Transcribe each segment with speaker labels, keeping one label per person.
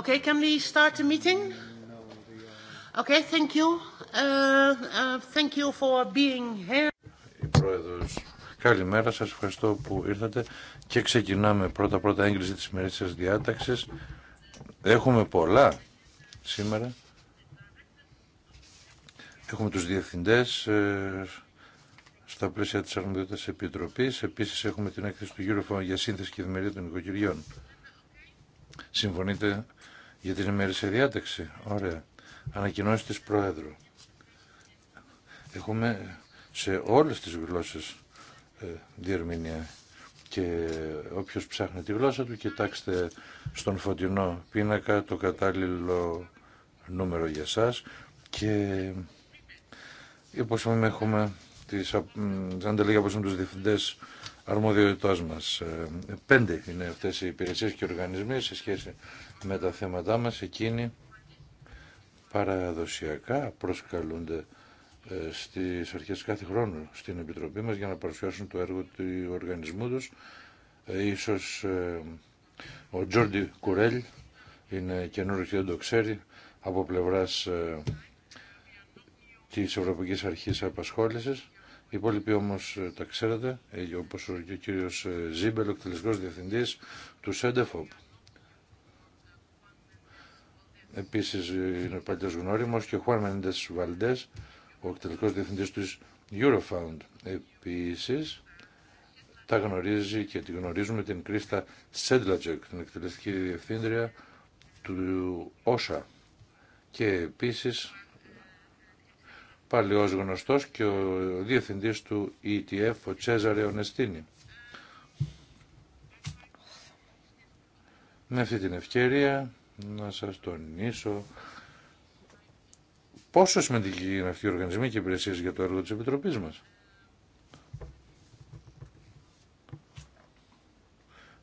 Speaker 1: Okay, can we start the meeting? Okay, thank you. Uh, uh thank you for being here.
Speaker 2: Καλημέρα σας, ευχαριστώ που ήρθατε και ξεκινάμε πρώτα-πρώτα έγκριση της ημερήσιας διάταξης. Έχουμε πολλά σήμερα. Έχουμε τους διευθυντές ε, στα πλαίσια της Αρμοδιότητας Επιτροπής. Επίσης έχουμε την έκθεση του Eurofound για σύνθεση και ευημερία των οικογενειών. Συμφωνείτε για την ημερήσια διάταξη. Ωραία. Ανακοινώσει της Πρόεδρου. Έχουμε σε όλες τις γλώσσες ε, διερμηνία και όποιος ψάχνει τη γλώσσα του κοιτάξτε στον φωτεινό πίνακα το κατάλληλο νούμερο για σας και όπως έχουμε τις ανταλλήγα από τους διευθυντές αρμοδιότητά μα, ε, Πέντε είναι αυτές οι υπηρεσίε και οργανισμοί σε σχέση με τα θέματά μα Εκείνοι παραδοσιακά προσκαλούνται ε, στις αρχέ κάθε χρόνου στην Επιτροπή μας για να παρουσιάσουν το έργο του οργανισμού τους. Ε, ίσως ο Τζόρντι Κουρέλ είναι καινούριο και δεν το ξέρει από πλευρά της Ευρωπαϊκής Αρχής Απασχόλησης οι υπόλοιποι όμω ε, τα ξέρετε, ε, όπως ο κύριος ε, Ζίμπελ, ο εκτελεστικό διευθυντής του ΣΕΝΤΕΦΟΠ. Επίσης είναι ο γνώριμο και ο Χουάν Μενέντε Βαλντέ, ο εκτελεστικό διευθυντής του Eurofound. Επίσης τα γνωρίζει και τη γνωρίζουμε την Κρίστα Σέντλατζεκ, την εκτελεστική διευθύντρια του ΩΣΑ. Και επίσης παλαιός γνωστός και ο διευθυντής του ETF, ο Τσέζαρε Ονεστίνη. Με αυτή την ευκαιρία να σας τονίσω πόσο σημαντική είναι αυτή η οργανισμή και η για το έργο της Επιτροπής μας.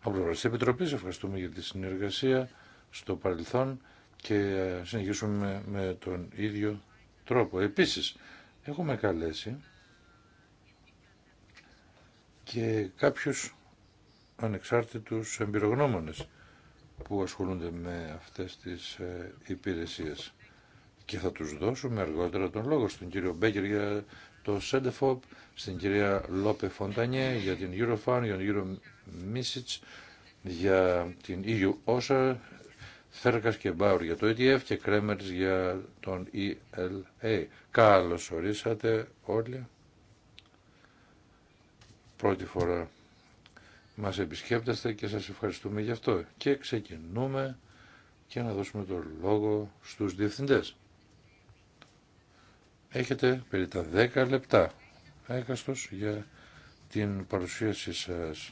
Speaker 2: Από πλευρά τη Επιτροπή, ευχαριστούμε για τη συνεργασία στο παρελθόν και συνεχίσουμε με τον ίδιο τρόπο. Επίσης, έχουμε καλέσει και κάποιους ανεξάρτητους εμπειρογνώμονες που ασχολούνται με αυτές τις ε, υπηρεσίες. Και θα τους δώσουμε αργότερα τον λόγο στον κύριο Μπέκερ για το Σέντεφοπ, στην κυρία Λόπε Φοντανιέ για την Eurofund, για τον κύριο Μίσιτς για την EU όσα Θέρκας και Μπάουρ για το ETF και Κρέμερ για τον ELA. Καλώ ορίσατε όλοι. Πρώτη φορά μας επισκέπτεστε και σας ευχαριστούμε γι' αυτό. Και ξεκινούμε και να δώσουμε το λόγο στους διευθυντές. Έχετε περί τα 10 λεπτά έκαστος για την παρουσίαση σας.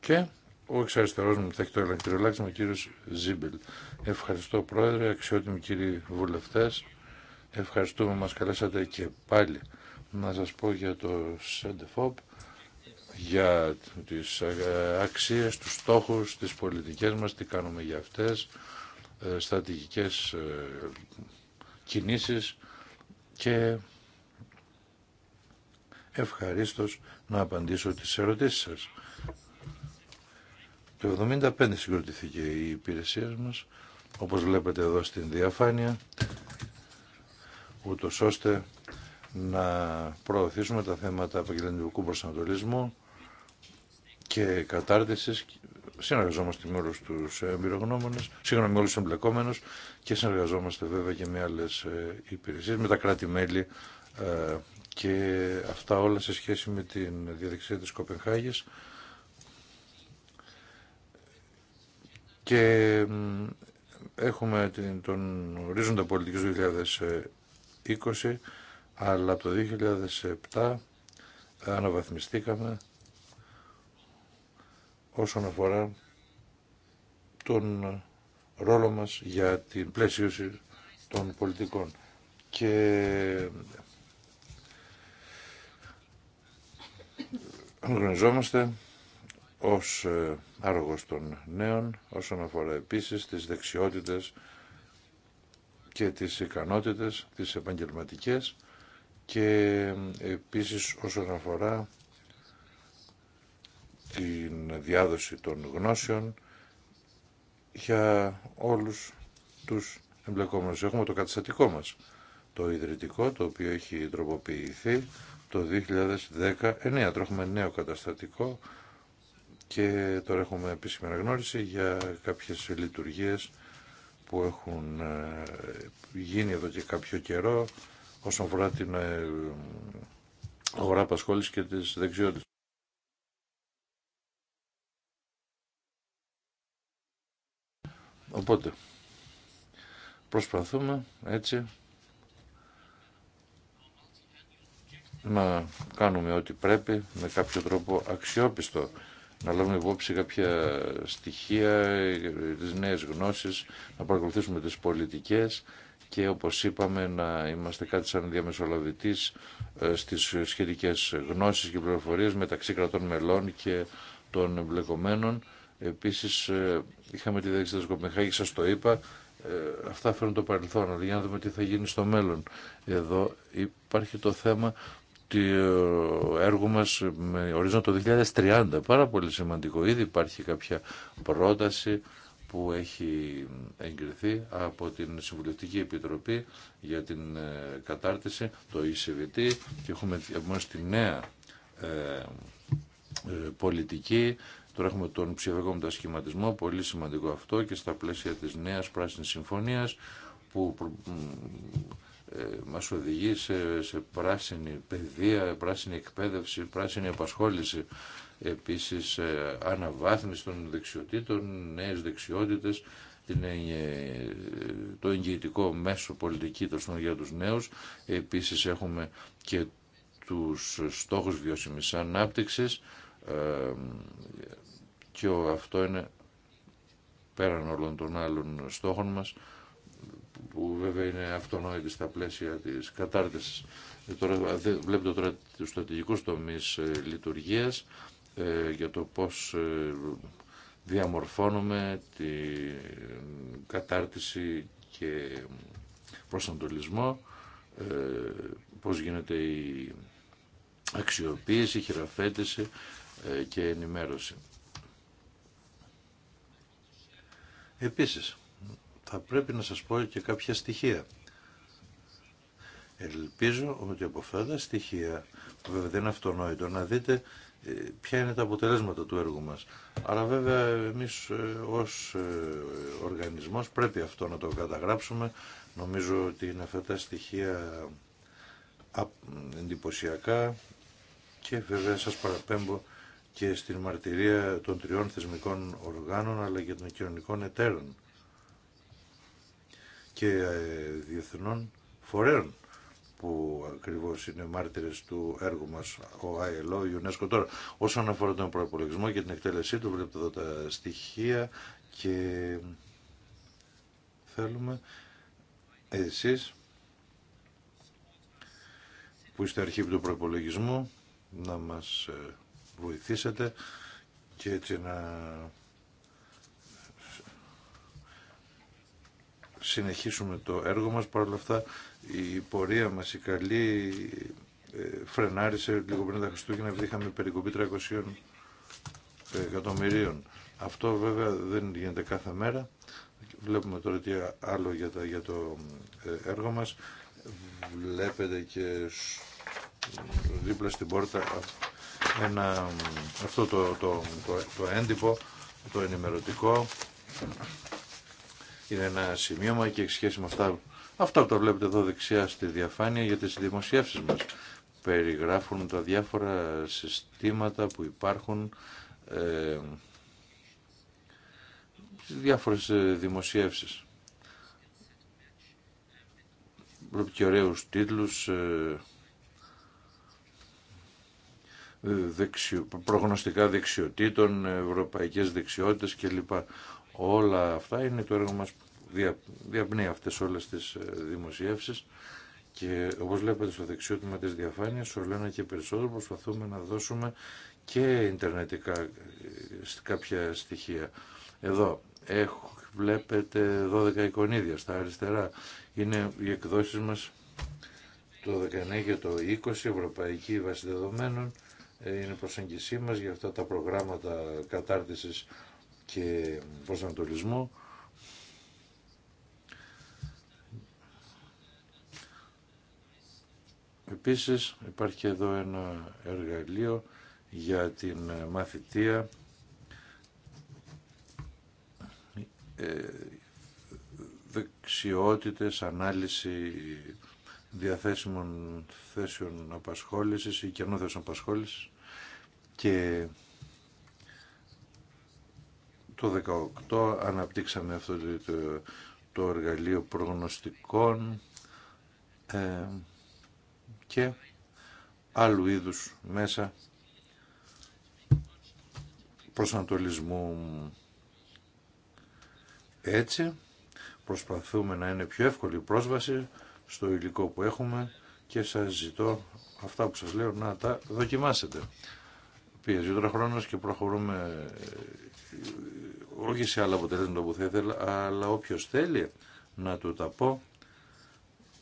Speaker 2: Και ο εξαριστερός μου θα έχει το ο κύριος Ζίμπελ. Ευχαριστώ πρόεδρε, αξιότιμοι κύριοι βουλευτές. Ευχαριστούμε μας καλέσατε και πάλι να σας πω για το ΣΕΝΤΕΦΟΠ, για τις ε, αξίες, τους στόχους, τις πολιτικές μας, τι κάνουμε για αυτές, ε, στρατηγικές ε, κινήσεις και ευχαρίστως να απαντήσω τις ερωτήσεις σας. Το 75 συγκροτηθήκε η υπηρεσία μας, όπως βλέπετε εδώ στην διαφάνεια, ούτω ώστε να προωθήσουμε τα θέματα επαγγελματικού προσανατολισμού και κατάρτισης. Συνεργαζόμαστε με όλους τους εμπειρογνώμονες, συγγνώμη με όλους τους και συνεργαζόμαστε βέβαια και με άλλες ε, υπηρεσίες, με τα κράτη-μέλη ε, και αυτά όλα σε σχέση με την διαδικασία της Κοπενχάγης Και έχουμε τον ορίζοντα πολιτικής του 2020, αλλά το 2007 αναβαθμιστήκαμε όσον αφορά τον ρόλο μας για την πλαίσιωση των πολιτικών. Και γνωριζόμαστε ως ε, άργος των νέων όσον αφορά επίσης τις δεξιότητες και τις ικανότητες, τις επαγγελματικές και ε, επίσης όσον αφορά την διάδοση των γνώσεων για όλους τους εμπλεκόμενους. Έχουμε το καταστατικό μας, το ιδρυτικό, το οποίο έχει τροποποιηθεί το 2019. Έχουμε νέο καταστατικό και τώρα έχουμε επίσημη αναγνώριση για κάποιες λειτουργίες που έχουν ε, γίνει εδώ και κάποιο καιρό όσον αφορά την ε, αγορά απασχόληση και τις δεξιότητες. Οπότε, προσπαθούμε έτσι να κάνουμε ό,τι πρέπει με κάποιο τρόπο αξιόπιστο να λάβουμε υπόψη κάποια στοιχεία, τις νέες γνώσεις, να παρακολουθήσουμε τις πολιτικές και όπως είπαμε να είμαστε κάτι σαν διαμεσολαβητής ε, στις σχετικές γνώσεις και πληροφορίες μεταξύ κρατών μελών και των εμπλεκομένων. Επίσης ε, είχαμε τη δέξη της Κοπενχάγης, σας το είπα, ε, αυτά φέρνουν το παρελθόν, αλλά για να δούμε τι θα γίνει στο μέλλον. Εδώ υπάρχει το θέμα το ε, έργο μας με ορίζοντα το 2030. Πάρα πολύ σημαντικό. Ήδη υπάρχει κάποια πρόταση που έχει εγκριθεί από την Συμβουλευτική Επιτροπή για την ε, κατάρτιση, το ECVT και έχουμε μόλις τη νέα ε, ε, πολιτική. Τώρα έχουμε τον ψηφιακό μετασχηματισμό, πολύ σημαντικό αυτό και στα πλαίσια της νέας πράσινης συμφωνίας που ε, μας οδηγεί σε, σε πράσινη παιδεία, πράσινη εκπαίδευση, πράσινη απασχόληση. Επίσης ε, αναβάθμιση των δεξιοτήτων, νέες δεξιότητες, την, ε, το εγγυητικό μέσο πολιτική των για τους νέους. Επίσης έχουμε και τους στόχους βιώσιμης ανάπτυξης και αυτό είναι πέραν όλων των άλλων στόχων μας που βέβαια είναι αυτονόητη στα πλαίσια της κατάρτισης. Ε, τώρα, βλέπετε τώρα τους στρατηγικούς λειτουργία ε, λειτουργίας ε, για το πώς διαμορφώνουμε την κατάρτιση και προσανατολισμό, πώς γίνεται η αξιοποίηση, η χειραφέτηση και ενημέρωση. Επίσης, θα πρέπει να σας πω και κάποια στοιχεία. Ελπίζω ότι από αυτά τα στοιχεία, που βέβαια δεν είναι αυτονόητο, να δείτε ε, ποια είναι τα αποτελέσματα του έργου μας. Αλλά βέβαια εμείς ε, ως ε, οργανισμός πρέπει αυτό να το καταγράψουμε. Νομίζω ότι είναι αυτά τα στοιχεία εντυπωσιακά και βέβαια σας παραπέμπω και στην μαρτυρία των τριών θεσμικών οργάνων αλλά και των κοινωνικών εταίρων και ε, διεθνών φορέων που ακριβώς είναι μάρτυρες του έργου μας ο ΑΕΛΟ, η UNESCO τώρα. Όσον αφορά τον προπολογισμό και την εκτέλεσή του, βλέπετε εδώ τα στοιχεία και θέλουμε εσείς που είστε αρχή του προπολογισμού να μας ε, βοηθήσετε και έτσι να συνεχίσουμε το έργο μας. Παρ' όλα αυτά η πορεία μας η καλή ε, φρενάρισε λίγο πριν τα Χριστούγεννα επειδή είχαμε περικοπή 300 εκατομμυρίων. Αυτό βέβαια δεν γίνεται κάθε μέρα. Βλέπουμε τώρα τι άλλο για, τα, για το ε, έργο μας. Βλέπετε και δίπλα στην πόρτα ένα, αυτό το, το, το, το έντυπο, το ενημερωτικό είναι ένα σημείωμα και έχει σχέση με αυτά, αυτά που τα βλέπετε εδώ δεξιά στη διαφάνεια για τις δημοσιεύσεις μας. Περιγράφουν τα διάφορα συστήματα που υπάρχουν, ε, διάφορες ε, δημοσιεύσεις. Βλέπουμε και ωραίους τίτλους, ε, δεξιο, προγνωστικά δεξιοτήτων, ευρωπαϊκές δεξιότητες κλπ. Όλα αυτά είναι το έργο μας που δια, διαπνέει αυτές όλες τις ε, δημοσιεύσεις και όπως βλέπετε στο δεξιό τμήμα της διαφάνειας όλο ένα και περισσότερο προσπαθούμε να δώσουμε και ιντερνετικά ε, κάποια στοιχεία. Εδώ έχω, βλέπετε 12 εικονίδια στα αριστερά. Είναι οι εκδόσεις μας το 19 και το 20, Ευρωπαϊκή Βάση Δεδομένων. Ε, είναι προσέγγισή μας για αυτά τα προγράμματα κατάρτισης και προσανατολισμό Επίσης υπάρχει εδώ ένα εργαλείο για την μαθητεία ε, δεξιότητες, ανάλυση διαθέσιμων θέσεων απασχόλησης ή κενών θέσεων απασχόλησης και το 2018 αναπτύξαμε αυτό το, το εργαλείο προγνωστικών ε, και άλλου είδους μέσα προσανατολισμού. Έτσι προσπαθούμε να είναι πιο εύκολη η πρόσβαση στο υλικό που έχουμε και σας ζητώ αυτά που σας λέω να τα δοκιμάσετε. Πιέζει χρόνος και προχωρούμε ε, όχι σε άλλα αποτελέσματα που θα ήθελα, αλλά όποιο θέλει να του τα πω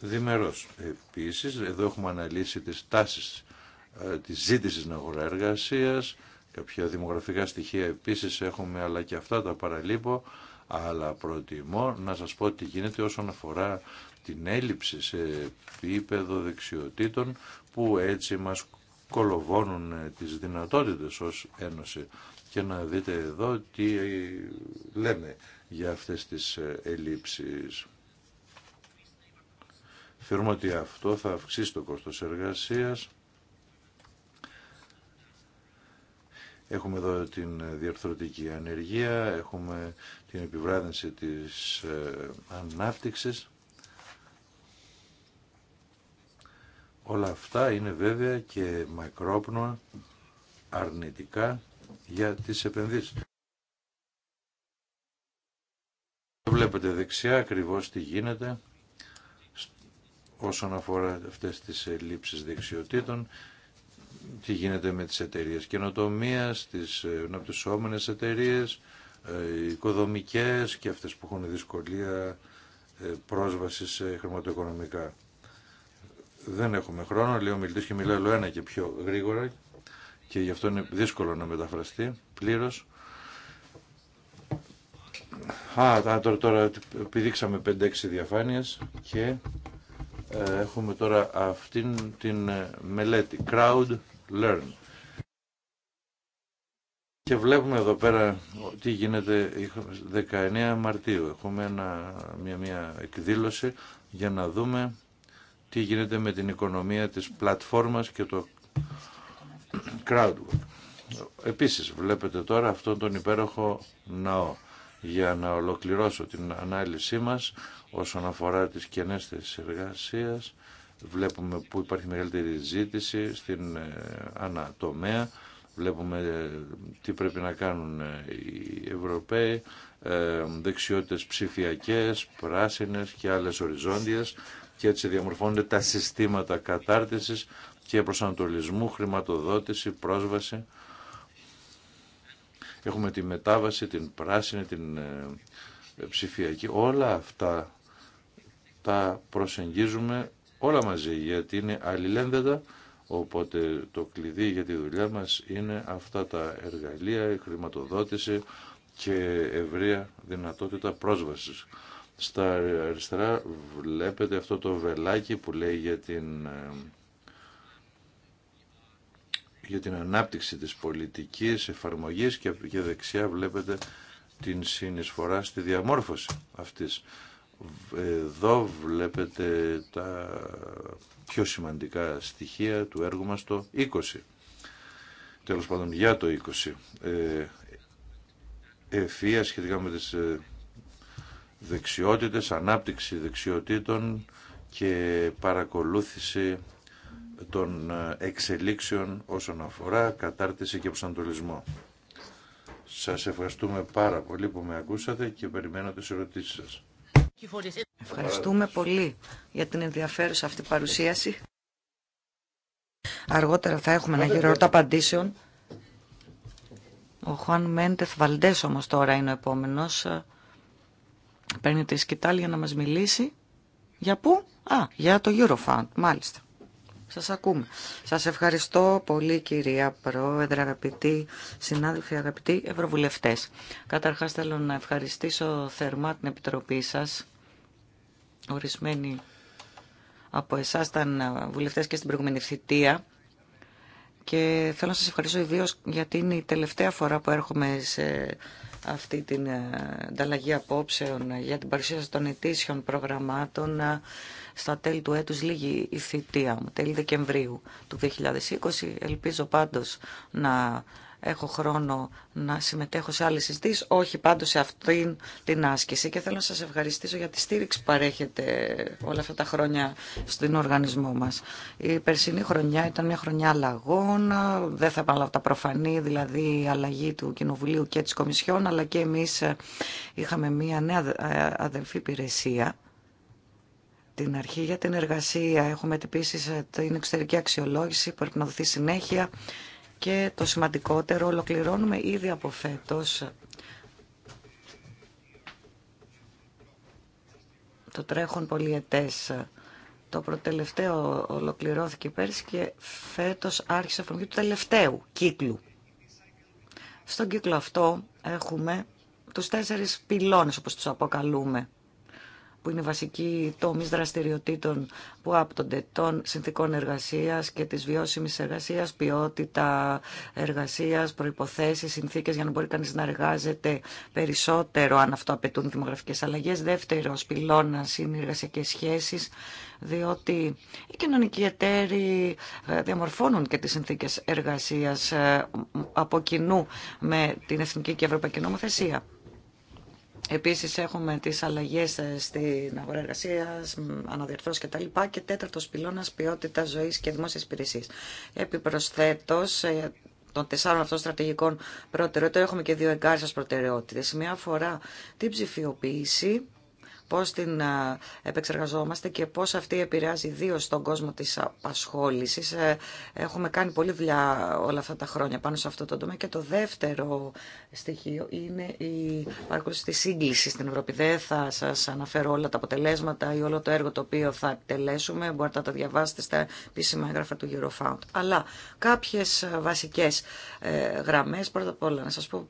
Speaker 2: διμερός. Επίσης, εδώ έχουμε αναλύσει τις τάσεις ε, της ζήτησης να αγορά εργασίας, κάποια δημογραφικά στοιχεία επίσης έχουμε, αλλά και αυτά τα παραλείπω, αλλά προτιμώ να σας πω τι γίνεται όσον αφορά την έλλειψη σε επίπεδο δεξιοτήτων που έτσι μας κολοβώνουν ε, τις δυνατότητες ως Ένωση και να δείτε εδώ τι λέμε για αυτές τις ε, ελλείψεις. Θεωρούμε ότι αυτό θα αυξήσει το κόστος εργασίας. Έχουμε εδώ την διαρθρωτική ανεργία, έχουμε την επιβράδυνση της ε, ανάπτυξης. Όλα αυτά είναι βέβαια και μακρόπνοα αρνητικά για τις επενδύσεις. Βλέπετε δεξιά ακριβώς τι γίνεται όσον αφορά αυτές τις ελλείψεις δεξιοτήτων, τι γίνεται με τις εταιρείες καινοτομίας, τις αναπτυσσόμενες εταιρείες, ε, οικοδομικές και αυτές που έχουν δυσκολία ε, πρόσβαση σε χρηματοοικονομικά. Δεν έχουμε χρόνο, λέει ο μιλητής και μιλάει ένα και πιο γρήγορα και γι' αυτό είναι δύσκολο να μεταφραστεί πλήρως. Α, τώρα, τώρα πηδήξαμε 5-6 διαφάνειες και ε, έχουμε τώρα αυτήν την ε, μελέτη Crowd Learn. Και βλέπουμε εδώ πέρα τι γίνεται 19 Μαρτίου. Έχουμε μια, μια εκδήλωση για να δούμε τι γίνεται με την οικονομία της πλατφόρμας και το Crowdwork. Επίσης βλέπετε τώρα αυτόν τον υπέροχο ναό για να ολοκληρώσω την ανάλυση μας όσον αφορά τις κενές θέσεις εργασίας. Βλέπουμε που υπάρχει μεγαλύτερη ζήτηση στην ε, ανατομέα. Βλέπουμε ε, τι πρέπει να κάνουν ε, οι Ευρωπαίοι, δεξιότητες ψηφιακές, πράσινες και άλλες οριζόντιες και έτσι διαμορφώνονται τα συστήματα κατάρτισης και προσανατολισμού, χρηματοδότηση, πρόσβαση. Έχουμε τη μετάβαση, την πράσινη, την ε, ε, ψηφιακή. Όλα αυτά τα προσεγγίζουμε όλα μαζί γιατί είναι αλληλένδετα οπότε το κλειδί για τη δουλειά μας είναι αυτά τα εργαλεία, η χρηματοδότηση και ευρεία δυνατότητα πρόσβασης. Στα αριστερά βλέπετε αυτό το βελάκι που λέει για την ε, για την ανάπτυξη της πολιτικής εφαρμογής και για δεξιά βλέπετε την συνεισφορά στη διαμόρφωση αυτής. Εδώ βλέπετε τα πιο σημαντικά στοιχεία του έργου μας το 20. Τέλος πάντων για το 20. Ε, ευφία σχετικά με τις ε, δεξιότητες, ανάπτυξη δεξιοτήτων και παρακολούθηση των ε, εξελίξεων όσον αφορά κατάρτιση και προσανατολισμό. Σας ευχαριστούμε πάρα πολύ που με ακούσατε και περιμένω τις ερωτήσεις σας.
Speaker 3: Ευχαριστούμε πολύ για την ενδιαφέρουσα αυτή παρουσίαση. Αργότερα θα έχουμε ένα γύρο απαντήσεων. Ο Χουάν Μέντεθ Βαλντές όμως τώρα είναι ο επόμενος. Παίρνει τη σκητάλη να μας μιλήσει. Για πού? Α, για το Eurofund, μάλιστα. Σας ακούμε. Σας ευχαριστώ πολύ κυρία Πρόεδρε, αγαπητοί συνάδελφοι, αγαπητοί ευρωβουλευτές. Καταρχάς θέλω να ευχαριστήσω θερμά την Επιτροπή σας. Ορισμένοι από εσάς ήταν βουλευτές και στην προηγούμενη θητεία. Και θέλω να σας ευχαριστώ ιδίω γιατί είναι η τελευταία φορά που έρχομαι σε αυτή την ε, ανταλλαγή απόψεων για την παρουσίαση των ετήσιων προγραμμάτων στα τέλη του έτους λίγη η θητεία μου, τέλη Δεκεμβρίου του 2020. Ελπίζω πάντως να έχω χρόνο να συμμετέχω σε άλλες συζητήσεις, όχι πάντως σε αυτήν την άσκηση. Και θέλω να σας ευχαριστήσω για τη στήριξη που παρέχετε όλα αυτά τα χρόνια στον οργανισμό μας. Η περσινή χρονιά ήταν μια χρονιά αλλαγών, δεν θα επαναλάβω τα προφανή, δηλαδή η αλλαγή του Κοινοβουλίου και της Κομισιόν, αλλά και εμείς ε, είχαμε μια νέα ε, αδερφή υπηρεσία την αρχή για την εργασία. Έχουμε επίση ε, την εξωτερική αξιολόγηση που πρέπει να δοθεί συνέχεια και το σημαντικότερο ολοκληρώνουμε ήδη από φέτος το τρέχον πολιετές. Το προτελευταίο ολοκληρώθηκε πέρσι και φέτος άρχισε εφαρμογή του τελευταίου κύκλου. Στον κύκλο αυτό έχουμε τους τέσσερις πυλώνες όπως τους αποκαλούμε που είναι βασική τόμη δραστηριοτήτων που άπτονται των συνθήκων εργασία και τη βιώσιμη εργασία, ποιότητα εργασία, προποθέσει, συνθήκε για να μπορεί κανεί να εργάζεται περισσότερο αν αυτό απαιτούν δημογραφικέ αλλαγέ. Δεύτερο πυλώνα είναι οι εργασιακέ σχέσει, διότι οι κοινωνικοί εταίροι ε, διαμορφώνουν και τι συνθήκε εργασία ε, από κοινού με την εθνική και ευρωπαϊκή νομοθεσία. Επίσης έχουμε τις αλλαγές ε, στην αγορά εργασία, αναδιορθώσεις κτλ. Και τέταρτος πυλώνας ποιότητα ζωής και δημόσιας υπηρεσίες. Επιπροσθέτως, ε, των τεσσάρων αυτών στρατηγικών προτεραιότητων έχουμε και δύο εγκάρσεις προτεραιότητες. Μια αφορά την ψηφιοποίηση πώς την επεξεργαζόμαστε και πώς αυτή επηρεάζει ιδίω στον κόσμο της απασχόλησης. Ε, έχουμε κάνει πολλή δουλειά όλα αυτά τα χρόνια πάνω σε αυτό το τομέα. Και το δεύτερο στοιχείο είναι η παρακολούθηση της σύγκλησης στην Ευρώπη. θα σας αναφέρω όλα τα αποτελέσματα ή όλο το έργο το οποίο θα εκτελέσουμε. Μπορείτε να τα διαβάσετε στα επίσημα έγγραφα του Eurofound. Αλλά κάποιες βασικές ε, γραμμές, πρώτα απ' όλα να σας πω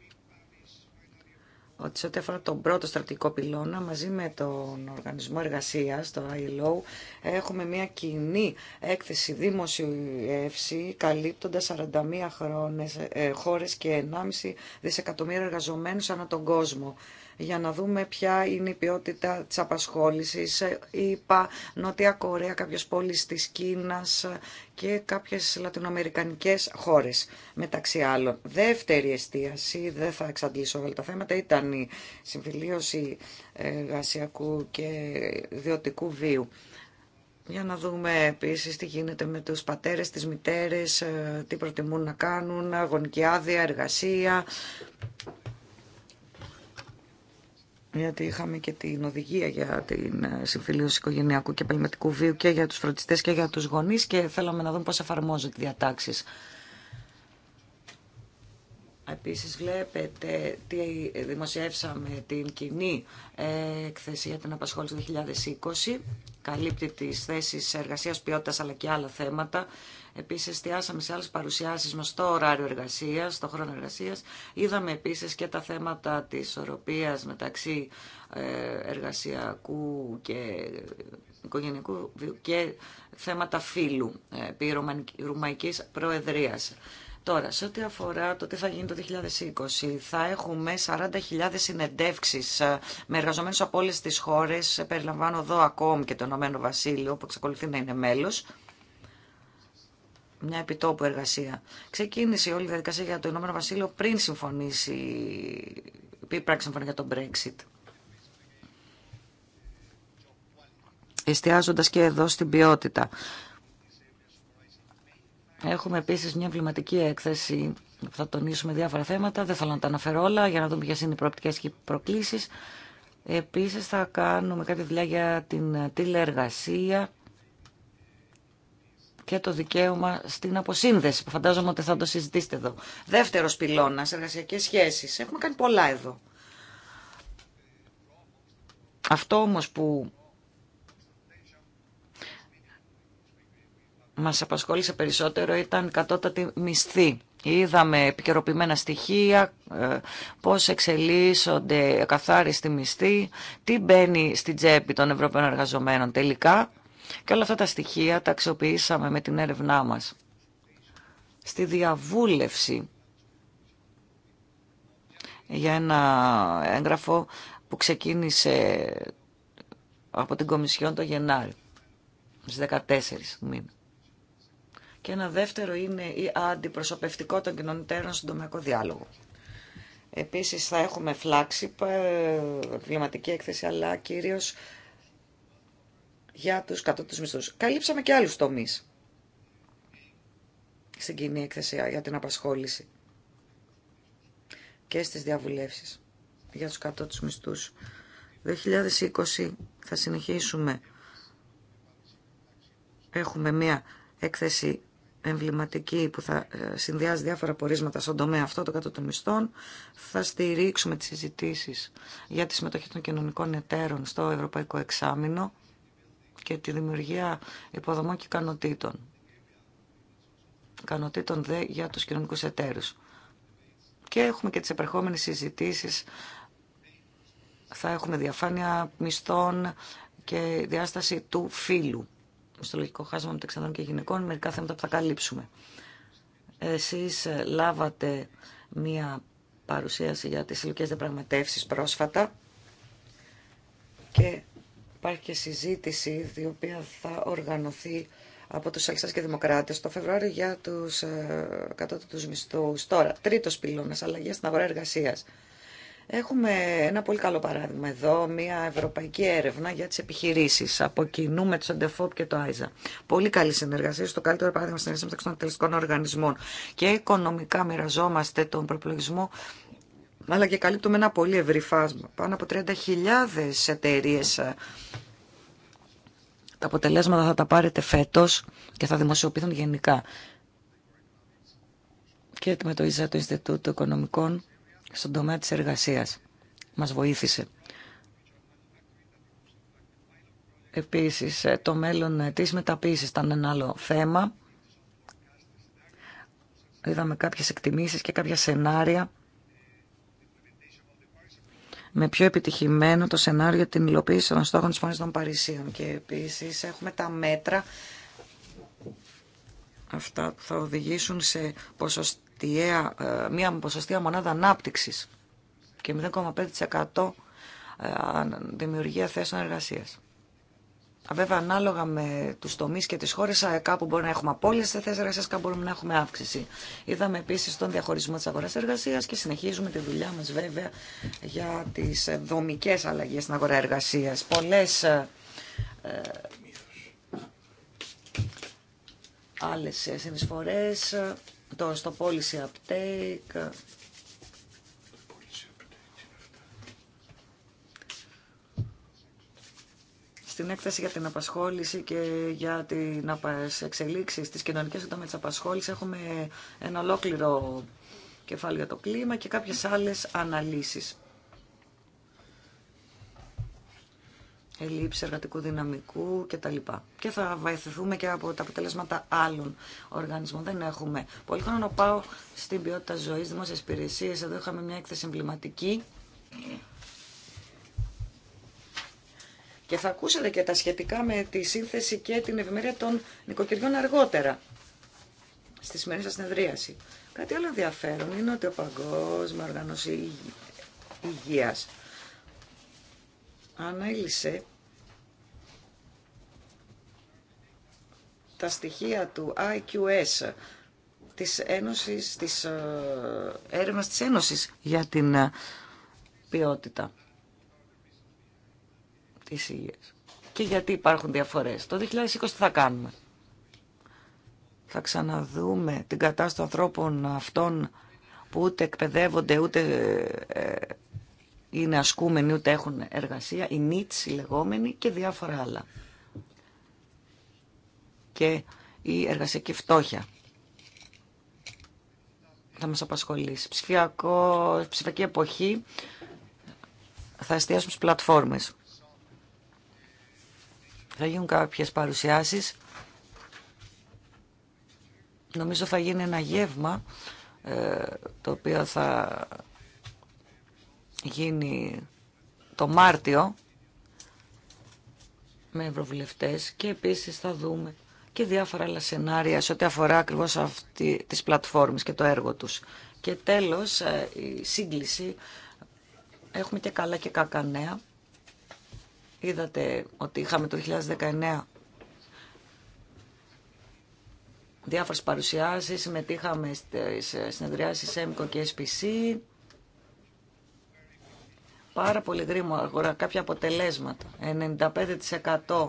Speaker 3: ότι σε ό,τι αφορά τον πρώτο στρατηγικό πυλώνα, μαζί με τον Οργανισμό Εργασίας, το ILO, έχουμε μια κοινή έκθεση δημοσιεύση, καλύπτοντα 41 χρόνες, ε, χώρες και 1,5 δισεκατομμύρια εργαζομένους ανά τον κόσμο για να δούμε ποια είναι η ποιότητα της απασχόλησης. Είπα Νότια Κορέα, κάποιος πόλει της Κίνας και κάποιες λατινοαμερικανικές χώρες μεταξύ άλλων. Δεύτερη εστίαση, δεν θα εξαντλήσω όλα τα θέματα, ήταν η συμφιλίωση εργασιακού και ιδιωτικού βίου. Για να δούμε επίσης τι γίνεται με τους πατέρες, τις μητέρες, ε, τι προτιμούν να κάνουν, γονική άδεια, εργασία γιατί είχαμε και την οδηγία για την ε, συμφιλίωση οικογενειακού και επαγγελματικού βίου και για τους φροντιστές και για τους γονείς και θέλαμε να δούμε πώς εφαρμόζονται οι διατάξεις. Επίσης βλέπετε τι δημοσιεύσαμε την κοινή εκθέση για την απασχόληση του 2020. Καλύπτει τις θέσεις εργασίας ποιότητας αλλά και άλλα θέματα. Επίση, εστιάσαμε σε άλλες παρουσιάσεις μα στο ωράριο εργασίας, στο χρόνο εργασίας. Είδαμε επίσης και τα θέματα της οροπία μεταξύ ε, εργασιακού και οικογενειακού και θέματα φύλου ε, επί ρουμαϊκή προεδρία. Τώρα, σε ό,τι αφορά το τι θα γίνει το 2020, θα έχουμε 40.000 συνεντεύξει ε, με εργαζομένου από όλε τι χώρε. Περιλαμβάνω εδώ ακόμη και το Ηνωμένο Βασίλειο, που εξακολουθεί να είναι μέλο μια επιτόπου εργασία. Ξεκίνησε όλη η διαδικασία για το Ηνωμένο Βασίλειο πριν συμφωνήσει, πριν πράξη συμφωνία για τον Brexit. Εστιάζοντας και εδώ στην ποιότητα. Έχουμε επίσης μια εμβληματική έκθεση που θα τονίσουμε διάφορα θέματα. Δεν θέλω να τα αναφέρω όλα για να δούμε ποιες είναι οι προοπτικές και οι προκλήσεις. Επίσης θα κάνουμε κάποια δουλειά για την τηλεεργασία και το δικαίωμα στην αποσύνδεση, που φαντάζομαι ότι θα το συζητήσετε εδώ. Δεύτερος πυλώνας, εργασιακές σχέσεις. Έχουμε κάνει πολλά εδώ. Αυτό όμως που μας απασχόλησε περισσότερο ήταν κατώτατη μισθή. Είδαμε επικαιροποιημένα στοιχεία, ε, πώς εξελίσσονται καθάριστη μισθή, τι μπαίνει στην τσέπη των Ευρωπαίων εργαζομένων τελικά και όλα αυτά τα στοιχεία τα αξιοποιήσαμε με την έρευνά μας. Στη διαβούλευση για ένα έγγραφο που ξεκίνησε από την Κομισιόν το Γενάρη, στις 14 μήνες. Και ένα δεύτερο είναι η αντιπροσωπευτικό των κοινωνιτέρων στον τομεακό διάλογο. Επίσης θα έχουμε φλάξιπ, εμβληματική έκθεση, αλλά κυρίως για τους κατώτους μισθούς. Καλύψαμε και άλλους τομείς στην κοινή έκθεση για την απασχόληση και στις διαβουλεύσεις για τους κατώτους μισθούς. 2020 θα συνεχίσουμε. Έχουμε μία έκθεση εμβληματική που θα ε, συνδυάζει διάφορα πορίσματα στον τομέα αυτό το κάτω μισθών. Θα στηρίξουμε τις συζητήσεις για τη συμμετοχή των κοινωνικών εταίρων στο Ευρωπαϊκό Εξάμεινο και τη δημιουργία υποδομών και ικανοτήτων. Ικανοτήτων δε για τους κοινωνικούς εταίρους. Και έχουμε και τις επερχόμενες συζητήσεις. Θα έχουμε διαφάνεια μισθών και διάσταση του φύλου. Στο χάσμα μεταξύ ανδρών και γυναικών, μερικά θέματα που θα καλύψουμε. Εσείς ε, λάβατε μία παρουσίαση για τις συλλογικές διαπραγματεύσεις πρόσφατα και Υπάρχει και συζήτηση η οποία θα οργανωθεί από τους Αλισσάς και Δημοκράτες το Φεβρουάριο για τους ε, κατώτατους μισθούς. Τώρα, τρίτος πυλώνας, αλλαγές στην αγορά εργασίας. Έχουμε ένα πολύ καλό παράδειγμα εδώ, μια ευρωπαϊκή έρευνα για τις επιχειρήσεις. Από κοινού με τους Αντεφόπ και το ΆΙΖΑ. Πολύ καλή συνεργασία, στο καλύτερο παράδειγμα συνεργασία μεταξύ των τελεστικών οργανισμών. Και οικονομικά μοιραζόμαστε τον προπολογισμό αλλά και καλύπτουμε ένα πολύ ευρύ φάσμα. Πάνω από 30.000 εταιρείε. Ε, τα αποτελέσματα θα τα πάρετε φέτος και θα δημοσιοποιηθούν γενικά. Και με το ΙΖΑ, το Ινστιτούτο Οικονομικών, στον τομέα της εργασίας. Μας βοήθησε. Επίσης, ε, το μέλλον ε, της μεταποίησης ήταν ένα άλλο θέμα. Είδαμε κάποιες εκτιμήσεις και κάποια σενάρια με πιο επιτυχημένο το σενάριο την υλοποίηση των στόχων της Φωνής των Παρισίων. Και επίσης έχουμε τα μέτρα αυτά που θα οδηγήσουν σε ε, μια ποσοστία μονάδα ανάπτυξης και 0,5% ε, δημιουργία θέσεων εργασίας. Βέβαια, ανάλογα με του τομεί και τι χώρε, κάπου μπορεί να έχουμε απώλειες σε θέσει εργασία, κάπου μπορούμε να έχουμε αύξηση. Είδαμε επίση τον διαχωρισμό τη αγορά-εργασία και συνεχίζουμε τη δουλειά μα, βέβαια, για τι ε, δομικέ αλλαγέ στην αγορά-εργασία. Πολλέ ε, ε άλλε συνεισφορέ ε, στο policy uptake στην έκθεση για την απασχόληση και για την εξελίξει τη κοινωνική τομέα τη απασχόλησης έχουμε ένα ολόκληρο κεφάλαιο για το κλίμα και κάποιες άλλες αναλύσεις. ελλείψη εργατικού δυναμικού κτλ. Και θα βοηθηθούμε και από τα αποτελέσματα άλλων οργανισμών. Δεν έχουμε πολύ χρόνο να πάω στην ποιότητα ζωή, δημόσιε υπηρεσίε. Εδώ είχαμε μια έκθεση εμβληματική και θα ακούσετε και τα σχετικά με τη σύνθεση και την ευημερία των νοικοκυριών αργότερα στη σημερινή σα συνεδρίαση. Κάτι άλλο ενδιαφέρον είναι ότι ο Παγκόσμιο Οργάνωση υγεία. ανέλησε τα στοιχεία του IQS της Ένωσης, της ε, έρευνας της Ένωσης για την ε, ποιότητα της υγείας. Και γιατί υπάρχουν διαφορές. Το 2020 τι θα κάνουμε. Θα ξαναδούμε την κατάσταση των ανθρώπων αυτών που ούτε εκπαιδεύονται, ούτε ε, είναι ασκούμενοι, ούτε έχουν εργασία, οι νίτς, οι λεγόμενοι και διάφορα άλλα. Και η εργασιακή φτώχεια θα μας απασχολήσει. Ψηφιακό, ψηφιακή εποχή θα εστιάσουμε στις πλατφόρμες. Θα γίνουν κάποιες παρουσιάσεις. Νομίζω θα γίνει ένα γεύμα ε, το οποίο θα γίνει το Μάρτιο με ευρωβουλευτές και επίσης θα δούμε και διάφορα άλλα σενάρια σε ό,τι αφορά ακριβώς αυτή τις πλατφόρμες και το έργο τους. Και τέλος, ε, η σύγκληση. Έχουμε και καλά και κακά Είδατε ότι είχαμε το 2019 διάφορες παρουσιάσεις, συμμετείχαμε στις ε, συνεδριάσεις ΕΜΚΟ και SPC. Πάρα πολύ γρήγορα κάποια αποτελέσματα. 95%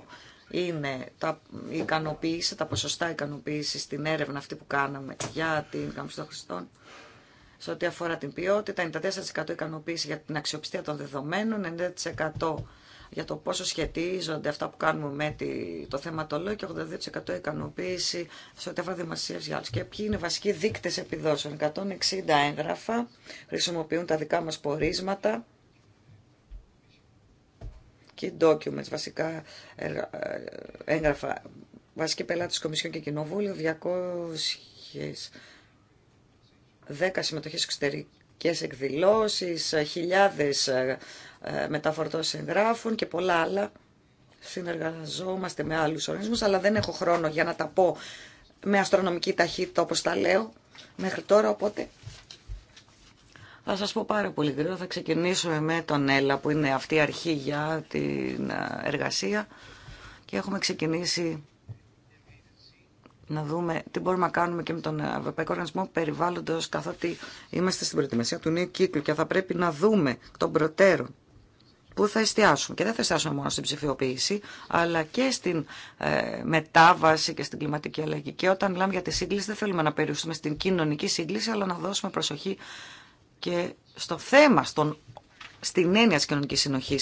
Speaker 3: είναι τα ικανοποίηση, τα ποσοστά ικανοποίηση στην έρευνα αυτή που κάναμε για την κάμψη των χρηστών. Σε ό,τι αφορά την ποιότητα, 94% ικανοποίηση για την αξιοπιστία των δεδομένων, για το πόσο σχετίζονται αυτά που κάνουμε με το θεματολόγιο και 82% ικανοποίηση σε ό,τι αφορά για άλλους. Και ποιοι είναι βασικοί δείκτες επιδόσεων. 160 έγγραφα χρησιμοποιούν τα δικά μας πορίσματα και documents, βασικά ε, έγγραφα, Βασικοί πελάτες, Κομισιόν και Κοινοβούλιο, 210 συμμετοχές εξωτερικών σε εκδηλώσεις, χιλιάδες ε, ε, μεταφορτώσεις εγγράφων και πολλά άλλα. Συνεργαζόμαστε με άλλους οργανισμούς, αλλά δεν έχω χρόνο για να τα πω με αστρονομική ταχύτητα όπως τα λέω μέχρι τώρα, οπότε θα σας πω πάρα πολύ γρήγορα. Θα ξεκινήσουμε με τον ΕΛΑ που είναι αυτή η αρχή για την ε, εργασία και έχουμε ξεκινήσει να δούμε τι μπορούμε να κάνουμε και με τον Ευρωπαϊκό Οργανισμό Περιβάλλοντος, καθότι είμαστε στην προετοιμασία του νέου κύκλου και θα πρέπει να δούμε τον προτέρων που θα εστιάσουμε. Και δεν θα εστιάσουμε μόνο στην ψηφιοποίηση, αλλά και στην ε, μετάβαση και στην κλιματική αλλαγή. Και όταν μιλάμε για τη σύγκληση, δεν θέλουμε να περιοριστούμε στην κοινωνική σύγκληση, αλλά να δώσουμε προσοχή και στο θέμα, στον, στην έννοια τη κοινωνική συνοχή.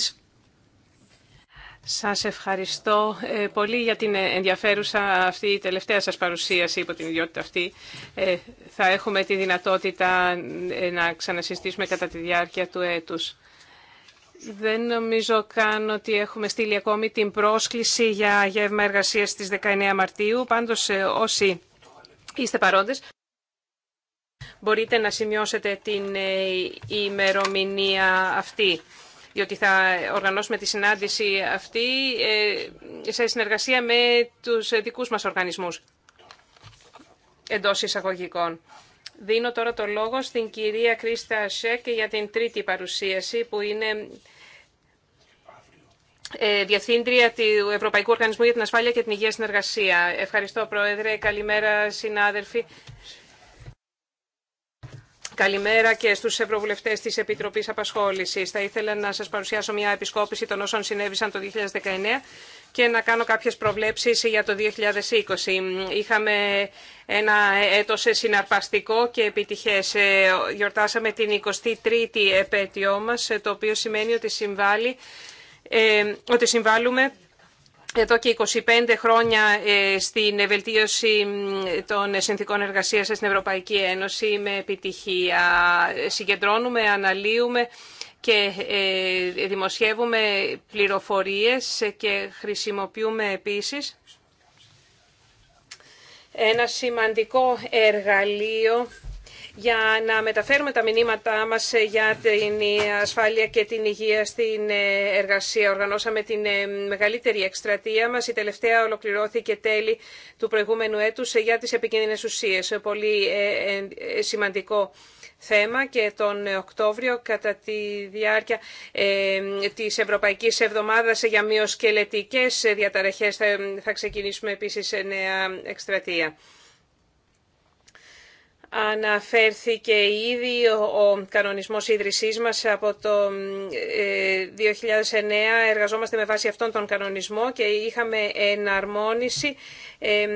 Speaker 1: Σας ευχαριστώ ε, πολύ για την ενδιαφέρουσα αυτή η τελευταία σας παρουσίαση υπό την ιδιότητα αυτή. Ε, θα έχουμε τη δυνατότητα ε, να ξανασυστήσουμε κατά τη διάρκεια του έτους. Δεν νομίζω καν ότι έχουμε στείλει ακόμη την πρόσκληση για γεύμα εργασίας στις 19 Μαρτίου. Πάντως όσοι είστε παρόντες μπορείτε να σημειώσετε την ημερομηνία αυτή διότι θα οργανώσουμε τη συνάντηση αυτή ε, σε συνεργασία με τους δικούς μας οργανισμούς εντός εισαγωγικών. Δίνω τώρα το λόγο στην κυρία Κρίστα Σέκ για την τρίτη παρουσίαση που είναι ε, Διευθύντρια του Ευρωπαϊκού Οργανισμού για την Ασφάλεια και την Υγεία Συνεργασία. Ευχαριστώ, Πρόεδρε. Καλημέρα, συνάδελφοι. Καλημέρα και στους Ευρωβουλευτέ της Επιτροπής Απασχόλησης. Θα ήθελα να σας παρουσιάσω μια επισκόπηση των όσων συνέβησαν το 2019 και να κάνω κάποιες προβλέψεις για το 2020. Είχαμε ένα έτος συναρπαστικό και επιτυχέ. Ε, γιορτάσαμε την 23η επέτειό μας, ε, το οποίο σημαίνει ότι, ε, ότι συμβάλλουμε εδώ και 25 χρόνια ε, στην ευελτίωση των συνθήκων εργασίας στην Ευρωπαϊκή Ένωση με επιτυχία. Συγκεντρώνουμε, αναλύουμε και ε, δημοσιεύουμε πληροφορίες και χρησιμοποιούμε επίσης ένα σημαντικό εργαλείο για να μεταφέρουμε τα μηνύματά μας ε, για την ε, ασφάλεια και την υγεία στην ε, εργασία. Οργανώσαμε την μεγαλύτερη εκστρατεία μας. Η τελευταία ολοκληρώθηκε τέλη του προηγούμενου έτους για τις επικίνδυνες ουσίες. Πολύ σημαντικό θέμα και τον Οκτώβριο κατά τη διάρκεια ε, της Ευρωπαϊκής Εβδομάδας για μειοσκελετικές διαταραχές θα, ξεκινήσουμε επίσης νέα εκστρατεία. Αναφέρθηκε ήδη ο κανονισμός ίδρυσής μας από το 2009. Ε, Εργαζόμαστε με βάση αυτόν τον κανονισμό και είχαμε εναρμόνιση ε,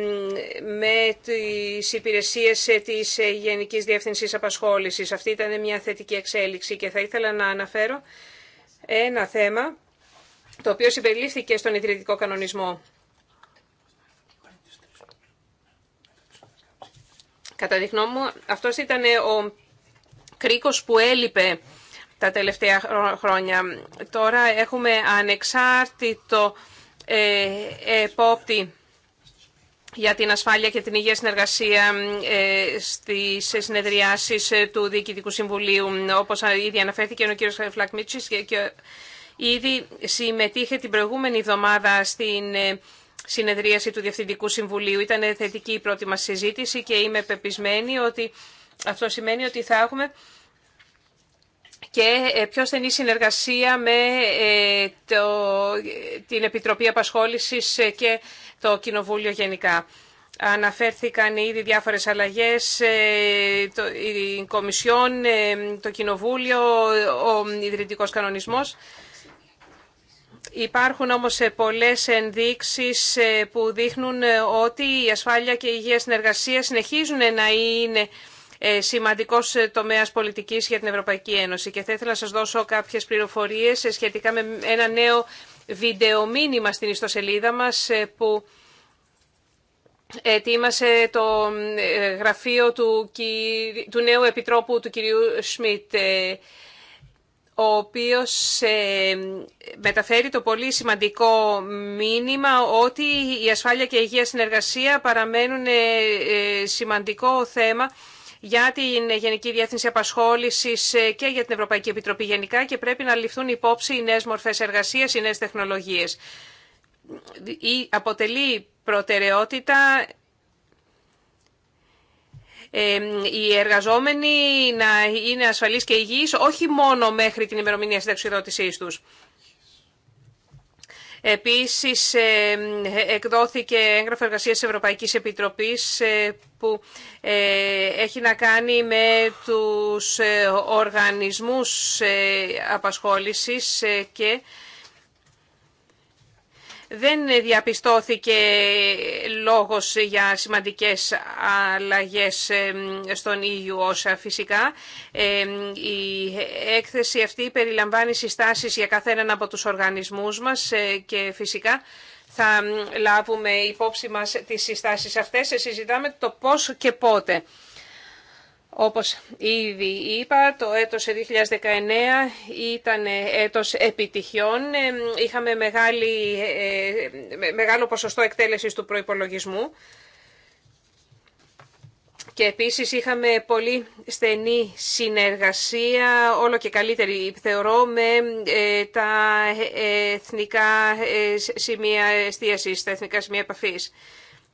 Speaker 1: με τις υπηρεσίες της Γενικής Διεύθυνσης Απασχόλησης. Αυτή ήταν μια θετική εξέλιξη και θα ήθελα να αναφέρω ένα θέμα το οποίο συμπεριλήφθηκε στον ιδρυτικό κανονισμό. Κατά τη γνώμη μου, αυτός ήταν ο κρίκος που έλειπε τα τελευταία χρόνια. Τώρα έχουμε ανεξάρτητο ε, επόπτη για την ασφάλεια και την υγεία συνεργασία ε, στις συνεδριάσεις ε, του Διοικητικού Συμβουλίου. Όπως ήδη αναφέρθηκε ο κύριος Φλακμίτσης και, και ήδη συμμετείχε την προηγούμενη εβδομάδα στην ε, συνεδρίαση του Διευθυντικού Συμβουλίου. Ήταν θετική η πρώτη μας συζήτηση και είμαι πεπισμένη ότι αυτό σημαίνει ότι θα έχουμε και ε, πιο στενή συνεργασία με ε, το, την Επιτροπή Απασχόλησης ε, και το Κοινοβούλιο γενικά. Αναφέρθηκαν ήδη διάφορες αλλαγές, το, η Κομισιόν, το Κοινοβούλιο, ο Ιδρυτικός Κανονισμός. Υπάρχουν όμως ε, πολλές ενδείξεις ε, που δείχνουν ε, ότι η ασφάλεια και η υγεία συνεργασία συνεχίζουν να είναι σημαντικός τομέας πολιτικής για την Ευρωπαϊκή Ένωση. Και θα ήθελα να σας δώσω κάποιες πληροφορίες σχετικά με ένα νέο βιντεομήνυμα στην ιστοσελίδα μας που ετοίμασε το γραφείο του, του νέου επιτρόπου του κυρίου Σμιτ ο οποίος ε, μεταφέρει το πολύ σημαντικό μήνυμα ότι η ασφάλεια και η υγεία συνεργασία παραμένουν ε, ε, σημαντικό θέμα για την Γενική Διεύθυνση Απασχόληση και για την Ευρωπαϊκή Επιτροπή γενικά και πρέπει να ληφθούν υπόψη οι νέε μορφέ εργασία, οι νέε τεχνολογίε. Αποτελεί προτεραιότητα οι εργαζόμενοι να είναι ασφαλείς και υγιείς, όχι μόνο μέχρι την ημερομηνία συνταξιδότησής τους. Επίσης, εκδόθηκε έγγραφο εργασίας της Ευρωπαϊκής Επιτροπής ε, που ε, έχει να κάνει με τους ε, οργανισμούς απασχόλησης και δεν διαπιστώθηκε λόγος για σημαντικές αλλαγές στον ίδιο e όσα φυσικά. Η έκθεση αυτή περιλαμβάνει συστάσεις για καθέναν από τους οργανισμούς μας ε, και φυσικά θα λάβουμε υπόψη μας τις συστάσεις αυτές. Συζητάμε το πώς και πότε. Όπως ήδη είπα, το έτος 2019 ήταν έτος επιτυχιών. Είχαμε μεγάλη, ε, μεγάλο ποσοστό εκτέλεσης του προϋπολογισμού και επίσης είχαμε πολύ στενή συνεργασία, όλο και καλύτερη θεωρώ, με ε, τα εθνικά ε, σημεία εστίασης, τα εθνικά σημεία επαφής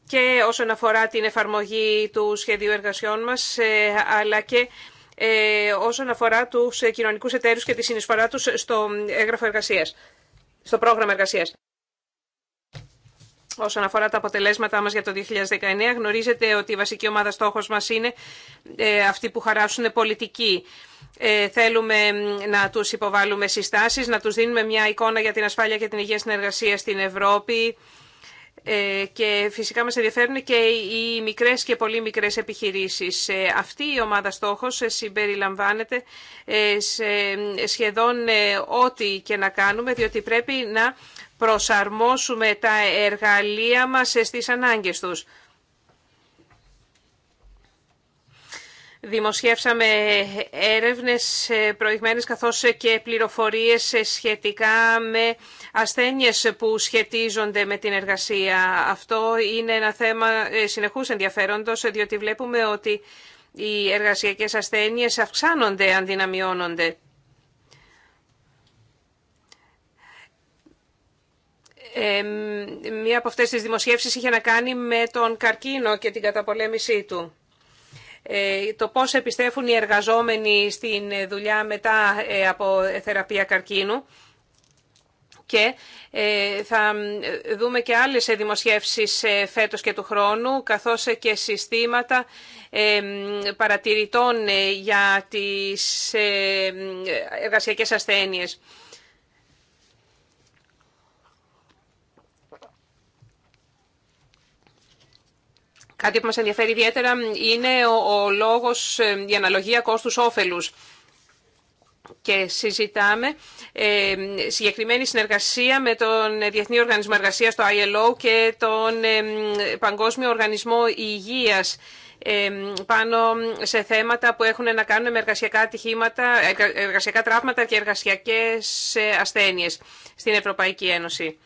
Speaker 1: και όσον αφορά την εφαρμογή του σχεδίου εργασιών μας, ε, αλλά και ε, όσον αφορά τους κοινωνικούς εταίρους και τη συνεισφορά τους στο έγγραφο εργασίας, στο πρόγραμμα εργασίας. Όσον αφορά τα αποτελέσματά μας για το 2019, γνωρίζετε ότι η βασική ομάδα στόχος μας είναι ε, αυτοί που χαράσουν πολιτική. Θέλουμε να τους υποβάλουμε συστάσεις, να τους δίνουμε μια εικόνα για την ασφάλεια και την υγεία συνεργασία στην Ευρώπη, ε, και φυσικά μας ενδιαφέρουν και οι μικρές και πολύ μικρές επιχειρήσεις. Ε, αυτή η ομάδα στόχος ε, συμπεριλαμβάνεται σε σχεδόν ό,τι και να κάνουμε, διότι πρέπει να προσαρμόσουμε τα εργαλεία μας στις ανάγκες τους. Δημοσιεύσαμε έρευνες προηγμένες καθώς και πληροφορίες σχετικά με ασθένειες που σχετίζονται με την εργασία. Αυτό είναι ένα θέμα ε, συνεχούς ενδιαφέροντος, διότι βλέπουμε ότι οι εργασιακές ασθένειες αυξάνονται αντί μία από αυτές τις δημοσιεύσεις είχε να κάνει με τον καρκίνο και την καταπολέμησή του. Ε, το πώς επιστρέφουν οι εργαζόμενοι στην δουλειά μετά ε, από θεραπεία καρκίνου και ε, θα δούμε και άλλες δημοσιεύσεις ε, φέτος και του χρόνου, καθώς ε, και συστήματα παρατηρητών για τις εργασιακές ασθένειες. Κάτι που μας ενδιαφέρει ιδιαίτερα είναι ο, ο λόγος, η αναλογία κόστους-όφελους και συζητάμε ε, συγκεκριμένη συνεργασία με τον Διεθνή Οργανισμό Εργασίας, το ILO και τον ε, Παγκόσμιο Οργανισμό Υγείας ε, πάνω σε θέματα που έχουν να κάνουν με εργασιακά ατυχήματα, εργασιακά τραύματα και εργασιακές ασθένειες στην Ευρωπαϊκή Ένωση.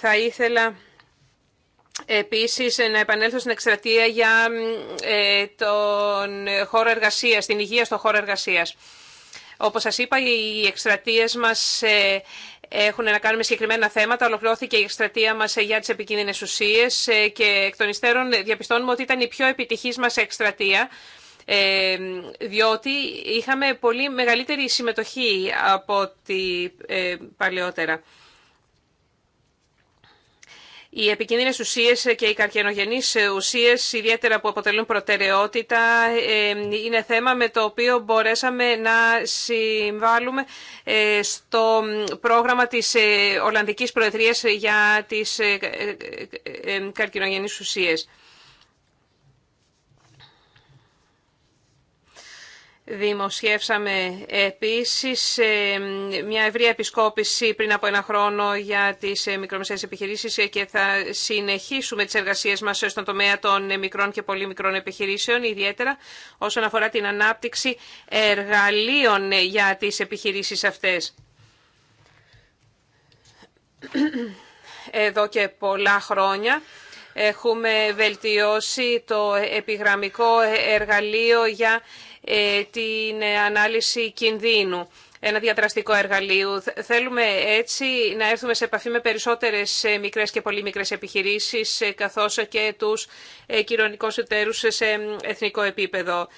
Speaker 1: Θα ήθελα Επίσης, ε, να επανέλθω στην εκστρατεία για ε, τον χώρο εργασίας, την υγεία στον χώρο εργασίας. Όπως σας είπα, οι εκστρατείες μας ε, έχουν να κάνουν με συγκεκριμένα θέματα. Ολοκληρώθηκε η εκστρατεία μα για τι επικίνδυνε ουσίε και εκ των υστέρων διαπιστώνουμε ότι ήταν η πιο επιτυχής μα εκστρατεία. διότι είχαμε πολύ μεγαλύτερη συμμετοχή από ό,τι παλαιότερα. Οι επικίνδυνε ουσίες και οι καρκινογενείς ουσίες, ιδιαίτερα που αποτελούν προτεραιότητα, είναι θέμα με το οποίο μπορέσαμε να συμβάλλουμε στο πρόγραμμα της Ολλανδικής Προεδρία για τις καρκινογενείς ουσίες. Δημοσιεύσαμε επίσης ε, μια ευρία επισκόπηση πριν από ένα χρόνο για τις ε, μικρομεσαίες επιχειρήσεις ε, και θα συνεχίσουμε τις εργασίες μας στον τομέα των μικρών και πολύ μικρών επιχειρήσεων, ιδιαίτερα όσον αφορά την ανάπτυξη εργαλείων για τις επιχειρήσεις αυτές. Εδώ και πολλά χρόνια έχουμε βελτιώσει το επιγραμμικό εργαλείο για ε, την ε, ανάλυση κινδύνου ένα διαδραστικό εργαλείο. Θέλουμε έτσι να έρθουμε σε επαφή με περισσότερες ε, μικρές και πολύ μικρές επιχειρήσεις, καθώς και τους κοινωνικούς εταίρους σε εθνικό επίπεδο.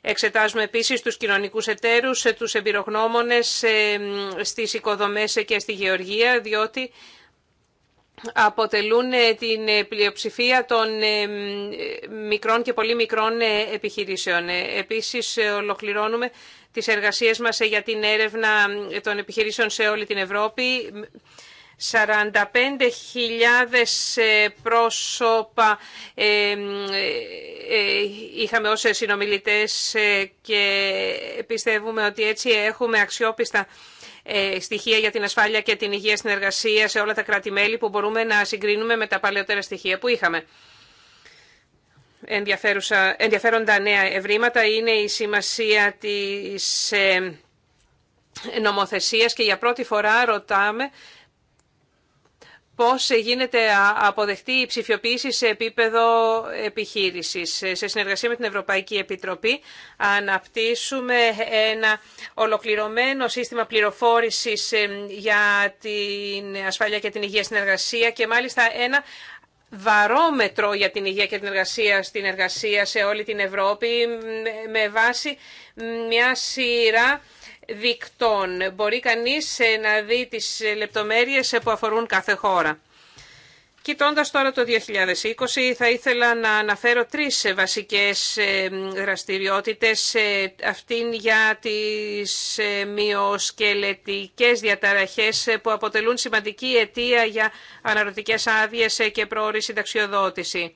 Speaker 1: Εξετάζουμε επίσης τους κοινωνικούς εταίρους, τους εμπειρογνώμονες στις οικοδομές και στη γεωργία, διότι αποτελούν ε, την ε, πλειοψηφία των ε, μικρών και πολύ μικρών επιχειρήσεων. Επίσης, ολοκληρώνουμε τις εργασίες μας για την έρευνα των επιχειρήσεων σε όλη την Ευρώπη. 45.000 πρόσωπα είχαμε ως συνομιλητές και πιστεύουμε ότι έτσι έχουμε αξιόπιστα ε, στοιχεία για την ασφάλεια και την υγεία στην εργασία σε όλα τα κράτη-μέλη που μπορούμε να συγκρίνουμε με τα παλαιότερα στοιχεία που είχαμε. Ενδιαφέροντα νέα ευρήματα είναι η σημασία της ε, νομοθεσίας και για πρώτη φορά ρωτάμε πώς γίνεται αποδεκτή η ψηφιοποίηση σε επίπεδο επιχείρησης. Σε συνεργασία με την Ευρωπαϊκή Επιτροπή αναπτύσσουμε ένα ολοκληρωμένο σύστημα πληροφόρησης ε, για την ασφάλεια και την υγεία στην εργασία και μάλιστα ένα βαρόμετρο για την υγεία και την εργασία στην εργασία σε όλη την Ευρώπη με βάση μια σειρά δικτών. Μπορεί κανείς ε, να δει τις ε, λεπτομέρειες ε, που αφορούν κάθε χώρα. Κοιτώντας τώρα το 2020, θα ήθελα να αναφέρω τρεις βασικές δραστηριότητες. Αυτήν για τις μειοσκελετικές διαταραχές που αποτελούν σημαντική αιτία για αναρωτικές άδειες και πρόορη συνταξιοδότηση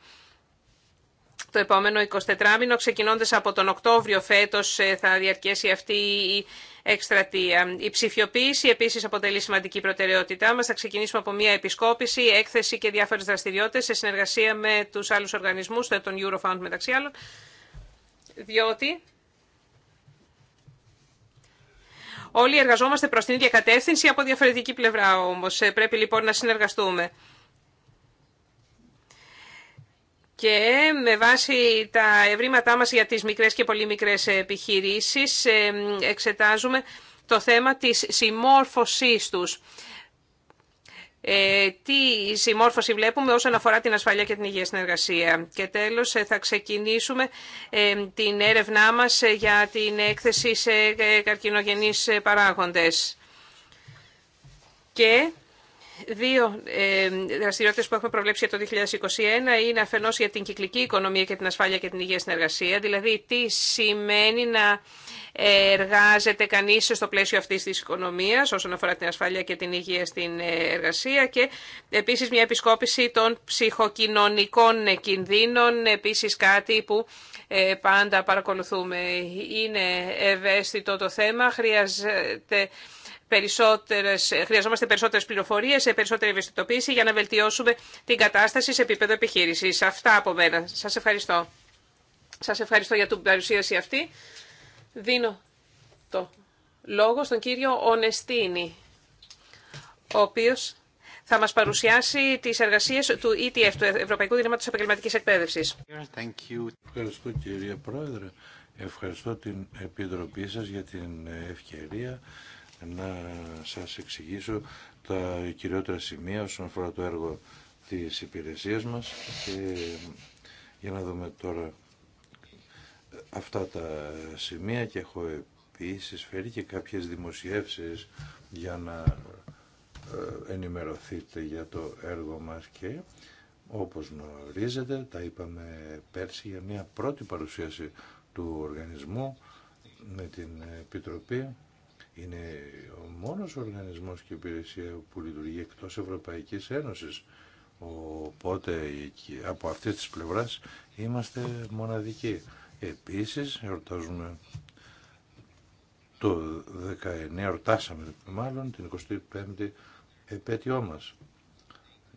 Speaker 1: το επόμενο 24μηνο, ξεκινώντας από τον Οκτώβριο φέτος ε, θα διαρκέσει αυτή η εκστρατεία. Η ψηφιοποίηση επίσης αποτελεί σημαντική προτεραιότητά μας. Θα ξεκινήσουμε από μια επισκόπηση, έκθεση και διάφορες δραστηριότητες σε συνεργασία με τους άλλους οργανισμούς, τον Eurofound μεταξύ άλλων, διότι... Όλοι εργαζόμαστε προ την ίδια κατεύθυνση από διαφορετική πλευρά όμω. Ε, πρέπει λοιπόν να συνεργαστούμε και με βάση τα ευρήματά μας για τις μικρές και πολύ μικρές επιχειρήσεις ε, εξετάζουμε το θέμα της συμμόρφωσής τους. Ε, τι συμμόρφωση βλέπουμε όσον αφορά την ασφαλεία και την υγεία στην εργασία. Και τέλος ε, θα ξεκινήσουμε ε, την έρευνά μας για την έκθεση σε καρκινογενείς παράγοντες. Και Δύο δραστηριότητε που έχουμε προβλέψει για το 2021 είναι αφενό για την κυκλική οικονομία και την ασφάλεια και την υγεία στην εργασία. Δηλαδή, τι σημαίνει να εργάζεται κανεί στο πλαίσιο αυτή τη οικονομία όσον αφορά την ασφάλεια και την υγεία στην ε, εργασία. Και επίση μια επισκόπηση των ψυχοκοινωνικών κινδύνων. Επίση κάτι που ε, πάντα παρακολουθούμε. Είναι ευαίσθητο το θέμα. Χρειάζεται περισσότερες, χρειαζόμαστε περισσότερες πληροφορίες, περισσότερη ευαισθητοποίηση για να βελτιώσουμε την κατάσταση σε επίπεδο επιχείρησης. Αυτά από μένα. Σας ευχαριστώ. Σας ευχαριστώ για την παρουσίαση αυτή. Δίνω το λόγο στον κύριο Ονεστίνη, ο οποίος θα μας παρουσιάσει τις εργασίες του ETF, του Ευρωπαϊκού Δήματο Επαγγελματικής Εκπαίδευση.
Speaker 2: Ευχαριστώ κύριε Πρόεδρε. Ευχαριστώ την Επιτροπή σας για την ευκαιρία να σας εξηγήσω τα κυριότερα σημεία όσον αφορά το έργο της υπηρεσίας μας και για να δούμε τώρα αυτά τα σημεία και έχω επίσης φέρει και κάποιες δημοσιεύσεις για να ε, ενημερωθείτε για το έργο μας και όπως γνωρίζετε τα είπαμε πέρσι για μια πρώτη παρουσίαση του οργανισμού με την Επιτροπή είναι ο μόνος οργανισμός και υπηρεσία που λειτουργεί εκτός Ευρωπαϊκής Ένωσης. Οπότε από αυτές τις πλευράς είμαστε μοναδικοί. Επίσης εορτάζουμε το 19, εορτάσαμε μάλλον την 25η επέτειό μας.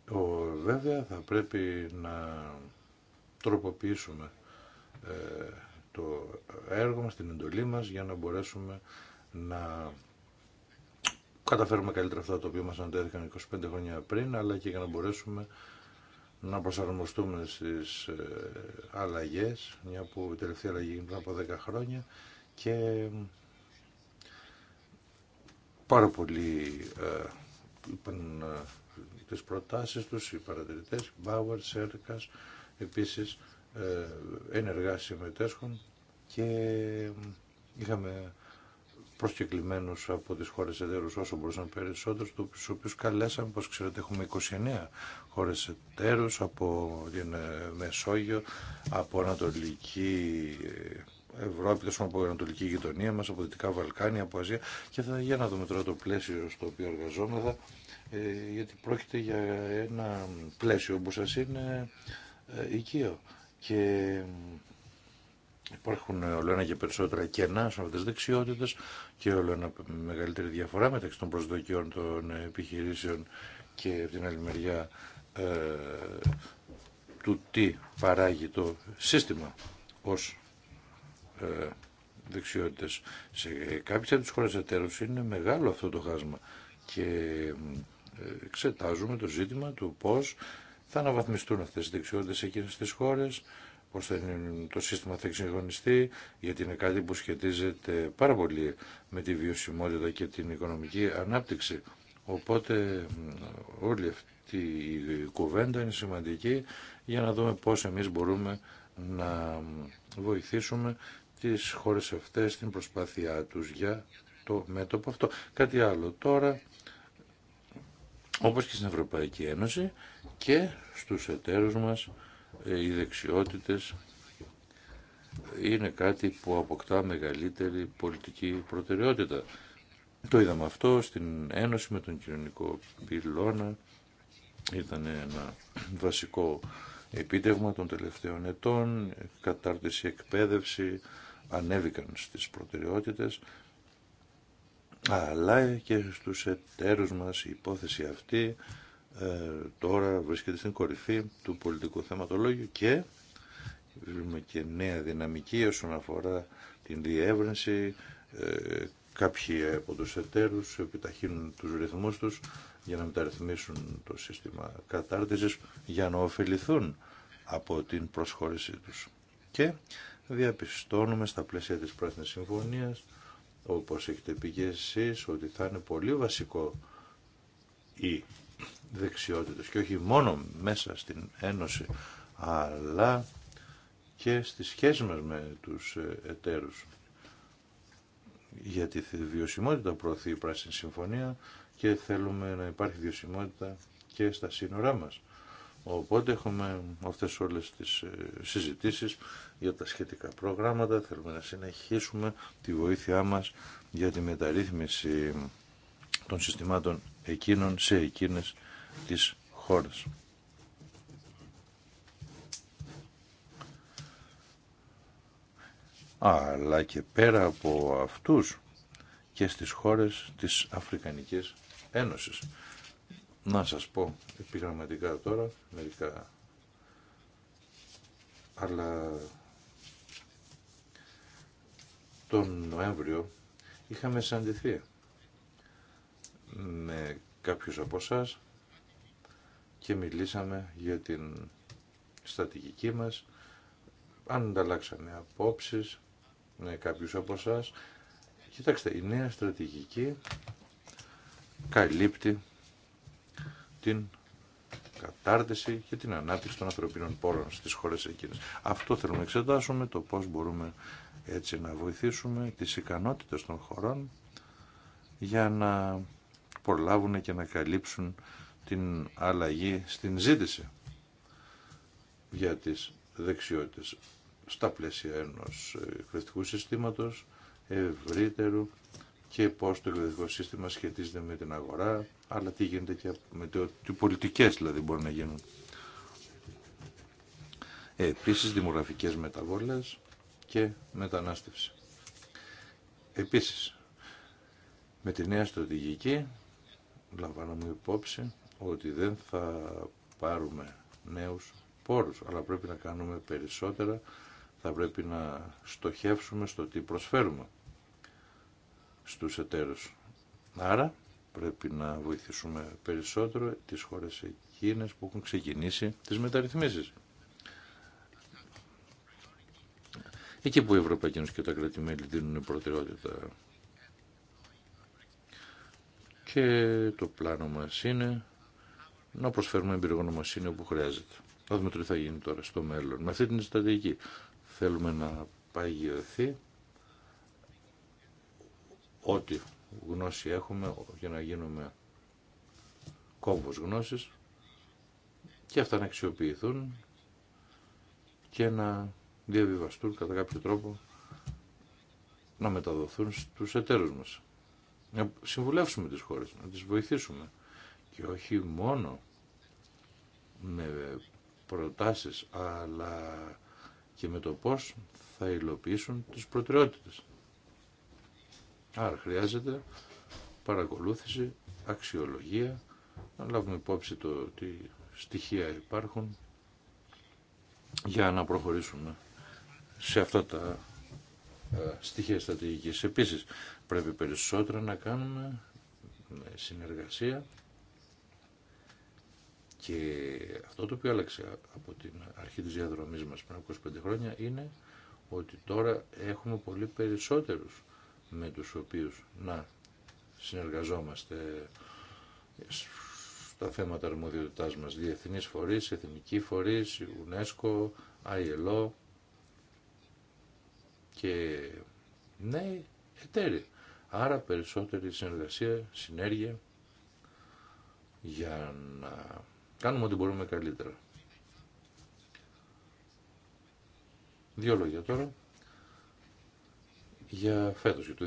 Speaker 2: Ο, βέβαια θα πρέπει να τροποποιήσουμε ε, το έργο μας, την εντολή μας για να μπορέσουμε να καταφέρουμε καλύτερα αυτά τα οποία μας αντέθηκαν 25 χρόνια πριν, αλλά και για να μπορέσουμε να προσαρμοστούμε στις ε, αλλαγές, μια που η τελευταία αλλαγή πριν από 10 χρόνια και πάρα πολλοί ε, είπαν ε, τις προτάσεις τους, οι παρατηρητές, Μπάουερ, Σέρκας, επίσης ε, ενεργά συμμετέσχουν και είχαμε προσκεκλημένους από τις χώρες εταίρους όσο μπορούσαν περισσότερους, τους οποίους καλέσαμε, όπως ξέρετε έχουμε 29 χώρες εταίρους από την ε, Μεσόγειο, από Ανατολική Ευρώπη, τόσο από Ανατολική γειτονία μας, από Δυτικά Βαλκάνια, από Αζία και θα για να δούμε τώρα το πλαίσιο στο οποίο εργαζόμεθα, ε, γιατί πρόκειται για ένα πλαίσιο που σας είναι ε, οικείο. Και Υπάρχουν όλο ένα και περισσότερα κενά σε αυτές τι δεξιότητε και όλο ένα μεγαλύτερη διαφορά μεταξύ των προσδοκιών των επιχειρήσεων και από την άλλη μεριά ε, του τι παράγει το σύστημα ως ε, δεξιότητες. Σε κάποιες από τις χώρες εταίρου είναι μεγάλο αυτό το χάσμα και ε, εξετάζουμε το ζήτημα του πώ θα αναβαθμιστούν αυτές οι δεξιότητες εκείνες τι χώρε πώς το σύστημα θα εξυγχρονιστεί, γιατί είναι κάτι που σχετίζεται πάρα πολύ με τη βιωσιμότητα και την οικονομική ανάπτυξη. Οπότε όλη αυτή η κουβέντα είναι σημαντική για να δούμε πώς εμείς μπορούμε να βοηθήσουμε τις χώρες αυτές στην προσπάθειά τους για το μέτωπο αυτό. Κάτι άλλο τώρα, όπως και στην Ευρωπαϊκή Ένωση και στους εταίρους μας, ε, οι δεξιότητες είναι κάτι που αποκτά μεγαλύτερη πολιτική προτεραιότητα. Το είδαμε αυτό στην Ένωση με τον κοινωνικό πυλώνα. Ήταν ένα βασικό επίτευγμα των τελευταίων ετών, κατάρτιση, εκπαίδευση, ανέβηκαν στις προτεραιότητες, αλλά και στους εταίρους μας η υπόθεση αυτή ε, τώρα βρίσκεται στην κορυφή του πολιτικού θεματολόγιου και βλέπουμε και νέα δυναμική όσον αφορά την διεύρυνση. Ε, κάποιοι από τους εταίρους επιταχύνουν τους ρυθμούς τους για να μεταρρυθμίσουν το σύστημα κατάρτισης για να ωφεληθούν από την προσχώρησή τους. Και διαπιστώνουμε στα πλαίσια της Πράσινης Συμφωνίας, όπως έχετε πει και εσείς, ότι θα είναι πολύ βασικό η δεξιότητες και όχι μόνο μέσα στην Ένωση αλλά και στις σχέσεις μας με τους ε, εταίρους γιατί τη βιωσιμότητα προωθεί η Πράσινη Συμφωνία και θέλουμε να υπάρχει βιωσιμότητα και στα σύνορά μας. Οπότε έχουμε αυτές όλες τις ε, συζητήσεις για τα σχετικά προγράμματα. Θέλουμε να συνεχίσουμε τη βοήθειά μας για τη μεταρρύθμιση των συστημάτων εκείνων σε εκείνες της χώρας. Αλλά και πέρα από αυτούς και στις χώρες της Αφρικανικής Ένωσης. Να σας πω επιγραμματικά τώρα μερικά αλλά τον Νοέμβριο είχαμε σαντηθεί με κάποιους από εσά και μιλήσαμε για την στρατηγική μας, αν ανταλλάξαμε απόψεις με κάποιους από εσά. Κοιτάξτε, η νέα στρατηγική καλύπτει την κατάρτιση και την ανάπτυξη των ανθρωπίνων πόρων στις χώρες εκείνες. Αυτό θέλουμε να εξετάσουμε, το πώς μπορούμε έτσι να βοηθήσουμε τις ικανότητες των χωρών για να προλάβουν και να καλύψουν την αλλαγή στην ζήτηση για τις δεξιότητες στα πλαίσια ενός εκπαιδευτικού συστήματος ευρύτερου και πώς το εκπαιδευτικό σύστημα σχετίζεται με την αγορά, αλλά τι γίνεται και με το, τι πολιτικές δηλαδή μπορούν να γίνουν. Επίσης δημογραφικές μεταβόλες και μετανάστευση. Επίσης, με τη νέα στρατηγική λαμβάνομαι υπόψη ότι δεν θα πάρουμε νέους πόρους, αλλά πρέπει να κάνουμε περισσότερα, θα πρέπει να στοχεύσουμε στο τι προσφέρουμε στους εταίρους. Άρα πρέπει να βοηθήσουμε περισσότερο τις χώρες εκείνες που έχουν ξεκινήσει τις μεταρρυθμίσεις. Εκεί που η Ευρωπαϊκή Ένωση και τα κράτη-μέλη δίνουν προτεραιότητα. Και το πλάνο μας είναι να προσφέρουμε εμπειρογνωμοσύνη όπου χρειάζεται. Να δούμε τι θα γίνει τώρα στο μέλλον. Με αυτή την στρατηγική θέλουμε να παγιωθεί ό,τι γνώση έχουμε για να γίνουμε κόμβος γνώσης και αυτά να αξιοποιηθούν και να διαβιβαστούν κατά κάποιο τρόπο να μεταδοθούν στους εταίρους μας. Να συμβουλεύσουμε τις χώρες, να τις βοηθήσουμε και όχι μόνο με προτάσεις αλλά και με το πώς θα υλοποιήσουν τις προτεραιότητες. Άρα χρειάζεται παρακολούθηση, αξιολογία, να λάβουμε υπόψη το ότι στοιχεία υπάρχουν για να προχωρήσουμε σε αυτά τα ε, στοιχεία στρατηγικής. Επίσης πρέπει περισσότερα να κάνουμε συνεργασία και αυτό το οποίο άλλαξε από την αρχή της διαδρομής μας πριν 25 χρόνια είναι ότι τώρα έχουμε πολύ περισσότερους με τους οποίους να συνεργαζόμαστε στα θέματα αρμοδιότητάς μας, διεθνείς φορείς, εθνικοί φορείς, UNESCO, ILO και νέοι εταίροι. Άρα περισσότερη συνεργασία, συνέργεια για να Κάνουμε ό,τι μπορούμε καλύτερα. Δύο λόγια τώρα για φέτος, για το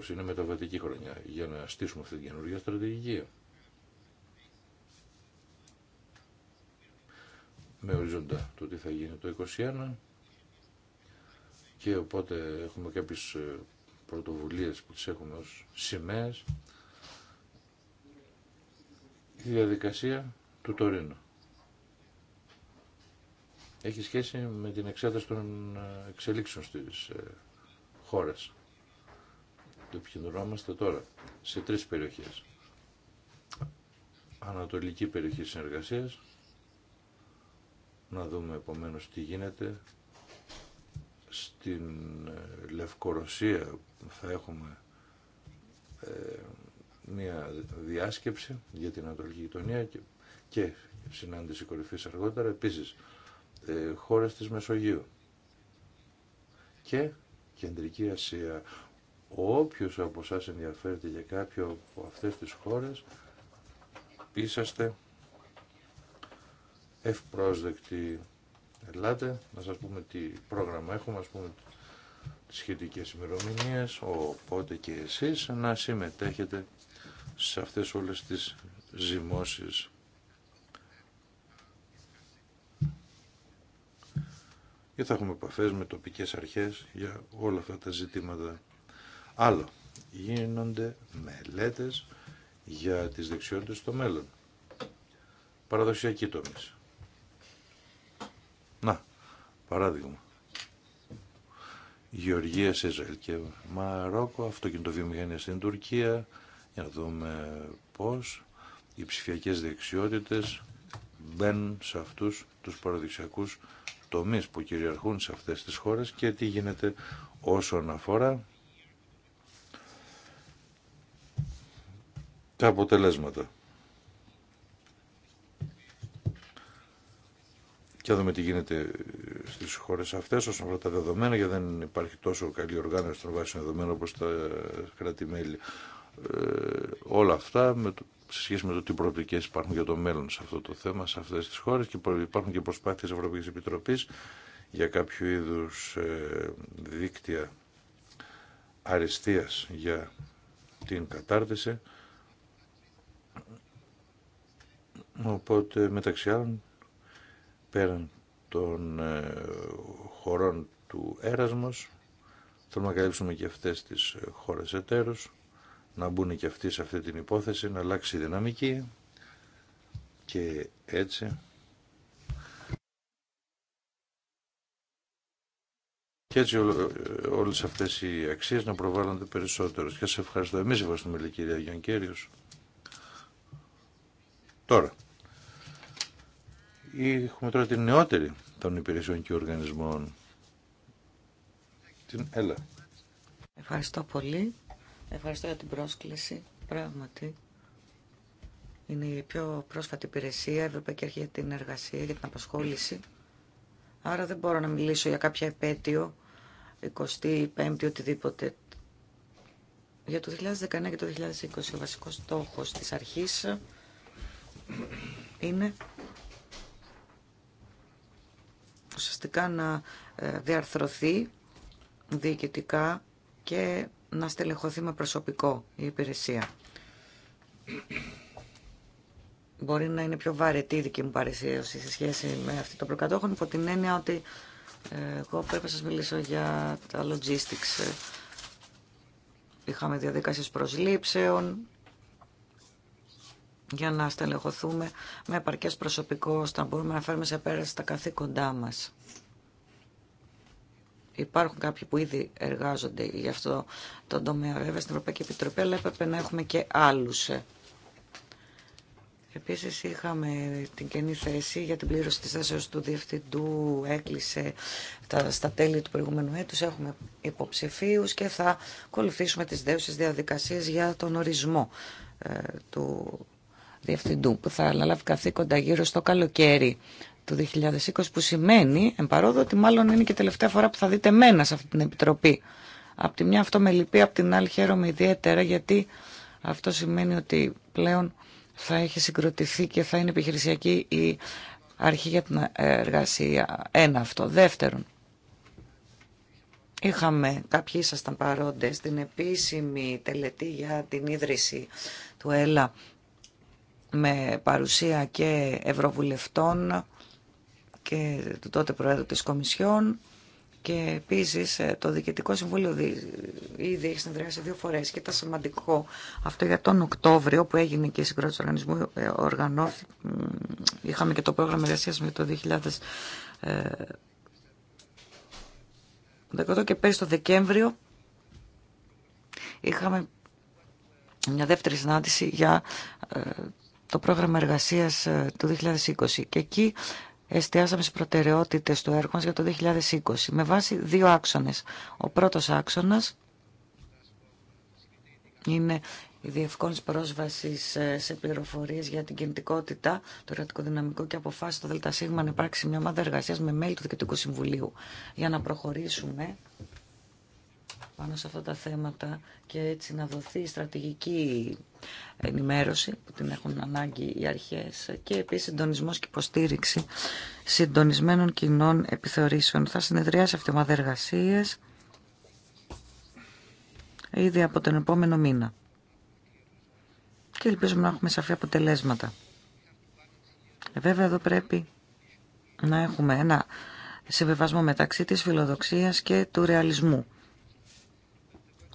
Speaker 2: 2020. Είναι μεταβατική χρονιά για να στήσουμε αυτή την καινούργια στρατηγική. Με οριζόντα το τι θα γίνει το 2021 και οπότε έχουμε κάποιες ε, πρωτοβουλίες που τις έχουμε ως σημαίες. Η διαδικασία του Τωρίνου. Έχει σχέση με την εξέταση των ε, εξελίξεων στις ε, χώρες. Το επικεντρωνόμαστε τώρα σε τρεις περιοχές. Ανατολική περιοχή συνεργασίας. Να δούμε επομένως τι γίνεται. Στην ε, Λευκορωσία θα έχουμε μια διάσκεψη για την Ανατολική Γειτονία και και συνάντηση κορυφής αργότερα επίσης ε, χώρες της Μεσογείου και Κεντρική Ασία. Όποιος από εσά ενδιαφέρεται για κάποιο από αυτές τις χώρες είσαστε ευπρόσδεκτοι. Ελάτε να σας πούμε τι πρόγραμμα έχουμε, ας πούμε τις σχετικές ημερομηνίε, οπότε και εσείς να συμμετέχετε σε αυτές όλες τις ζυμώσεις. και θα έχουμε επαφέ με τοπικές αρχές για όλα αυτά τα ζητήματα. Άλλο, γίνονται μελέτες για τις δεξιότητε στο μέλλον. Παραδοσιακή τομή. Να, παράδειγμα. Γεωργία σε Ισραήλ και Μαρόκο, αυτοκινητοβιομηχανία στην Τουρκία, για να δούμε πώς οι ψηφιακές δεξιότητες μπαίνουν σε αυτούς τους παραδοσιακούς τομείς που κυριαρχούν σε αυτές τις χώρες και τι γίνεται όσον αφορά τα αποτελέσματα. Και δούμε τι γίνεται στις χώρες αυτές όσον αφορά τα δεδομένα, γιατί δεν υπάρχει τόσο καλή οργάνωση των βάσεων δεδομένων όπως τα κράτη-μέλη. Ε, όλα αυτά με το σε σχέση με το τι προοπτικές υπάρχουν για το μέλλον σε αυτό το θέμα, σε αυτές τις χώρες και υπάρχουν και προσπάθειες Ευρωπαϊκής Επιτροπής για κάποιο είδους ε, δίκτυα αριστείας για την κατάρτιση. Οπότε μεταξύ άλλων πέραν των ε, χωρών του έρασμος θέλουμε να καλύψουμε και αυτές τις ε, χώρες εταίρους να μπουν και αυτοί σε αυτή την υπόθεση, να αλλάξει η δυναμική και έτσι. Και έτσι όλες αυτές οι αξίες να προβάλλονται περισσότερο. Και σε ευχαριστώ. Εμείς ευχαριστούμε, κυρία Γιονκέριος. Τώρα, έχουμε τώρα την νεότερη των υπηρεσιών και οργανισμών. Την ΕΛΑ.
Speaker 3: Ευχαριστώ πολύ. Ευχαριστώ για την πρόσκληση. Πράγματι, είναι η πιο πρόσφατη υπηρεσία, Ευρωπαϊκή Αρχή για την Εργασία, για την Απασχόληση. Άρα δεν μπορώ να μιλήσω για κάποια επέτειο, 25η, οτιδήποτε. Για το 2019 και το 2020 ο βασικός στόχος της αρχής είναι ουσιαστικά να ε, διαρθρωθεί διοικητικά και να στελεχωθεί με προσωπικό η υπηρεσία. Μπορεί να είναι πιο βαρετή η δική μου παρεσίωση σε σχέση με αυτή το προκατόχον, υπό την έννοια ότι ε, εγώ πρέπει να σας μιλήσω για τα logistics. Είχαμε διαδικασίες προσλήψεων για να στελεχωθούμε με επαρκές προσωπικό ώστε να μπορούμε να φέρουμε σε πέρα τα καθήκοντά μας. Υπάρχουν κάποιοι που ήδη εργάζονται για αυτό το τομέα βέβαια στην Ευρωπαϊκή Επιτροπή, αλλά έπρεπε να έχουμε και άλλους. Επίσης είχαμε την καινή θέση για την πλήρωση της θέσεως του Διευθυντού, έκλεισε τα, στα τέλη του προηγούμενου έτους, έχουμε υποψηφίους και θα ακολουθήσουμε τις δέουσες διαδικασίες για τον ορισμό ε, του Διευθυντού που θα αναλάβει καθήκοντα γύρω στο καλοκαίρι του 2020 που σημαίνει, παρόδο ότι μάλλον είναι και η τελευταία φορά που θα δείτε μένα σε αυτή την Επιτροπή. Απ' τη μια αυτό με λυπεί, απ' την άλλη χαίρομαι ιδιαίτερα γιατί αυτό σημαίνει ότι πλέον θα έχει συγκροτηθεί και θα είναι επιχειρησιακή η αρχή για την εργασία. Ένα αυτό. Δεύτερον, είχαμε, κάποιοι ήσασταν παρόντες, στην επίσημη τελετή για την ίδρυση του ΕΛΑ με παρουσία και ευρωβουλευτών και του τότε Προέδρου της Κομισιόν και επίση ε, το Διοικητικό Συμβούλιο ήδη έχει συνεδριάσει δύο φορέ. και ήταν σημαντικό αυτό για τον Οκτώβριο που έγινε και η συγκρότηση του οργανισμού ε, είχαμε και το πρόγραμμα εργασία με το 2018 ε, και πέρυσι το Δεκέμβριο είχαμε μια δεύτερη συνάντηση για το πρόγραμμα εργασίας του 2020 και εκεί εστιάσαμε στις προτεραιότητες του έργου μας για το 2020 με βάση δύο άξονες. Ο πρώτος άξονας είναι η διευκόλυνση πρόσβαση ε, σε πληροφορίε για την κινητικότητα, το εργατικό δυναμικό και αποφάσισε το ΔΣ να υπάρξει μια ομάδα εργασία με μέλη του Διοικητικού Συμβουλίου για να προχωρήσουμε πάνω σε αυτά τα θέματα και έτσι να δοθεί η στρατηγική ενημέρωση που την έχουν ανάγκη οι αρχές και επίσης συντονισμό και υποστήριξη συντονισμένων κοινών επιθεωρήσεων. Θα συνεδριάσει αυτή η ήδη από τον επόμενο μήνα και ελπίζουμε να έχουμε σαφή αποτελέσματα. Ε, βέβαια εδώ πρέπει να έχουμε ένα συμβιβασμό μεταξύ της φιλοδοξίας και του ρεαλισμού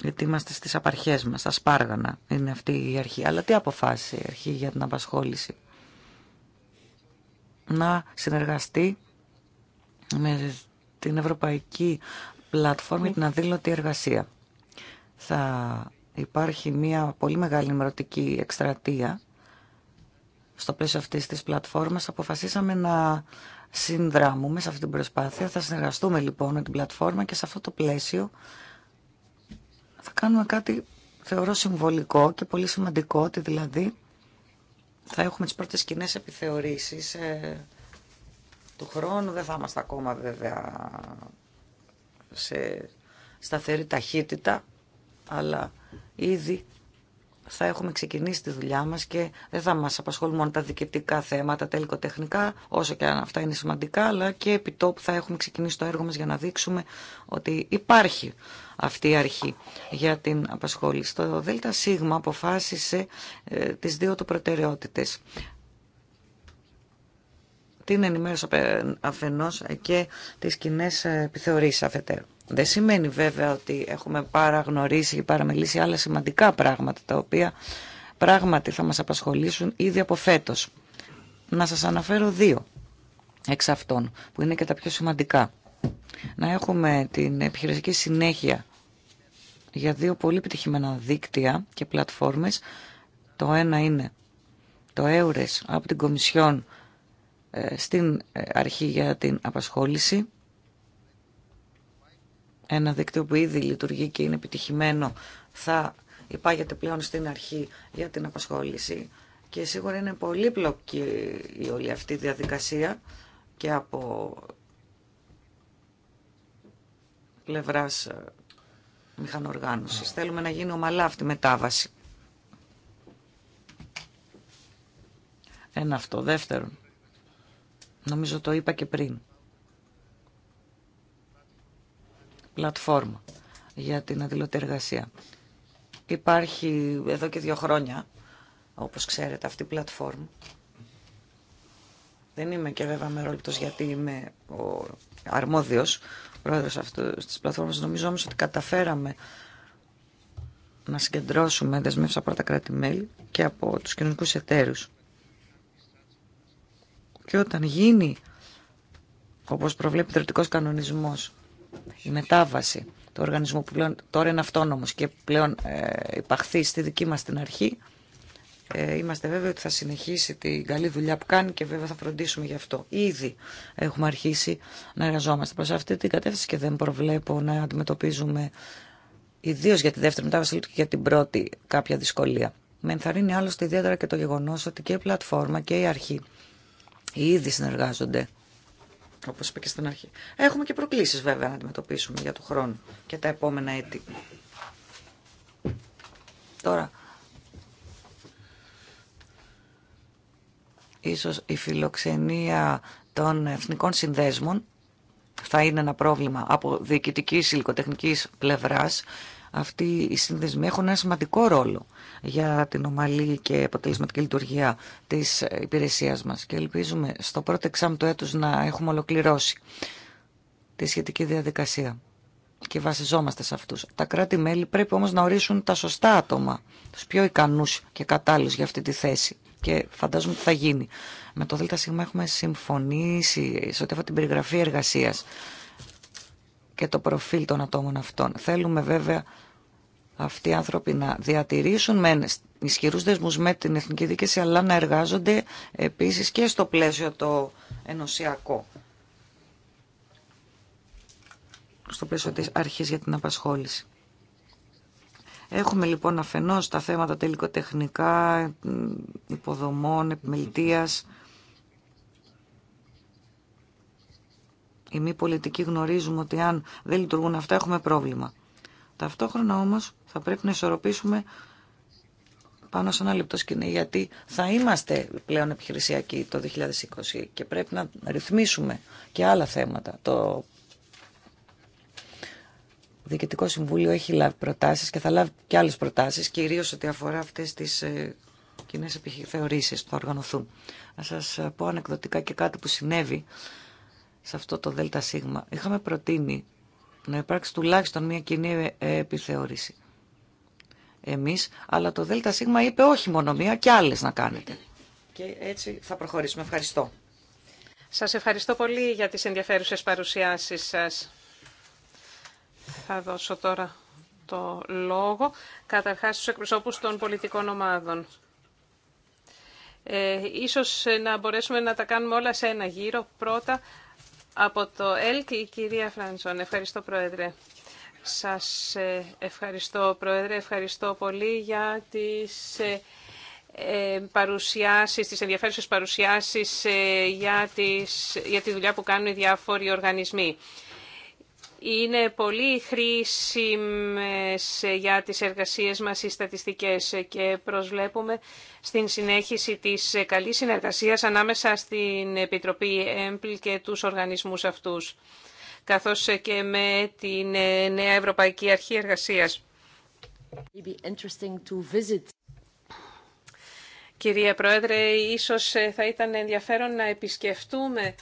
Speaker 3: γιατί είμαστε στις απαρχές μας, στα σπάργανα είναι αυτή η αρχή. Αλλά τι αποφάσισε η αρχή για την απασχόληση. Να συνεργαστεί με την Ευρωπαϊκή Πλατφόρμα για την Αδήλωτη Εργασία. Θα υπάρχει μια πολύ μεγάλη ενημερωτική εκστρατεία στο πλαίσιο αυτή τη πλατφόρμα. Αποφασίσαμε να συνδράμουμε σε αυτή την προσπάθεια. Θα συνεργαστούμε λοιπόν με την πλατφόρμα και σε αυτό το πλαίσιο θα κάνουμε κάτι θεωρώ συμβολικό και πολύ σημαντικό ότι δηλαδή θα έχουμε τις πρώτες κοινέ επιθεωρήσεις ε, του χρόνου. Δεν θα είμαστε ακόμα βέβαια σε σταθερή ταχύτητα, αλλά ήδη θα έχουμε ξεκινήσει τη δουλειά μας και δεν θα μας απασχολούν μόνο τα διοικητικά θέματα, τα υλικοτεχνικά, όσο και αν αυτά είναι σημαντικά, αλλά και επί τόπου θα έχουμε ξεκινήσει το έργο μας για να δείξουμε ότι υπάρχει αυτή η αρχή για την απασχόληση. Το ΔΣ αποφάσισε ε, τις δύο του προτεραιότητες την ενημέρωση αφενός και τις κοινέ ε, επιθεωρήσεις αφετέρου. Δεν σημαίνει βέβαια ότι έχουμε παραγνωρίσει ή παραμελήσει άλλα σημαντικά πράγματα, τα οποία πράγματι θα μας απασχολήσουν ήδη από φέτος. Να σας αναφέρω δύο εξ αυτών, που είναι και τα πιο σημαντικά να έχουμε την επιχειρηματική συνέχεια για δύο πολύ επιτυχημένα δίκτυα και πλατφόρμες. Το ένα είναι το ΕΟΡΕΣ από την Κομισιόν ε, στην ε, αρχή για την απασχόληση. Ένα δίκτυο που ήδη λειτουργεί και είναι επιτυχημένο θα υπάγεται πλέον στην αρχή για την απασχόληση. Και σίγουρα είναι πολύπλοκη η όλη αυτή η διαδικασία και από Πλευρά ε, μηχανοργάνωση. Θέλουμε να γίνει ομαλά αυτή η μετάβαση. Ένα αυτό. Δεύτερον, νομίζω το είπα και πριν, πλατφόρμα για την αδηλωτή εργασία. Υπάρχει εδώ και δύο χρόνια, όπως ξέρετε, αυτή η πλατφόρμα. Δεν είμαι και βέβαια μερόληπτος γιατί είμαι ο αρμόδιος πρόεδρος αυτής της πλατφόρμας. Νομίζω όμως ότι καταφέραμε να συγκεντρώσουμε δεσμεύσει από τα κράτη-μέλη και από τους κοινωνικούς εταίρους. Και όταν γίνει, όπως προβλέπει τρωτικός κανονισμός, η μετάβαση του οργανισμού που πλέον τώρα είναι αυτόνομος και πλέον ε, υπαχθεί στη δική μας την αρχή, ε, είμαστε βέβαιοι ότι θα συνεχίσει την καλή δουλειά που κάνει και βέβαια θα φροντίσουμε γι' αυτό. Ήδη έχουμε αρχίσει να εργαζόμαστε προς αυτή την κατεύθυνση και δεν προβλέπω να αντιμετωπίζουμε ιδίω για τη δεύτερη μετάβαση και για την πρώτη κάποια δυσκολία. Με ενθαρρύνει άλλωστε ιδιαίτερα και το γεγονό ότι και η πλατφόρμα και η αρχή ήδη συνεργάζονται. Όπω είπα και στην αρχή. Έχουμε και προκλήσει βέβαια να αντιμετωπίσουμε για το χρόνο και τα επόμενα έτη. Τώρα, Ίσως η φιλοξενία των εθνικών συνδέσμων θα είναι ένα πρόβλημα από διοικητική υλικοτεχνικής πλευράς. Αυτοί οι σύνδεσμοι έχουν ένα σημαντικό ρόλο για την ομαλή και αποτελεσματική λειτουργία της υπηρεσίας μας και ελπίζουμε στο πρώτο εξάμεινο του έτους να έχουμε ολοκληρώσει τη σχετική διαδικασία και βασιζόμαστε σε αυτούς. Τα κράτη-μέλη πρέπει όμως να ορίσουν τα σωστά άτομα, τους πιο ικανούς και κατάλληλους για αυτή τη θέση και φαντάζομαι ότι θα γίνει. Με το ΔΣ έχουμε συμφωνήσει σε ό,τι αφορά την περιγραφή εργασίας και το προφίλ των ατόμων αυτών. Θέλουμε βέβαια αυτοί οι άνθρωποι να διατηρήσουν με ισχυρού δεσμού με την εθνική δίκαιση, αλλά να εργάζονται επίση και στο πλαίσιο το ενωσιακό. Στο πλαίσιο τη αρχή για την απασχόληση. Έχουμε λοιπόν αφενός τα θέματα τελικοτεχνικά, υποδομών, επιμελητίας. Οι μη πολιτικοί γνωρίζουμε ότι αν δεν λειτουργούν αυτά έχουμε πρόβλημα. Ταυτόχρονα όμως θα πρέπει να ισορροπήσουμε πάνω σε ένα λεπτό σκηνή, γιατί θα είμαστε πλέον επιχειρησιακοί το 2020 και πρέπει να ρυθμίσουμε και άλλα θέματα. Το Διοικητικό Συμβούλιο έχει λάβει προτάσεις και θα λάβει και άλλες προτάσεις, κυρίως ό,τι αφορά αυτές τις ε, κοινέ επιθεωρήσεις που θα οργανωθούν. Να σας ε, πω ανεκδοτικά και κάτι που συνέβη σε αυτό το ΔΣ. Είχαμε προτείνει να υπάρξει τουλάχιστον μια κοινή ε, επιθεώρηση. Εμείς, αλλά το ΔΣ είπε όχι μόνο μία και άλλες να κάνετε.
Speaker 1: Και έτσι θα προχωρήσουμε. Ευχαριστώ. Σας ευχαριστώ πολύ για τις ενδιαφέρουσες παρουσιάσεις σας. Θα δώσω τώρα το λόγο, καταρχάς στους εκπροσώπους των πολιτικών ομάδων. Ε, ίσως να μπορέσουμε να τα κάνουμε όλα σε ένα γύρο. Πρώτα από το ΕΛΚ η κυρία Φρανσόν. Ευχαριστώ Πρόεδρε. Σας ε, ευχαριστώ Πρόεδρε, ευχαριστώ πολύ για τις ε, ε, παρουσιάσεις, τις ενδιαφέρουσες παρουσιάσεις για, τις, για τη δουλειά που κάνουν οι διάφοροι οργανισμοί. Είναι πολύ χρήσιμες για τις εργασίες μας οι στατιστικές και προσβλέπουμε στην συνέχιση της καλής συνεργασίας ανάμεσα στην Επιτροπή ΕΜΠΛ και τους οργανισμούς αυτούς, καθώς και με την Νέα Ευρωπαϊκή Αρχή Εργασίας. Κυρία Πρόεδρε, ίσως θα ήταν ενδιαφέρον να επισκεφτούμε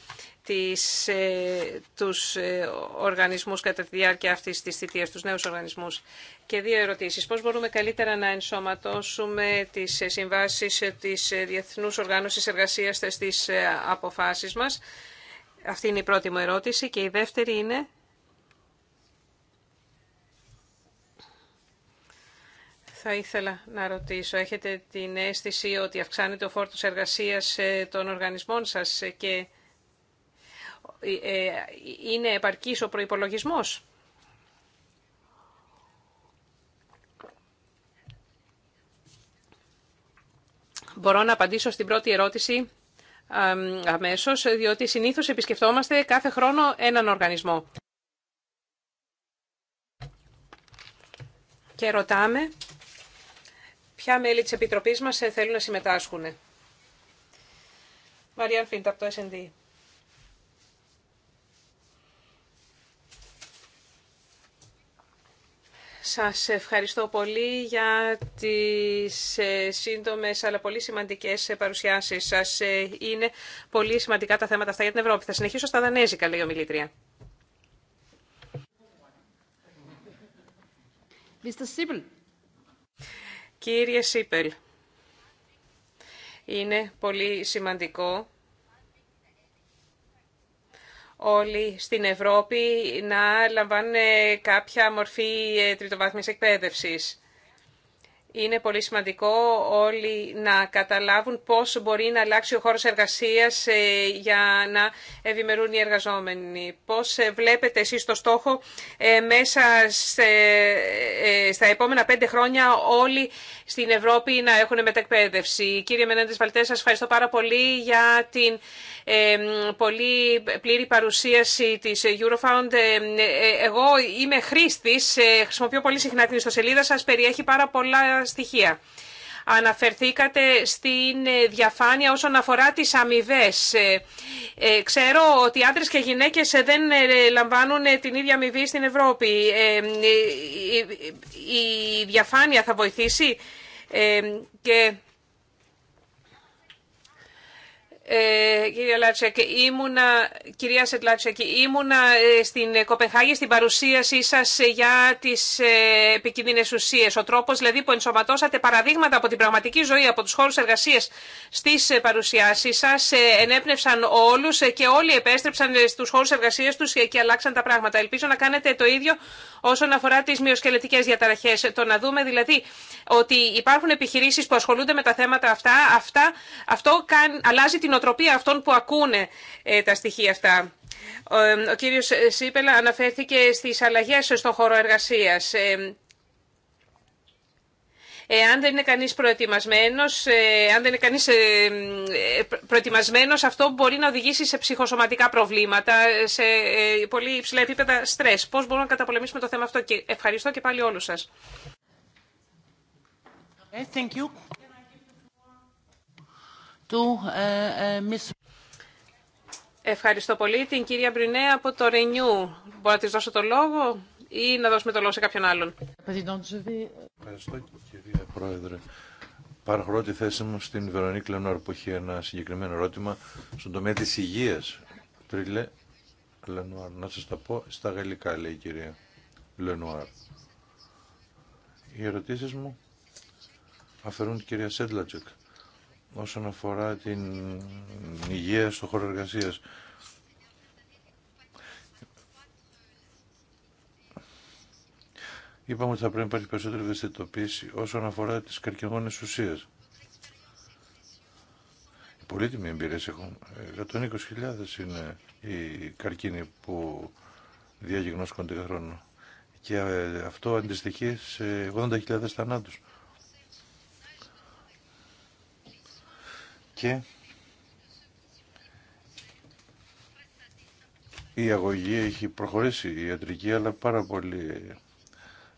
Speaker 1: τις, ε, τους ε, οργανισμούς κατά τη διάρκεια αυτής της θητείας, τους νέους οργανισμούς. Και δύο ερωτήσεις. Πώς μπορούμε καλύτερα να ενσωματώσουμε τις ε, συμβάσεις της Διεθνούς Οργάνωσης Εργασίας στις αποφάσεις μας. Αυτή είναι η πρώτη μου ερώτηση. Και η δεύτερη είναι... Θα ήθελα να ρωτήσω, έχετε την αίσθηση ότι αυξάνεται ο φόρτος εργασίας των οργανισμών σας και ε, είναι επαρκής ο προϋπολογισμός. Μπορώ να απαντήσω στην πρώτη ερώτηση αμέσως, διότι συνήθως επισκεφτόμαστε κάθε χρόνο έναν οργανισμό. Και ρωτάμε ποια μέλη της Επιτροπής μας θέλουν να συμμετάσχουν. Μαρία Φίντα από το S&D. Σας ευχαριστώ πολύ για τις ε, σύντομες αλλά πολύ σημαντικές ε, παρουσιάσεις σας. Ε, είναι πολύ σημαντικά τα θέματα αυτά για την Ευρώπη. Θα συνεχίσω στα Δανέζικα, λέει ο Μιλήτρια. Κύριε Σίπελ, είναι πολύ σημαντικό όλοι στην Ευρώπη να λαμβάνουν κάποια μορφή ε, τριτοβάθμιας εκπαίδευσης. Είναι πολύ σημαντικό όλοι να καταλάβουν πώς μπορεί να αλλάξει ο χώρος εργασίας ε, για να ευημερούν οι εργαζόμενοι. Πώς ε, βλέπετε εσείς το στόχο ε, μέσα στα επόμενα πέντε χρόνια όλοι στην Ευρώπη να έχουν μετακπαίδευση. Κύριε Μενέντες Βαλτές, σας ευχαριστώ πάρα πολύ για την ε, πολύ πλήρη παρουσίαση της Eurofound. εγώ είμαι χρήστης, χρησιμοποιώ πολύ συχνά την ιστοσελίδα σας, περιέχει πάρα πολλά στοιχεία. Αναφερθήκατε στην ε, διαφάνεια όσον αφορά τις αμοιβέ. Ε, ε, ξέρω ότι άντρες και γυναίκες δεν λαμβάνουν την ίδια αμοιβή στην Ευρώπη. Η διαφάνεια θα βοηθήσει και ε, κυρία Λάτσεκ, ήμουνα, κυρία Σετλάτσεκ, ήμουνα ε, στην Κοπενχάγη στην παρουσίασή σας ε, για τις ε, επικίνδυνε ουσίες. Ο τρόπος δηλαδή που ενσωματώσατε παραδείγματα από την πραγματική ζωή, από τους χώρους εργασίας στις παρουσιάσεις σας, ενέπνευσαν όλους και όλοι επέστρεψαν στους χώρους εργασίας τους και αλλάξαν τα πράγματα. Ελπίζω να κάνετε το ίδιο όσον αφορά τι μειοσκελετικέ διαταραχέ. Το να δούμε δηλαδή ότι υπάρχουν επιχειρήσει που ασχολούνται με τα θέματα αυτά, αυτά αυτό καν, αλλάζει την οτροπία αυτών που ακούνε ε, τα στοιχεία αυτά. Ο ε, κύριος Σίπελα αναφέρθηκε στις αλλαγές στον χώρο εργασίας. Ε, ε, αν δεν είναι κανείς προετοιμασμένος, ε, αν δεν είναι κανείς ε, προετοιμασμένος, αυτό μπορεί να οδηγήσει σε ψυχοσωματικά προβλήματα, σε πολύ υψηλά επίπεδα στρες. Πώς μπορούμε να καταπολεμήσουμε το θέμα αυτό ευχαριστώ και πάλι όλους σας. Thank you. Ευχαριστώ πολύ. Την κυρία Μπρινέ από το Ρενιού. Μπορώ να της δώσω το λόγο ή να δώσουμε το λόγο σε κάποιον άλλον. Ευχαριστώ
Speaker 2: κυρία Πρόεδρε. Παραχωρώ τη θέση μου στην Βερονίκη Λενόρ που έχει ένα συγκεκριμένο ερώτημα στον τομέα της υγείας. Τρίλε Λενουάρ, να σας τα πω στα γαλλικά λέει η κυρία Λενουάρ. Οι ερωτήσει μου αφαιρούν την κυρία Σέντλατζεκ όσον αφορά την υγεία στον χώρο εργασίας. είπαμε ότι θα πρέπει να υπάρχει περισσότερη ευαισθητοποίηση όσον αφορά τις καρκινογόνες ουσίες. Οι πολύτιμοι έχουμε. έχουν. 120.000 είναι οι καρκίνοι που διαγνώσκονται κάθε χρόνο. Και ε, αυτό αντιστοιχεί σε 80.000 θανάτους. Και η αγωγή έχει προχωρήσει η ιατρική, αλλά πάρα πολύ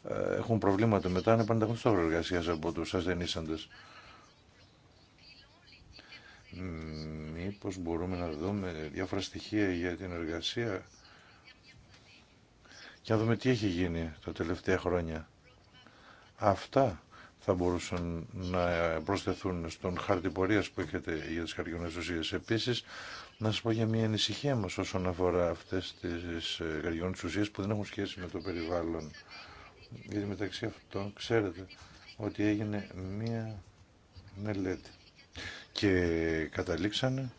Speaker 2: ε, έχουν προβλήματα μετά να επανταχθούν στο εργασία από του ασθενήσαντε. Μήπως μπορούμε να δούμε διάφορα στοιχεία για την εργασία και να δούμε τι έχει γίνει τα τελευταία χρόνια. Αυτά θα μπορούσαν να προσθεθούν στον χάρτη πορείας που έχετε για τις καρκινές ουσίες. Επίσης, να σας πω για μια ανησυχία μας όσον αφορά αυτές τις ε, καρκινές ουσίες που δεν έχουν σχέση με το περιβάλλον γιατί μεταξύ αυτών ξέρετε ότι έγινε μία μελέτη και καταλήξανε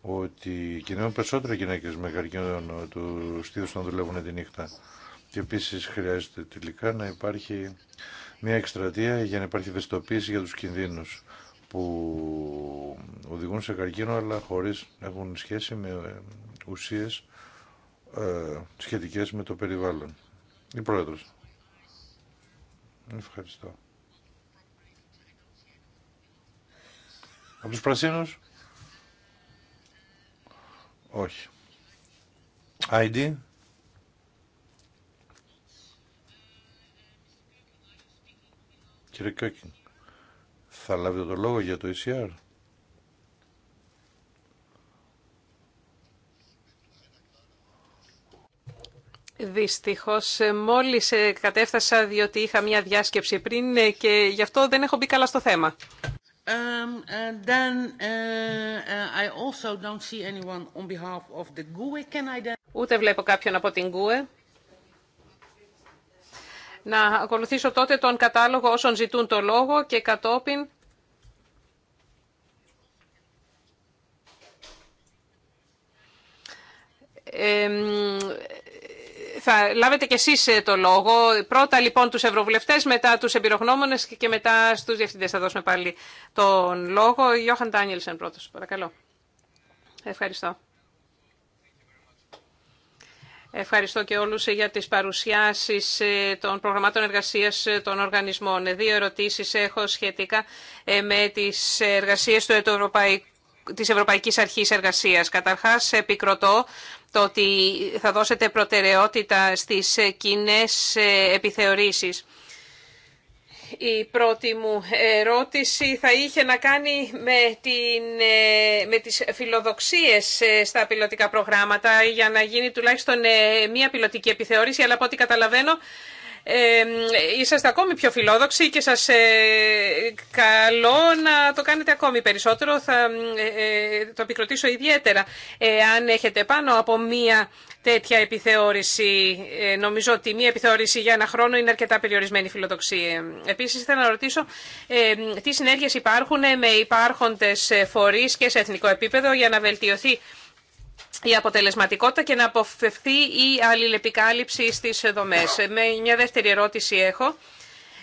Speaker 2: ότι κινούν περισσότερο γυναίκε με καρκίνο του στήθους να δουλεύουν τη νύχτα. Και επίση χρειάζεται τελικά να υπάρχει μια εκστρατεία για να υπάρχει ευαισθητοποίηση για τους κινδύνους που οδηγούν σε καρκίνο αλλά χωρίς να έχουν σχέση με ουσίες ε, σχετικές με το περιβάλλον. Η Πρόεδρος. Ευχαριστώ. Από τους πρασίνους. Όχι. ID. Κύριε Κόκκιν, θα λάβετε το λόγο για το ECR.
Speaker 1: Δυστυχώ, ε, μόλις ε, κατέφτασα διότι είχα μια διάσκεψη πριν ε, και γι' αυτό δεν έχω μπει καλά στο θέμα. E. Ούτε βλέπω κάποιον από την ΚΟΕ. E. Να ακολουθήσω τότε τον κατάλογο όσων ζητούν το λόγο και κατόπιν θα λάβετε κι εσείς ε, το λόγο. Πρώτα λοιπόν τους ευρωβουλευτές, μετά τους εμπειρογνώμονες και μετά στους διευθυντές. Θα δώσουμε πάλι τον λόγο. Γιώχαν Τάνιελσεν πρώτος, παρακαλώ. Ευχαριστώ. Ευχαριστώ και όλους ε, για τις παρουσιάσεις ε, των προγραμμάτων εργασίας των οργανισμών. Δύο ερωτήσεις έχω σχετικά με τις εργασίες του Ευρωπαϊκού της Ευρωπαϊκής Αρχής Εργασίας. Καταρχάς, επικροτώ το ότι θα δώσετε προτεραιότητα στις κοινέ επιθεωρήσεις. Η πρώτη μου ερώτηση θα είχε να κάνει με, την, με τις φιλοδοξίες στα πιλωτικά προγράμματα για να γίνει τουλάχιστον μία πιλωτική επιθεώρηση, αλλά από ό,τι καταλαβαίνω είσαστε ακόμη πιο φιλόδοξοι και σας ε, καλώ να το κάνετε ακόμη περισσότερο. Θα ε, ε, το επικροτήσω ιδιαίτερα αν έχετε πάνω από μία τέτοια επιθεώρηση. Νομίζω ότι μία επιθεώρηση για ένα χρόνο είναι αρκετά περιορισμένη φιλοδοξία. Επίσης, ήθελα να ρωτήσω τι συνέργειες υπάρχουν με υπάρχοντες φορείς και σε εθνικό επίπεδο για να βελτιωθεί η αποτελεσματικότητα και να αποφευθεί η αλληλεπικάλυψη στις δομές. Ε, με μια δεύτερη ερώτηση έχω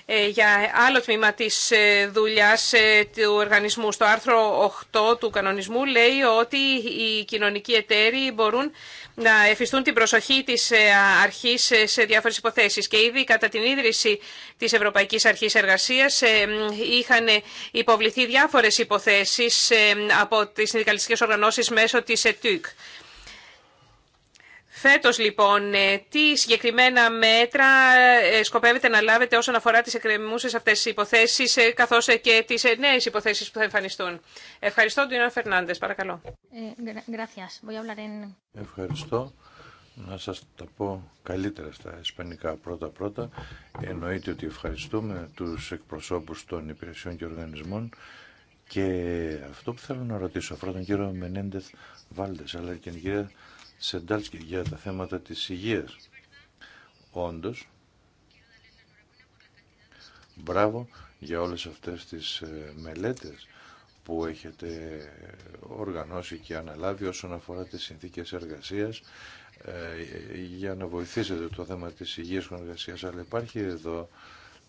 Speaker 1: ε, για άλλο τμήμα της ε, δουλειάς του οργανισμού. Στο άρθρο 8 του κανονισμού λέει ότι οι κοινωνικοί εταίροι μπορούν να εφιστούν την προσοχή της ε, αρχή ε, σε διάφορες υποθέσεις. Και ήδη κατά την ίδρυση της Ευρωπαϊκής Αρχής Εργασίας ε, είχαν υποβληθεί διάφορες υποθέσεις από τις συνδικαλιστικές οργανώσεις μέσω της ΕΤΥΚ. Φέτος λοιπόν, ε, τι συγκεκριμένα μέτρα ε, σκοπεύετε να λάβετε όσον αφορά τις εκκρεμούσε αυτές τις υποθέσεις, ε, καθώς και τις νέες υποθέσεις που θα εμφανιστούν. Ευχαριστώ, Ντουινά Φερνάντε, παρακαλώ.
Speaker 2: Ευχαριστώ. Να σας τα πω καλύτερα στα ισπανικά πρώτα-πρώτα. Εννοείται ότι ευχαριστούμε τους εκπροσώπους των υπηρεσιών και οργανισμών και αυτό που θέλω να ρωτήσω αφορά τον κύριο Μενέντεθ Βάλτες αλλά και την κυρία Σεντάλσκι για τα θέματα της υγείας. Όντως, μπράβο για όλες αυτές τις ε, μελέτες που έχετε οργανώσει και αναλάβει όσον αφορά τις συνθήκες εργασίας ε, για να βοηθήσετε το θέμα της υγείας και εργασίας. Αλλά υπάρχει εδώ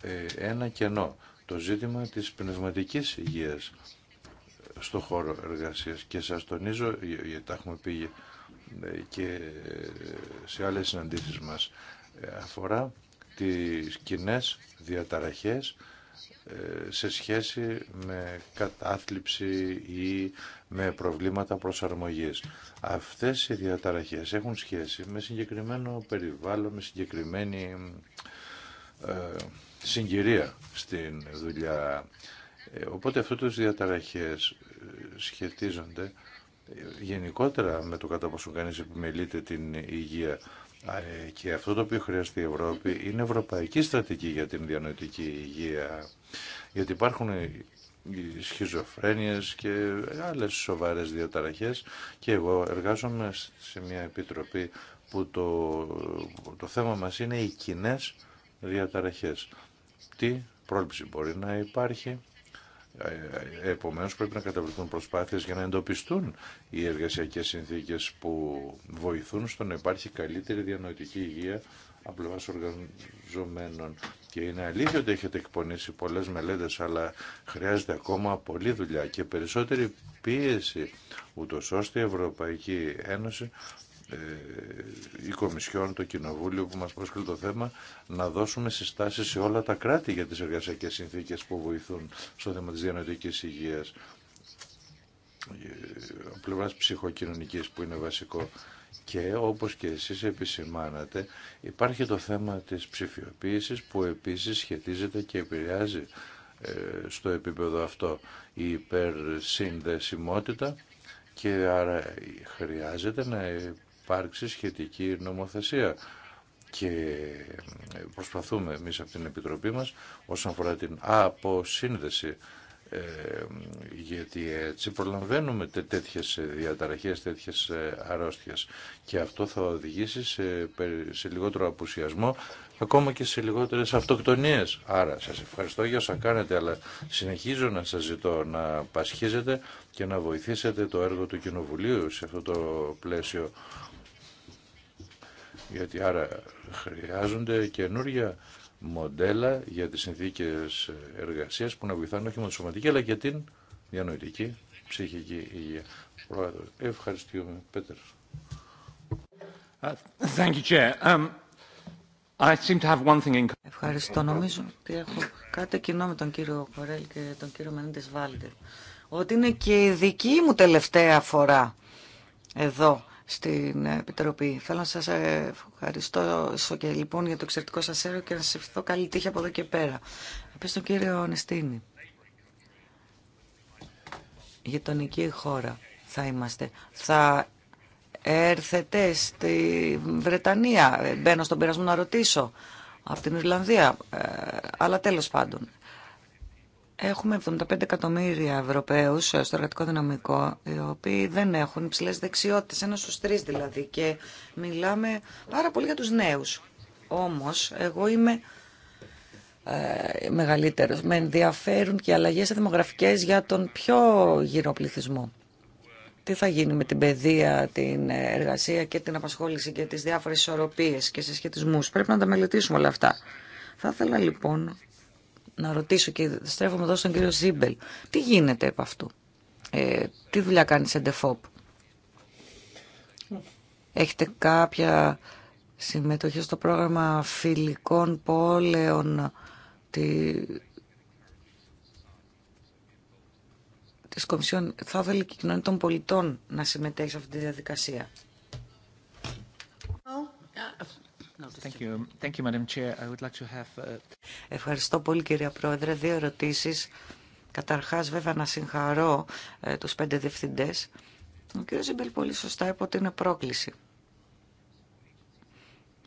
Speaker 2: ε, ένα κενό, το ζήτημα της πνευματικής υγείας στο χώρο εργασίας και σας τονίζω, γιατί τα έχουμε πει ναι, και σε άλλες συναντήσεις μας ε, αφορά τις κοινέ διαταραχές ε, σε σχέση με κατάθλιψη ή με προβλήματα προσαρμογής. Αυτές οι διαταραχές έχουν σχέση με συγκεκριμένο περιβάλλον, με συγκεκριμένη ε, συγκυρία στην δουλειά. Οπότε αυτές τους διαταραχές σχετίζονται γενικότερα με το κατά πόσο κανείς επιμελείται την υγεία. Ε, και αυτό το οποίο χρειάζεται η Ευρώπη είναι ευρωπαϊκή στρατηγική για την διανοητική υγεία. Γιατί υπάρχουν σχιζοφρένειες και άλλες σοβαρές διαταραχές και εγώ εργάζομαι σε μια επιτροπή που το, το θέμα μας είναι οι κοινέ διαταραχές. Τι πρόληψη μπορεί να υπάρχει ε, ε, επομένως πρέπει να καταβληθούν προσπάθειες για να εντοπιστούν οι εργασιακές συνθήκες που βοηθούν στο να υπάρχει καλύτερη διανοητική υγεία απλώ οργανωμένων. Και είναι αλήθεια ότι έχετε εκπονήσει πολλές μελέτες, αλλά χρειάζεται ακόμα πολλή δουλειά και περισσότερη πίεση, ούτω ώστε η Ευρωπαϊκή Ένωση ε, η Κομισιόν, το Κοινοβούλιο που μας πρόσκειται το θέμα, να δώσουμε συστάσεις σε όλα τα κράτη για τις εργασιακές συνθήκες που βοηθούν στο θέμα της διανοητικής υγείας. Ε, ο πλευράς ψυχοκοινωνικής που είναι βασικό και όπως και εσείς επισημάνατε υπάρχει το θέμα της ψηφιοποίησης που επίσης σχετίζεται και επηρεάζει ε, στο επίπεδο αυτό η υπερσυνδεσιμότητα και άρα χρειάζεται να υπάρξει σχετική νομοθεσία και προσπαθούμε εμείς από την Επιτροπή μας όσον αφορά την αποσύνδεση ε, γιατί έτσι προλαμβαίνουμε τέ, τέτοιες διαταραχές, τέτοιες ε, αρρώστιες και αυτό θα οδηγήσει σε, λιγότερο απουσιασμό ακόμα και σε λιγότερες αυτοκτονίες. Άρα σας ευχαριστώ για όσα κάνετε αλλά συνεχίζω να σας ζητώ να πασχίζετε και να βοηθήσετε το έργο του Κοινοβουλίου σε αυτό το πλαίσιο γιατί άρα χρειάζονται καινούργια μοντέλα για τις συνθήκες εργασίας που να βοηθάνε όχι μόνο τη σωματική αλλά και την διανοητική ψυχική υγεία. ευχαριστούμε. Πέτερ. Ευχαριστώ. Νομίζω
Speaker 3: ότι έχω κάτι κοινό με τον κύριο Κορέλ και τον κύριο Μενέντες Βάλτερ. Ότι είναι και η δική μου τελευταία φορά εδώ στην Επιτροπή. Θέλω να σας ευχαριστώ και λοιπόν για το εξαιρετικό σας έργο και να σας ευχηθώ καλή τύχη από εδώ και πέρα. Επίσης τον κύριο Νεστίνη. Γειτονική χώρα θα είμαστε. Θα έρθετε στη Βρετανία. Μπαίνω στον πειρασμό να ρωτήσω. Από την Ιρλανδία. Ε, αλλά τέλος πάντων. Έχουμε 75 εκατομμύρια Ευρωπαίου στο εργατικό δυναμικό, οι οποίοι δεν έχουν υψηλέ δεξιότητε, ένα στου τρει δηλαδή, και μιλάμε πάρα πολύ για του νέου. Όμω, εγώ είμαι ε, μεγαλύτερος. Με ενδιαφέρουν και αλλαγέ δημογραφικές για τον πιο γύρω πληθυσμό. Τι θα γίνει με την παιδεία, την εργασία και την απασχόληση και τις διάφορες ισορροπίες και συσχετισμούς. Πρέπει να τα μελετήσουμε όλα αυτά. Θα ήθελα λοιπόν να ρωτήσω και στρέφομαι εδώ στον κύριο Ζίμπελ. Τι γίνεται από αυτού. Ε, τι δουλειά κάνει σε ΣΕΝΤΕΦΟΠ. Έχετε κάποια συμμετοχή στο πρόγραμμα φιλικών πόλεων τη... της Κομισιόν. Θα ήθελε και η κοινωνία των πολιτών να συμμετέχει σε αυτή τη διαδικασία. Ευχαριστώ πολύ κυρία Πρόεδρε. Δύο ερωτήσεις. Καταρχάς βέβαια να συγχαρώ ε, τους πέντε διευθυντές. Ο κύριος Ζιμπελ πολύ σωστά είπε ότι είναι πρόκληση.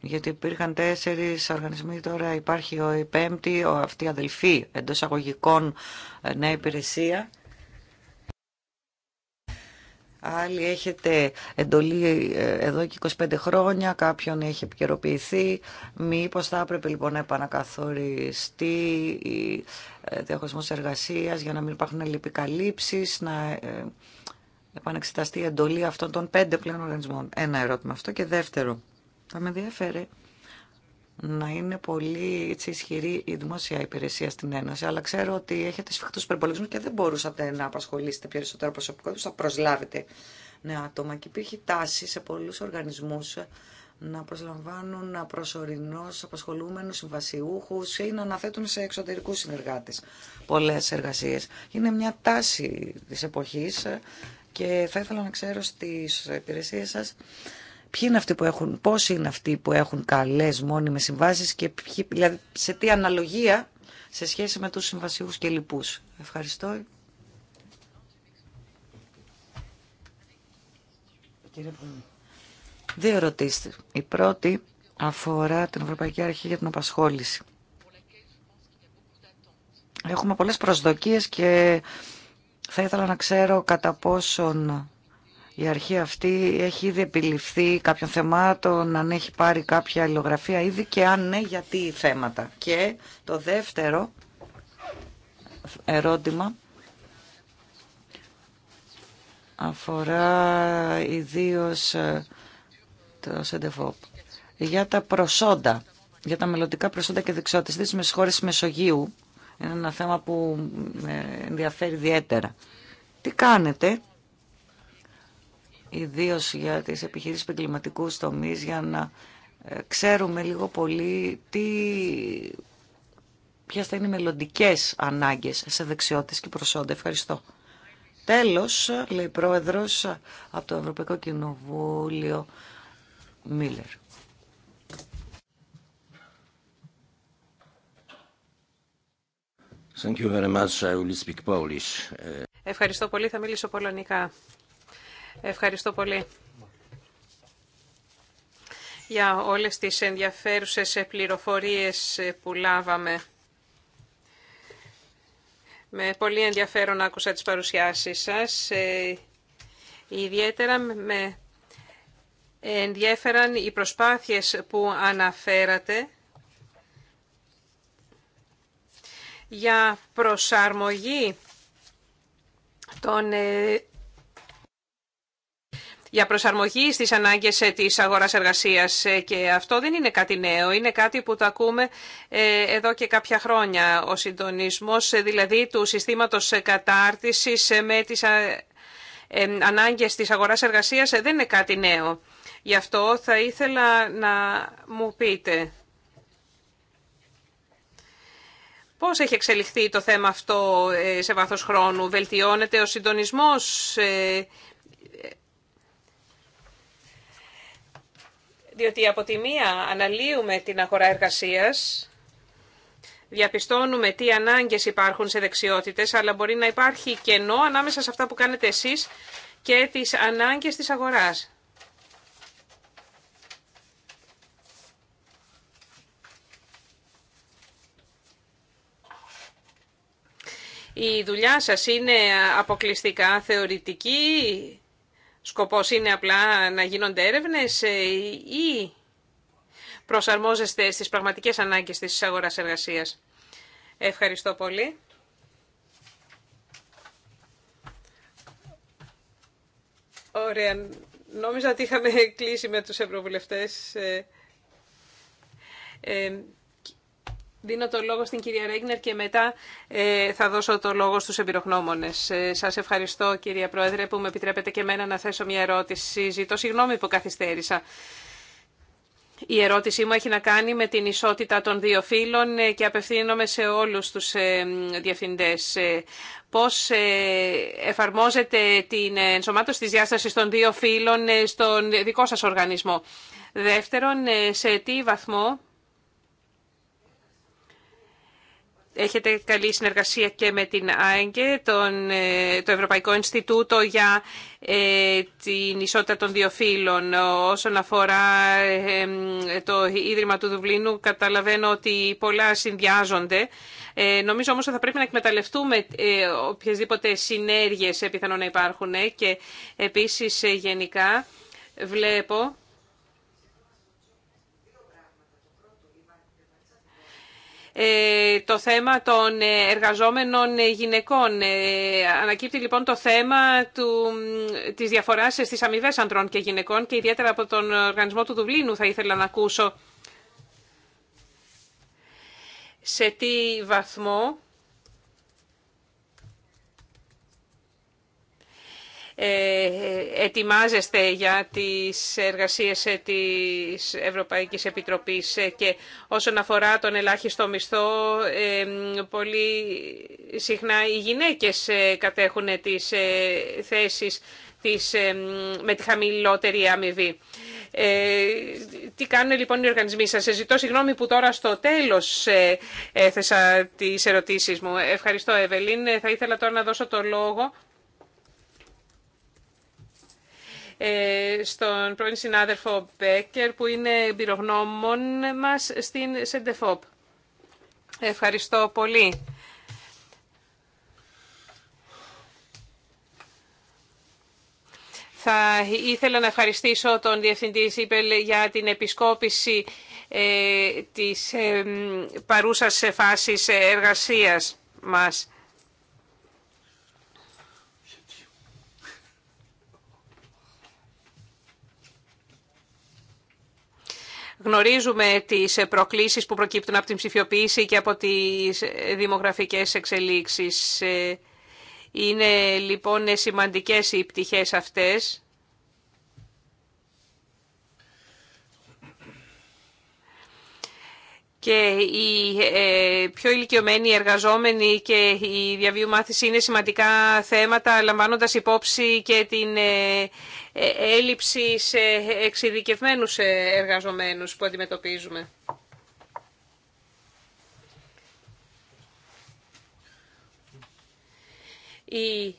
Speaker 3: Γιατί υπήρχαν τέσσερις οργανισμοί, τώρα υπάρχει ο πέμπτη, ο αυτή αδελφή εντός αγωγικών ε, νέα υπηρεσία Άλλοι έχετε εντολή ε, εδώ και 25 χρόνια, κάποιον έχει επικαιροποιηθεί. Μήπως θα έπρεπε λοιπόν να επανακαθοριστεί η ε, διαχωρισμός εργασίας για να μην υπάρχουν λυπικαλύψεις, να ε, επανεξεταστεί η εντολή αυτών των πέντε πλέον οργανισμών. Ένα ερώτημα αυτό και δεύτερο. Θα με ενδιαφέρει να είναι πολύ έτσι, ισχυρή η δημόσια υπηρεσία στην Ένωση. Αλλά ξέρω ότι έχετε σφιχτού προπολογισμού και δεν μπορούσατε να απασχολήσετε περισσότερο προσωπικό, θα προσλάβετε νέα άτομα. Και υπήρχε τάση σε πολλού οργανισμού να προσλαμβάνουν προσωρινώ απασχολούμενου συμβασιούχου ή να αναθέτουν σε εξωτερικού συνεργάτε πολλέ εργασίε. Είναι μια τάση τη εποχή και θα ήθελα να ξέρω στι υπηρεσίε σα ποιοι είναι αυτοί που έχουν, πόσοι είναι αυτοί που έχουν καλές μόνιμες συμβάσεις και δηλαδή, σε τι αναλογία σε σχέση με τους συμβασίους και λοιπούς. Ευχαριστώ. Δύο ερωτήσει. Η πρώτη αφορά την Ευρωπαϊκή Αρχή για την Απασχόληση. Έχουμε πολλές προσδοκίες και θα ήθελα να ξέρω κατά πόσον η αρχή αυτή έχει ήδη επιληφθεί κάποιων θεμάτων, αν έχει πάρει κάποια αλληλογραφία ήδη και αν ναι, γιατί θέματα. Και το δεύτερο ερώτημα αφορά ιδίως ε, το ΣΕΝΤΕΦΟΠ για τα προσόντα, για τα μελλοντικά προσόντα και δεξιότητες της χώρες Μεσογείου. Είναι ένα θέμα που ενδιαφέρει ιδιαίτερα. Τι κάνετε ιδίω για τι επιχειρήσεις επαγγελματικού τομεί για να ε, ξέρουμε λίγο πολύ τι, ποιες θα είναι οι μελλοντικέ ανάγκες σε δεξιότητες και προσόντα. Ευχαριστώ. Τέλος, λέει πρόεδρος από το Ευρωπαϊκό Κοινοβούλιο Μίλλερ.
Speaker 2: Ε,
Speaker 1: Ευχαριστώ πολύ. Θα μιλήσω πολωνικά. Ευχαριστώ πολύ για όλες τις ενδιαφέρουσες πληροφορίες που λάβαμε. Με πολύ ενδιαφέρον άκουσα τις παρουσιάσεις σας. Ε, ιδιαίτερα με ενδιέφεραν οι προσπάθειες που αναφέρατε για προσαρμογή των ε, για προσαρμογή στις ανάγκες ε, της αγοράς εργασίας ε, και αυτό δεν είναι κάτι νέο, είναι κάτι που το ακούμε ε, εδώ και κάποια χρόνια. Ο συντονισμός δηλαδή του συστήματος κατάρτισης με τις ανάγκες της αγοράς εργασίας δεν είναι κάτι νέο. Γι' αυτό θα ήθελα να μου πείτε πώς έχει εξελιχθεί το θέμα αυτό σε βάθος χρόνου. Βελτιώνεται ο συντονισμός διότι από τη μία αναλύουμε την αγορά εργασίας, διαπιστώνουμε τι ανάγκες υπάρχουν σε δεξιότητες, αλλά μπορεί να υπάρχει κενό ανάμεσα σε αυτά που κάνετε εσείς και τις ανάγκες της αγοράς. Η δουλειά σας είναι αποκλειστικά θεωρητική Σκοπός είναι απλά να γίνονται έρευνες ε, ή προσαρμόζεστε στις πραγματικές ανάγκες της αγοράς εργασίας. Ευχαριστώ πολύ. Ωραία. Νόμιζα ότι είχαμε κλείσει με τους ευρωβουλευτές. Ε, ε, Δίνω το λόγο στην κυρία Ρέγνερ και μετά ε, θα δώσω το λόγο στους εμπειρογνώμονες. Ε, σας ευχαριστώ κυρία Πρόεδρε που με επιτρέπετε και εμένα να θέσω μια ερώτηση. Ζητώ συγγνώμη που καθυστέρησα. Η ερώτησή μου έχει να κάνει με την ισότητα των δύο φύλων ε, και απευθύνομαι σε όλους τους διευθυντές. Πώς εφαρμόζεται την ενσωμάτωση της διάστασης των δύο φύλων στον δικό σας οργανισμό. Δεύτερον, σε τι βαθμό Έχετε καλή συνεργασία και με την ΑΕΝΚΕ, τον, ε, το Ευρωπαϊκό Ινστιτούτο για ε, την ισότητα των δύο Όσον αφορά το Ίδρυμα του Δουβλίνου, καταλαβαίνω ότι πολλά συνδυάζονται. Ε, νομίζω όμως ότι θα πρέπει να εκμεταλλευτούμε ε, οποιασδήποτε συνέργειες πιθανόν να υπάρχουν και επίσης γενικά βλέπω Ε, το θέμα των ε, εργαζόμενων ε, γυναικών. Ανακύπτει λοιπόν το θέμα του, της διαφοράς στις αμοιβέ ανδρών και γυναικών και ιδιαίτερα από τον οργανισμό του Δουβλίνου θα ήθελα να ακούσω σε τι βαθμό Ε, ετοιμάζεστε για τις εργασίες ε, της Ευρωπαϊκής Επιτροπής ε, και όσον αφορά τον ελάχιστο μισθό, πολύ συχνά οι γυναίκες κατέχουν τις θέσεις της, με τη χαμηλότερη αμοιβή. τι κάνουν λοιπόν οι οργανισμοί σας. Ζητώ συγγνώμη που τώρα στο τέλος έθεσα τις ερωτήσεις μου. Ευχαριστώ Εβελίν. Θα ήθελα τώρα να δώσω το λόγο Ε, στον πρώην συνάδελφο Μπέκερ που είναι εμπειρογνώμων μας στην ΣΕΝΤΕΦΟΠ. Ευχαριστώ πολύ. Θα ήθελα να ευχαριστήσω τον Διευθυντή Σίπελ για την επισκόπηση ε, της παρούσας φάσης εργασίας μας. Γνωρίζουμε τις προκλήσεις που προκύπτουν από την ψηφιοποίηση και από τις δημογραφικές εξελίξεις. Ε, είναι λοιπόν σημαντικές οι πτυχές αυτές. και οι ε, πιο ηλικιωμένοι εργαζόμενοι και η διαβίου μάθηση είναι σημαντικά θέματα λαμβάνοντας υπόψη και την ε, ε, έλλειψη σε εξειδικευμένους εργαζομένους που αντιμετωπίζουμε. Η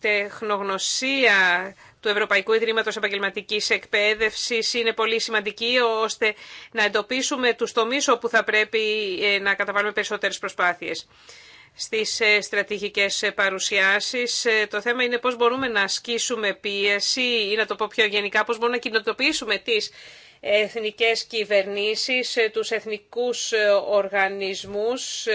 Speaker 1: τεχνογνωσία του Ευρωπαϊκού Ιδρύματος Επαγγελματικής Εκπαίδευσης είναι πολύ σημαντική ώστε να εντοπίσουμε τους τομείς όπου θα πρέπει ε, να καταβάλουμε περισσότερες προσπάθειες. Στις ε, στρατηγικές παρουσιάσεις ε, το θέμα είναι πώς μπορούμε να ασκήσουμε πίεση ή να το πω πιο γενικά πώς μπορούμε να κοινοτοποιήσουμε τις εθνικές κυβερνήσεις, τους εθνικούς οργανισμούς,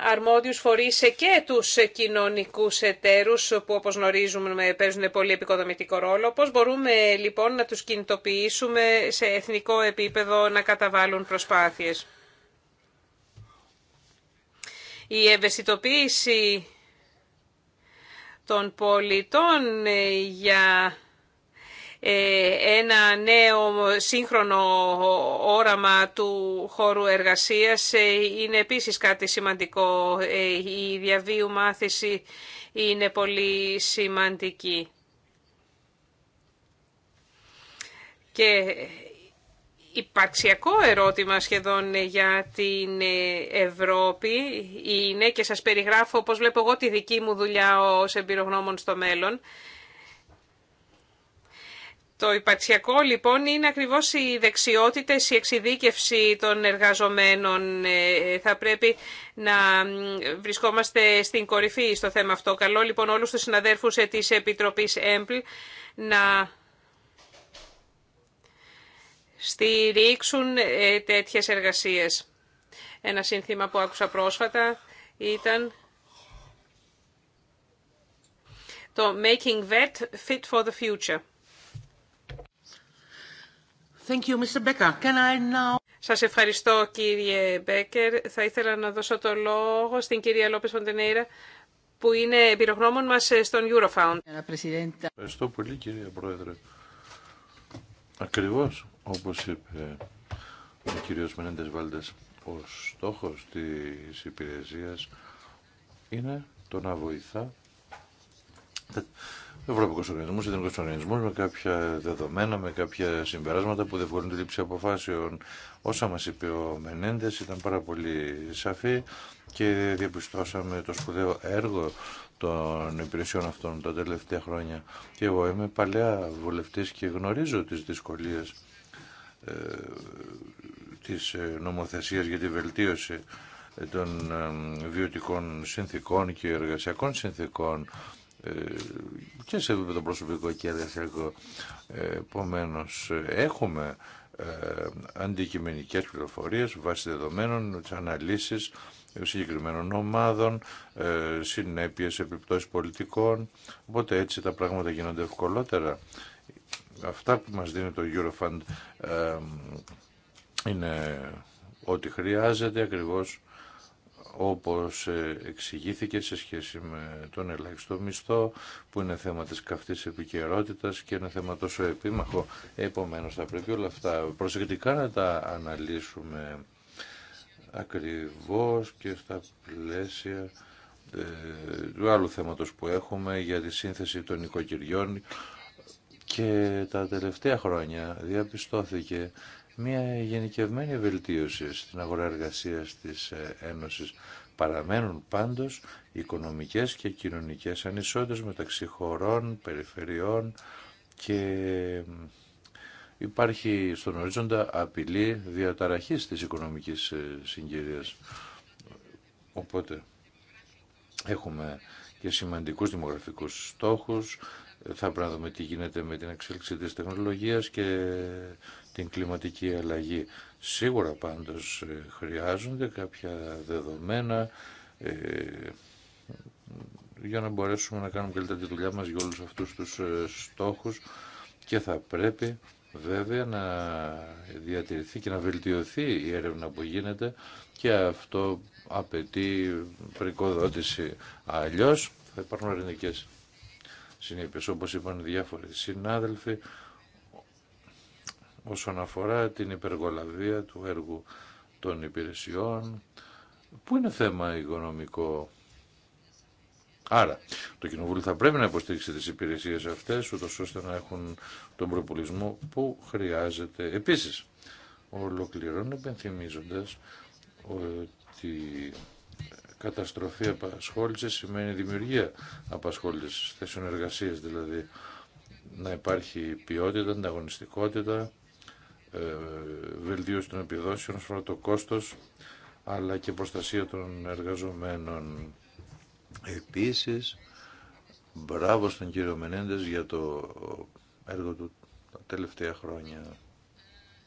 Speaker 1: αρμόδιους φορείς και τους κοινωνικούς εταίρους που όπως γνωρίζουμε παίζουν πολύ επικοδομητικό ρόλο. Πώς μπορούμε λοιπόν να τους κινητοποιήσουμε σε εθνικό επίπεδο να καταβάλουν προσπάθειες. Η ευαισθητοποίηση των πολιτών ε, για ε, ένα νέο σύγχρονο όραμα του χώρου εργασίας ε, είναι επίσης κάτι σημαντικό. Ε, η διαβίου μάθηση είναι πολύ σημαντική. Και υπαρξιακό ερώτημα σχεδόν για την Ευρώπη είναι και σας περιγράφω πώς βλέπω εγώ τη δική μου δουλειά ως εμπειρογνώμων στο μέλλον. Το υπαρξιακό λοιπόν είναι ακριβώς οι δεξιότητες, η εξειδίκευση των εργαζομένων. Ε, θα πρέπει να βρισκόμαστε στην κορυφή στο θέμα αυτό. Καλό λοιπόν όλους τους συναδέρφους ε, της Επιτροπής ΕΜΠΛ να στηρίξουν ε, τέτοιες εργασίες. Ένα σύνθημα που άκουσα πρόσφατα ήταν το «Making VET fit for the future». Σα Σας ευχαριστώ κύριε Μπέκερ. Θα ήθελα να δώσω το λόγο στην κυρία Λόπες Φοντενέιρα που είναι πυρογνώμων μας στον Eurofound. Ευχαριστώ πολύ
Speaker 2: κύριε Πρόεδρε. Ακριβώς όπως είπε ο κύριος Μενέντες Βάλτες, ο στόχος της υπηρεσίας είναι το να βοηθά Ευρωπαϊκό Οργανισμό, Εθνικό Οργανισμό με κάποια δεδομένα, με κάποια συμπεράσματα που δεν μπορούν τη λήψη αποφάσεων. Όσα μα είπε ο Μενέντε ήταν πάρα πολύ σαφή και διαπιστώσαμε το σπουδαίο έργο των υπηρεσιών αυτών τα τελευταία χρόνια. Και εγώ είμαι παλαιά βουλευτή και γνωρίζω τι δυσκολίε ε, τη ε, νομοθεσία για τη βελτίωση των ε, βιωτικών συνθήκων και εργασιακών συνθήκων ε, και σε επίπεδο προσωπικό και εργασιακό. Ε, Επομένω, έχουμε ε, αντικειμενικές πληροφορίες βάσει δεδομένων, τι αναλύσεις συγκεκριμένων ομάδων, συνέπειες επιπτώσεις πολιτικών, οπότε έτσι τα πράγματα γίνονται ευκολότερα. Αυτά που μας δίνει το Eurofund είναι ό,τι χρειάζεται ακριβώς όπως ε, εξηγήθηκε σε σχέση με τον ελάχιστο μισθό που είναι θέμα της καυτής επικαιρότητα και είναι θέμα τόσο επίμαχο. Επομένως θα πρέπει όλα αυτά προσεκτικά να τα αναλύσουμε ακριβώς και στα πλαίσια ε, του άλλου θέματος που έχουμε για τη σύνθεση των οικοκυριών και τα τελευταία χρόνια διαπιστώθηκε μια γενικευμένη βελτίωση στην αγορά εργασία της ε, Ένωσης. Παραμένουν πάντως οικονομικές και κοινωνικές ανισότητες μεταξύ χωρών, περιφερειών και υπάρχει στον ορίζοντα απειλή διαταραχής της οικονομικής ε, συγκυρίας. Οπότε έχουμε και σημαντικούς δημογραφικούς στόχους, θα πρέπει να δούμε τι γίνεται με την εξέλιξη της τεχνολογίας και την κλιματική αλλαγή. Σίγουρα πάντως ε, χρειάζονται κάποια δεδομένα ε, για να μπορέσουμε να κάνουμε καλύτερα τη δουλειά μας για όλους αυτούς τους ε, στόχους και θα πρέπει βέβαια να διατηρηθεί και να βελτιωθεί η έρευνα που γίνεται και αυτό απαιτεί πρικοδότηση. Αλλιώς θα υπάρχουν αρνητικές συνέπειες όπως είπαν διάφοροι συνάδελφοι όσον αφορά την υπεργολαβία του έργου των υπηρεσιών, που είναι θέμα οικονομικό. Άρα, το Κοινοβούλιο θα πρέπει να υποστήριξει τις υπηρεσίες αυτές, ούτως ώστε να έχουν τον προπολισμό που χρειάζεται. Επίσης, ολοκληρώνω επενθυμίζοντας ότι καταστροφή απασχόλησης σημαίνει δημιουργία απασχόλησης, θέσεων εργασίας δηλαδή, να υπάρχει ποιότητα, ανταγωνιστικότητα, ε, βελτίωση των επιδόσεων όσον το κόστος αλλά και προστασία των εργαζομένων. Επίσης, μπράβο στον κύριο Μενέντες για το έργο του τα τελευταία χρόνια.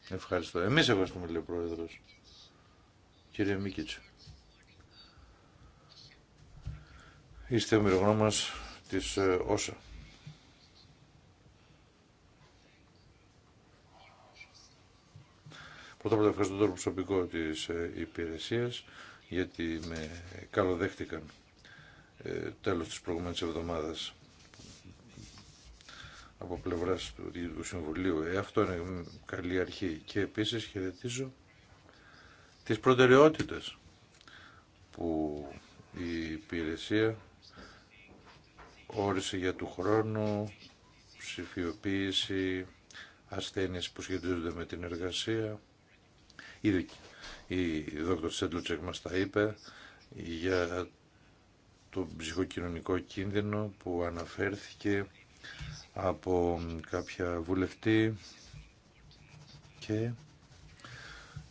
Speaker 2: Ευχαριστώ. Εμείς ευχαριστούμε, λέει ο Πρόεδρος. Κύριε Μίκητσο Είστε ο μας της όσα. Ε, Πρώτα απ' όλα ευχαριστώ το προσωπικό της ε, υπηρεσίας γιατί με καλοδέχτηκαν ε, τέλος της προηγούμενης εβδομάδας από πλευράς του, Διευθυντικού Συμβουλίου. Ε, αυτό είναι καλή αρχή. Και επίσης χαιρετίζω τις προτεραιότητες που η υπηρεσία όρισε για του χρόνου, ψηφιοποίηση, ασθένειες που σχετίζονται με την εργασία, Ήδη η δόκτωρ Σέντλουτσεκ μας τα είπε για το ψυχοκοινωνικό κίνδυνο που αναφέρθηκε από κάποια βουλευτή και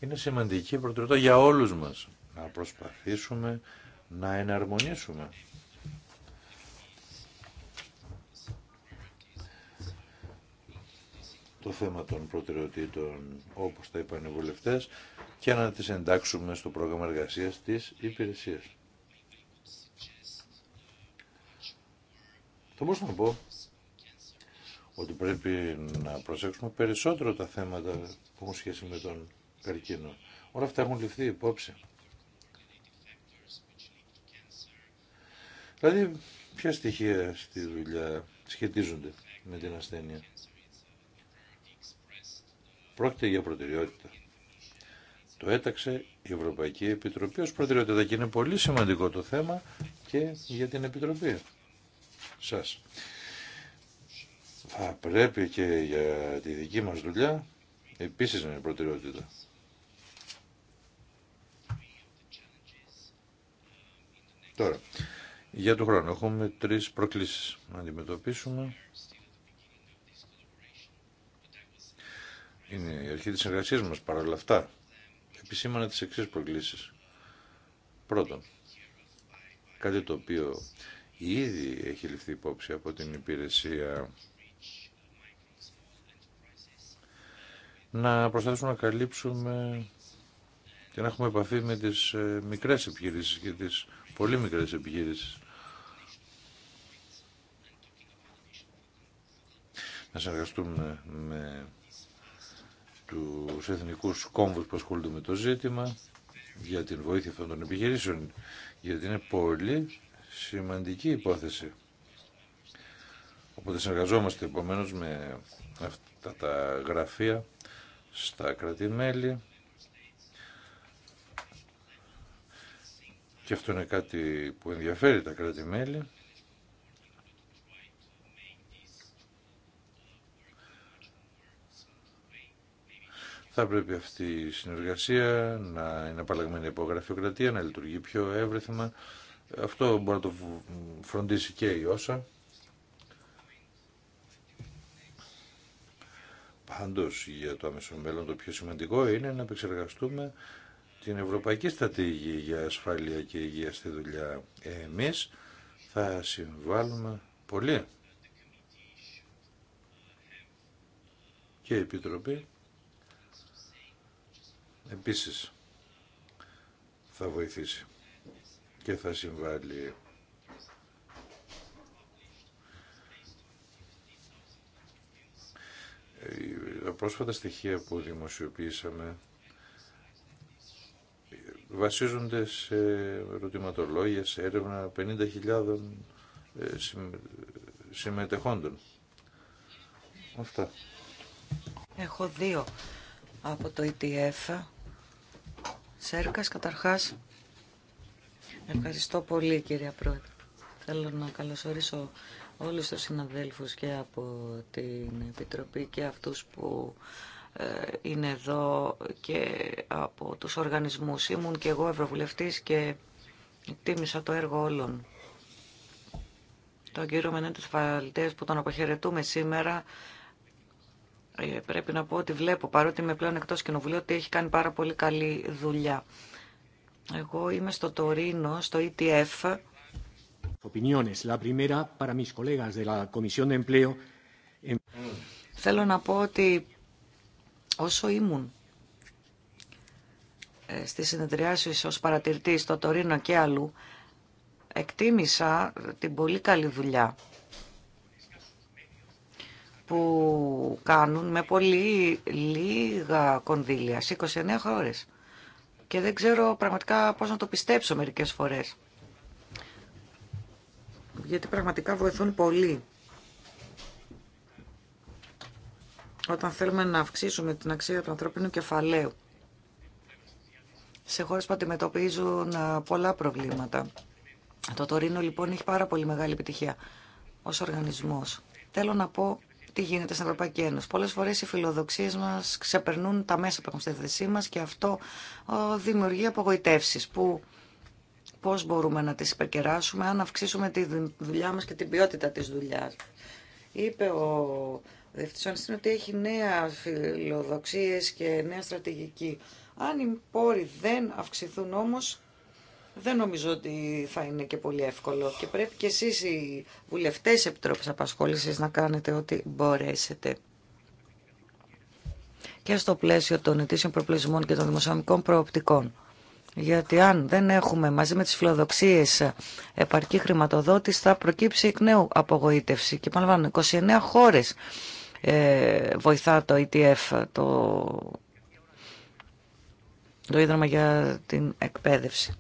Speaker 2: είναι σημαντική προτεραιότητα για όλους μας να προσπαθήσουμε να εναρμονίσουμε το θέμα των προτεραιοτήτων όπως τα είπαν οι βουλευτές και να τις εντάξουμε στο πρόγραμμα εργασίας της υπηρεσίας. Το μπορούσα να πω ότι πρέπει να προσέξουμε περισσότερο τα θέματα που έχουν σχέση με τον καρκίνο. Όλα αυτά έχουν ληφθεί υπόψη. Δηλαδή, ποια στοιχεία στη δουλειά σχετίζονται με την ασθένεια. Πρόκειται για προτεραιότητα. Το έταξε η Ευρωπαϊκή Επιτροπή ως προτεραιότητα και είναι πολύ σημαντικό το θέμα και για την Επιτροπή σας. Θα πρέπει και για τη δική μας δουλειά επίσης να είναι προτεραιότητα. Τώρα, για τον χρόνο έχουμε τρεις προκλήσεις να αντιμετωπίσουμε. είναι η αρχή της εργασίας μας παρά όλα αυτά. Επισήμανα τις εξής προκλήσεις. Πρώτον, κάτι το οποίο ήδη έχει ληφθεί υπόψη από την υπηρεσία να προσπαθήσουμε να καλύψουμε και να έχουμε επαφή με τις ε, μικρές επιχειρήσεις και τις πολύ μικρές επιχειρήσεις. Να συνεργαστούμε με τους εθνικούς κόμβους που ασχολούνται με το ζήτημα, για την βοήθεια αυτών των επιχειρήσεων, γιατί είναι πολύ σημαντική υπόθεση. Οπότε συνεργαζόμαστε επομένω με αυτά τα γραφεία στα κρατημέλη και αυτό είναι κάτι που ενδιαφέρει τα κρατημέλη Θα πρέπει αυτή η συνεργασία να είναι απαλλαγμένη από γραφειοκρατία, να λειτουργεί πιο εύρεθμα. Αυτό μπορεί να το φροντίσει και η όσα. Πάντως για το άμεσο μέλλον το πιο σημαντικό είναι να επεξεργαστούμε την ευρωπαϊκή στρατηγική για ασφάλεια και υγεία στη δουλειά. Εμείς θα συμβάλλουμε πολύ. Και η Επιτροπή επίσης θα βοηθήσει και θα συμβάλλει ε, Τα πρόσφατα στοιχεία που δημοσιοποιήσαμε βασίζονται σε ερωτηματολόγια, σε έρευνα 50.000 ε, συμμετεχόντων. Αυτά.
Speaker 3: Έχω δύο από το ETF Σέρκας, καταρχάς, ευχαριστώ πολύ κυρία Πρόεδρε. Θέλω να καλωσορίσω όλους τους συναδέλφους και από την Επιτροπή και αυτούς που ε, είναι εδώ και από τους οργανισμούς. Ήμουν και εγώ ευρωβουλευτής και τίμησα το έργο όλων. Τον κύριο Μενέντες Φαλτές που τον αποχαιρετούμε σήμερα ε, πρέπει να πω ότι βλέπω, παρότι είμαι πλέον εκτός κοινοβουλίου, ότι έχει κάνει πάρα πολύ καλή δουλειά. Εγώ είμαι στο Τωρίνο, στο ETF. Θέλω να πω ότι όσο ήμουν ε, στις συνεδριάσεις ως παρατηρητής στο Τωρίνο και αλλού, εκτίμησα την πολύ καλή δουλειά που κάνουν με πολύ λίγα κονδύλια 29 χώρες. Και δεν ξέρω πραγματικά πώς να το πιστέψω μερικές φορές. Γιατί πραγματικά βοηθούν πολύ. Όταν θέλουμε να αυξήσουμε την αξία του ανθρώπινου κεφαλαίου σε χώρες που αντιμετωπίζουν πολλά προβλήματα. Το Τωρίνο λοιπόν έχει πάρα πολύ μεγάλη επιτυχία ως οργανισμός. Θέλω να πω τι γίνεται στην Ευρωπαϊκή Ένωση. Πολλέ φορέ οι φιλοδοξίε μα ξεπερνούν τα μέσα που έχουν στη θέση μα και αυτό ε, δημιουργεί απογοητεύσει που πώ μπορούμε να τι υπερκεράσουμε αν αυξήσουμε τη δουλειά μα και την ποιότητα τη δουλειά. Είπε ο Διευθυντή ότι έχει νέα φιλοδοξίε και νέα στρατηγική. Αν οι πόροι δεν αυξηθούν όμως, δεν νομίζω ότι θα είναι και πολύ εύκολο και πρέπει και εσείς οι βουλευτές Επιτρόπης Απασχόλησης να κάνετε ό,τι μπορέσετε. Και στο πλαίσιο των ετήσιων προπλησμών και των δημοσιονομικών προοπτικών. Γιατί αν δεν έχουμε μαζί με τις φιλοδοξίες επαρκή χρηματοδότηση θα προκύψει εκ νέου απογοήτευση. Και επαναλαμβάνω, 29 χώρες ε, βοηθά το ETF, το το Ίδρυμα για την Εκπαίδευση.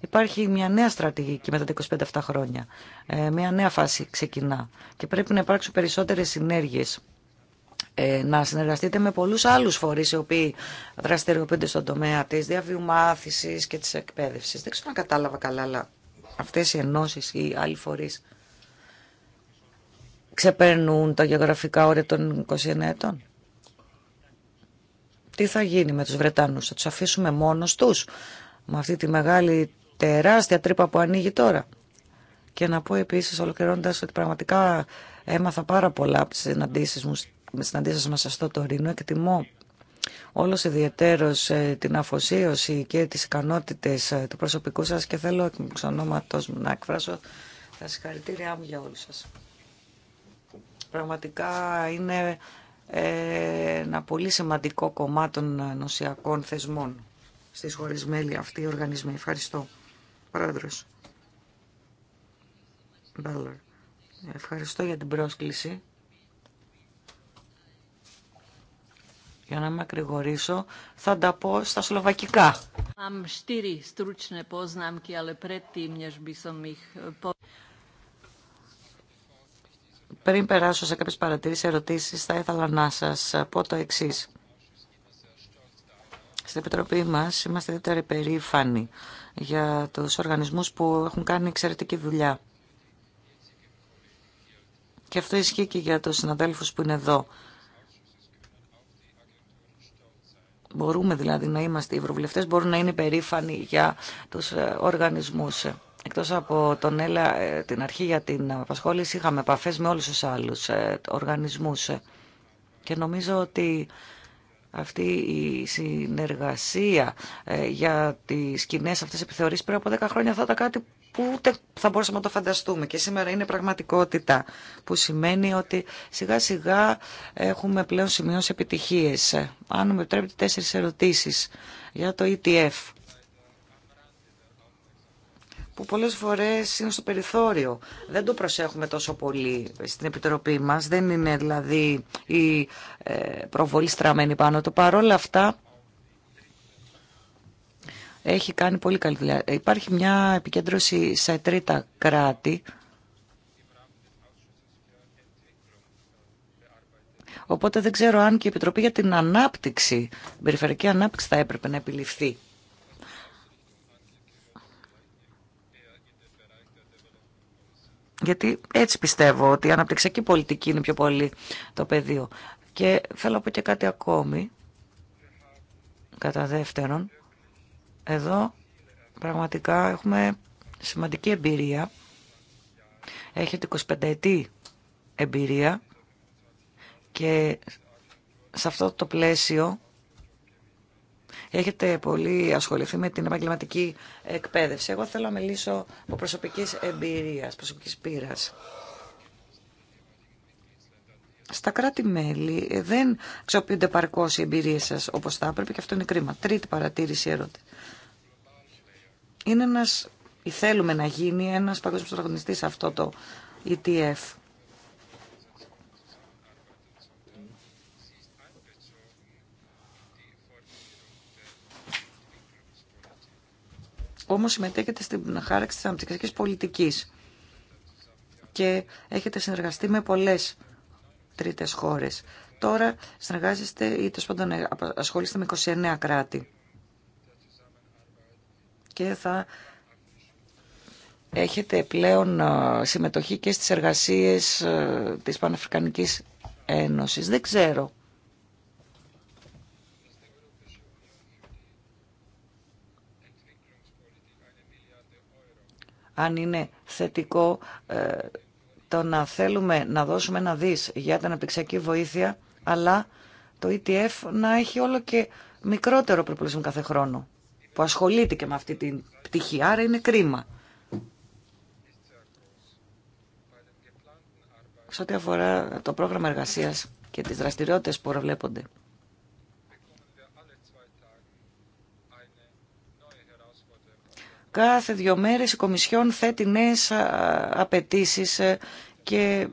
Speaker 3: Υπάρχει μια νέα στρατηγική μετά τα 25 αυτά χρόνια. Ε, μια νέα φάση ξεκινά. Και πρέπει να υπάρξουν περισσότερες συνέργειες ε, να συνεργαστείτε με πολλούς άλλους φορείς οι οποίοι δραστηριοποιούνται στον τομέα της διαβιούμάθηση και της εκπαίδευσης. Δεν ξέρω αν κατάλαβα καλά, αλλά αυτές οι ενώσεις ή άλλοι φορείς ξεπερνούν τα γεωγραφικά όρια των 29 ετών. Τι θα γίνει με τους Βρετάνους, θα τους αφήσουμε μόνος τους με αυτή τη μεγάλη τεράστια τρύπα που ανοίγει τώρα. Και να πω επίσης ολοκληρώνοντας ότι πραγματικά έμαθα πάρα πολλά από τις συναντήσεις μου με συναντήσεις μας στο Τωρίνο. Εκτιμώ όλος ε, την αφοσίωση και τις ικανότητες ε, του προσωπικού σας και θέλω εξ ονόματος μου να εκφράσω τα συγχαρητήριά μου για όλους σας. Πραγματικά είναι ε, ένα πολύ σημαντικό κομμάτι των νοσιακών θεσμών στις χώρες μέλη αυτοί οι οργανισμοί. Ευχαριστώ. Πρόεδρος. Ευχαριστώ για την πρόσκληση. Για να με ακρηγορήσω, θα τα πω στα σλοβακικά. Πριν περάσω σε κάποιες παρατηρήσεις, ερωτήσεις, θα ήθελα να σας πω το εξής. Στην Επιτροπή μας είμαστε ιδιαίτερα περήφανοι για τους οργανισμούς που έχουν κάνει εξαιρετική δουλειά. Και αυτό ισχύει και για τους συναδέλφους που είναι εδώ. Μπορούμε δηλαδή να είμαστε, οι ευρωβουλευτές μπορούν να είναι περήφανοι για τους ε, οργανισμούς. Εκτός από τον ΕΛΑ, ε, την αρχή για την απασχόληση, είχαμε επαφές με όλους τους άλλους ε, οργανισμούς. Ε, και νομίζω ότι αυτή η συνεργασία για τις κοινέ αυτές επιθεωρήσεις πριν από 10 χρόνια θα ήταν κάτι που ούτε θα μπορούσαμε να το φανταστούμε. Και σήμερα είναι πραγματικότητα που σημαίνει ότι σιγά σιγά έχουμε πλέον σημειώσει επιτυχίες. Αν μου επιτρέπετε τέσσερις ερωτήσεις για το ETF που πολλές φορές είναι στο περιθώριο. Δεν το προσέχουμε τόσο πολύ στην Επιτροπή μας. Δεν είναι δηλαδή η ε, προβολή στραμμένη πάνω του. Παρόλα αυτά έχει κάνει πολύ καλή δουλειά. Υπάρχει μια επικέντρωση σε τρίτα κράτη. Οπότε δεν ξέρω αν και η Επιτροπή για την Ανάπτυξη, την Περιφερειακή Ανάπτυξη θα έπρεπε να επιληφθεί Γιατί έτσι πιστεύω ότι η αναπτυξιακή πολιτική είναι πιο πολύ το πεδίο. Και θέλω να πω και κάτι ακόμη, κατά δεύτερον. Εδώ πραγματικά έχουμε σημαντική εμπειρία. Έχετε 25 ετή εμπειρία και σε αυτό το πλαίσιο Έχετε πολύ ασχοληθεί με την επαγγελματική εκπαίδευση. Εγώ θέλω να μιλήσω από προσωπική εμπειρία, προσωπική πείρα. Στα κράτη-μέλη ε, δεν αξιοποιούνται παρκώ οι εμπειρίε σα όπω θα έπρεπε και αυτό είναι κρίμα. Τρίτη παρατήρηση ερώτηση. Είναι ένα, ή θέλουμε να γίνει ένα παγκόσμιο πρωταγωνιστή αυτό το ETF. όμως συμμετέχετε στην χάραξη της αναπτυξιακής πολιτικής και έχετε συνεργαστεί με πολλές τρίτες χώρες. Τώρα συνεργάζεστε ή τέλο πάντων ε, ασχολείστε με 29 κράτη και θα έχετε πλέον ε, συμμετοχή και στις εργασίες ε, της Παναφρικανικής Ένωσης. Δεν ξέρω αν είναι θετικό ε, το να θέλουμε να δώσουμε ένα δις για την αναπτυξιακή βοήθεια, αλλά το ETF να έχει όλο και μικρότερο προπολογισμό κάθε χρόνο, που ασχολείται και με αυτή την πτυχή, άρα είναι κρίμα. Σε ό,τι αφορά το πρόγραμμα εργασίας και τις δραστηριότητες που προβλέπονται κάθε δύο μέρες η Κομισιόν θέτει νέες απαιτήσει ε, και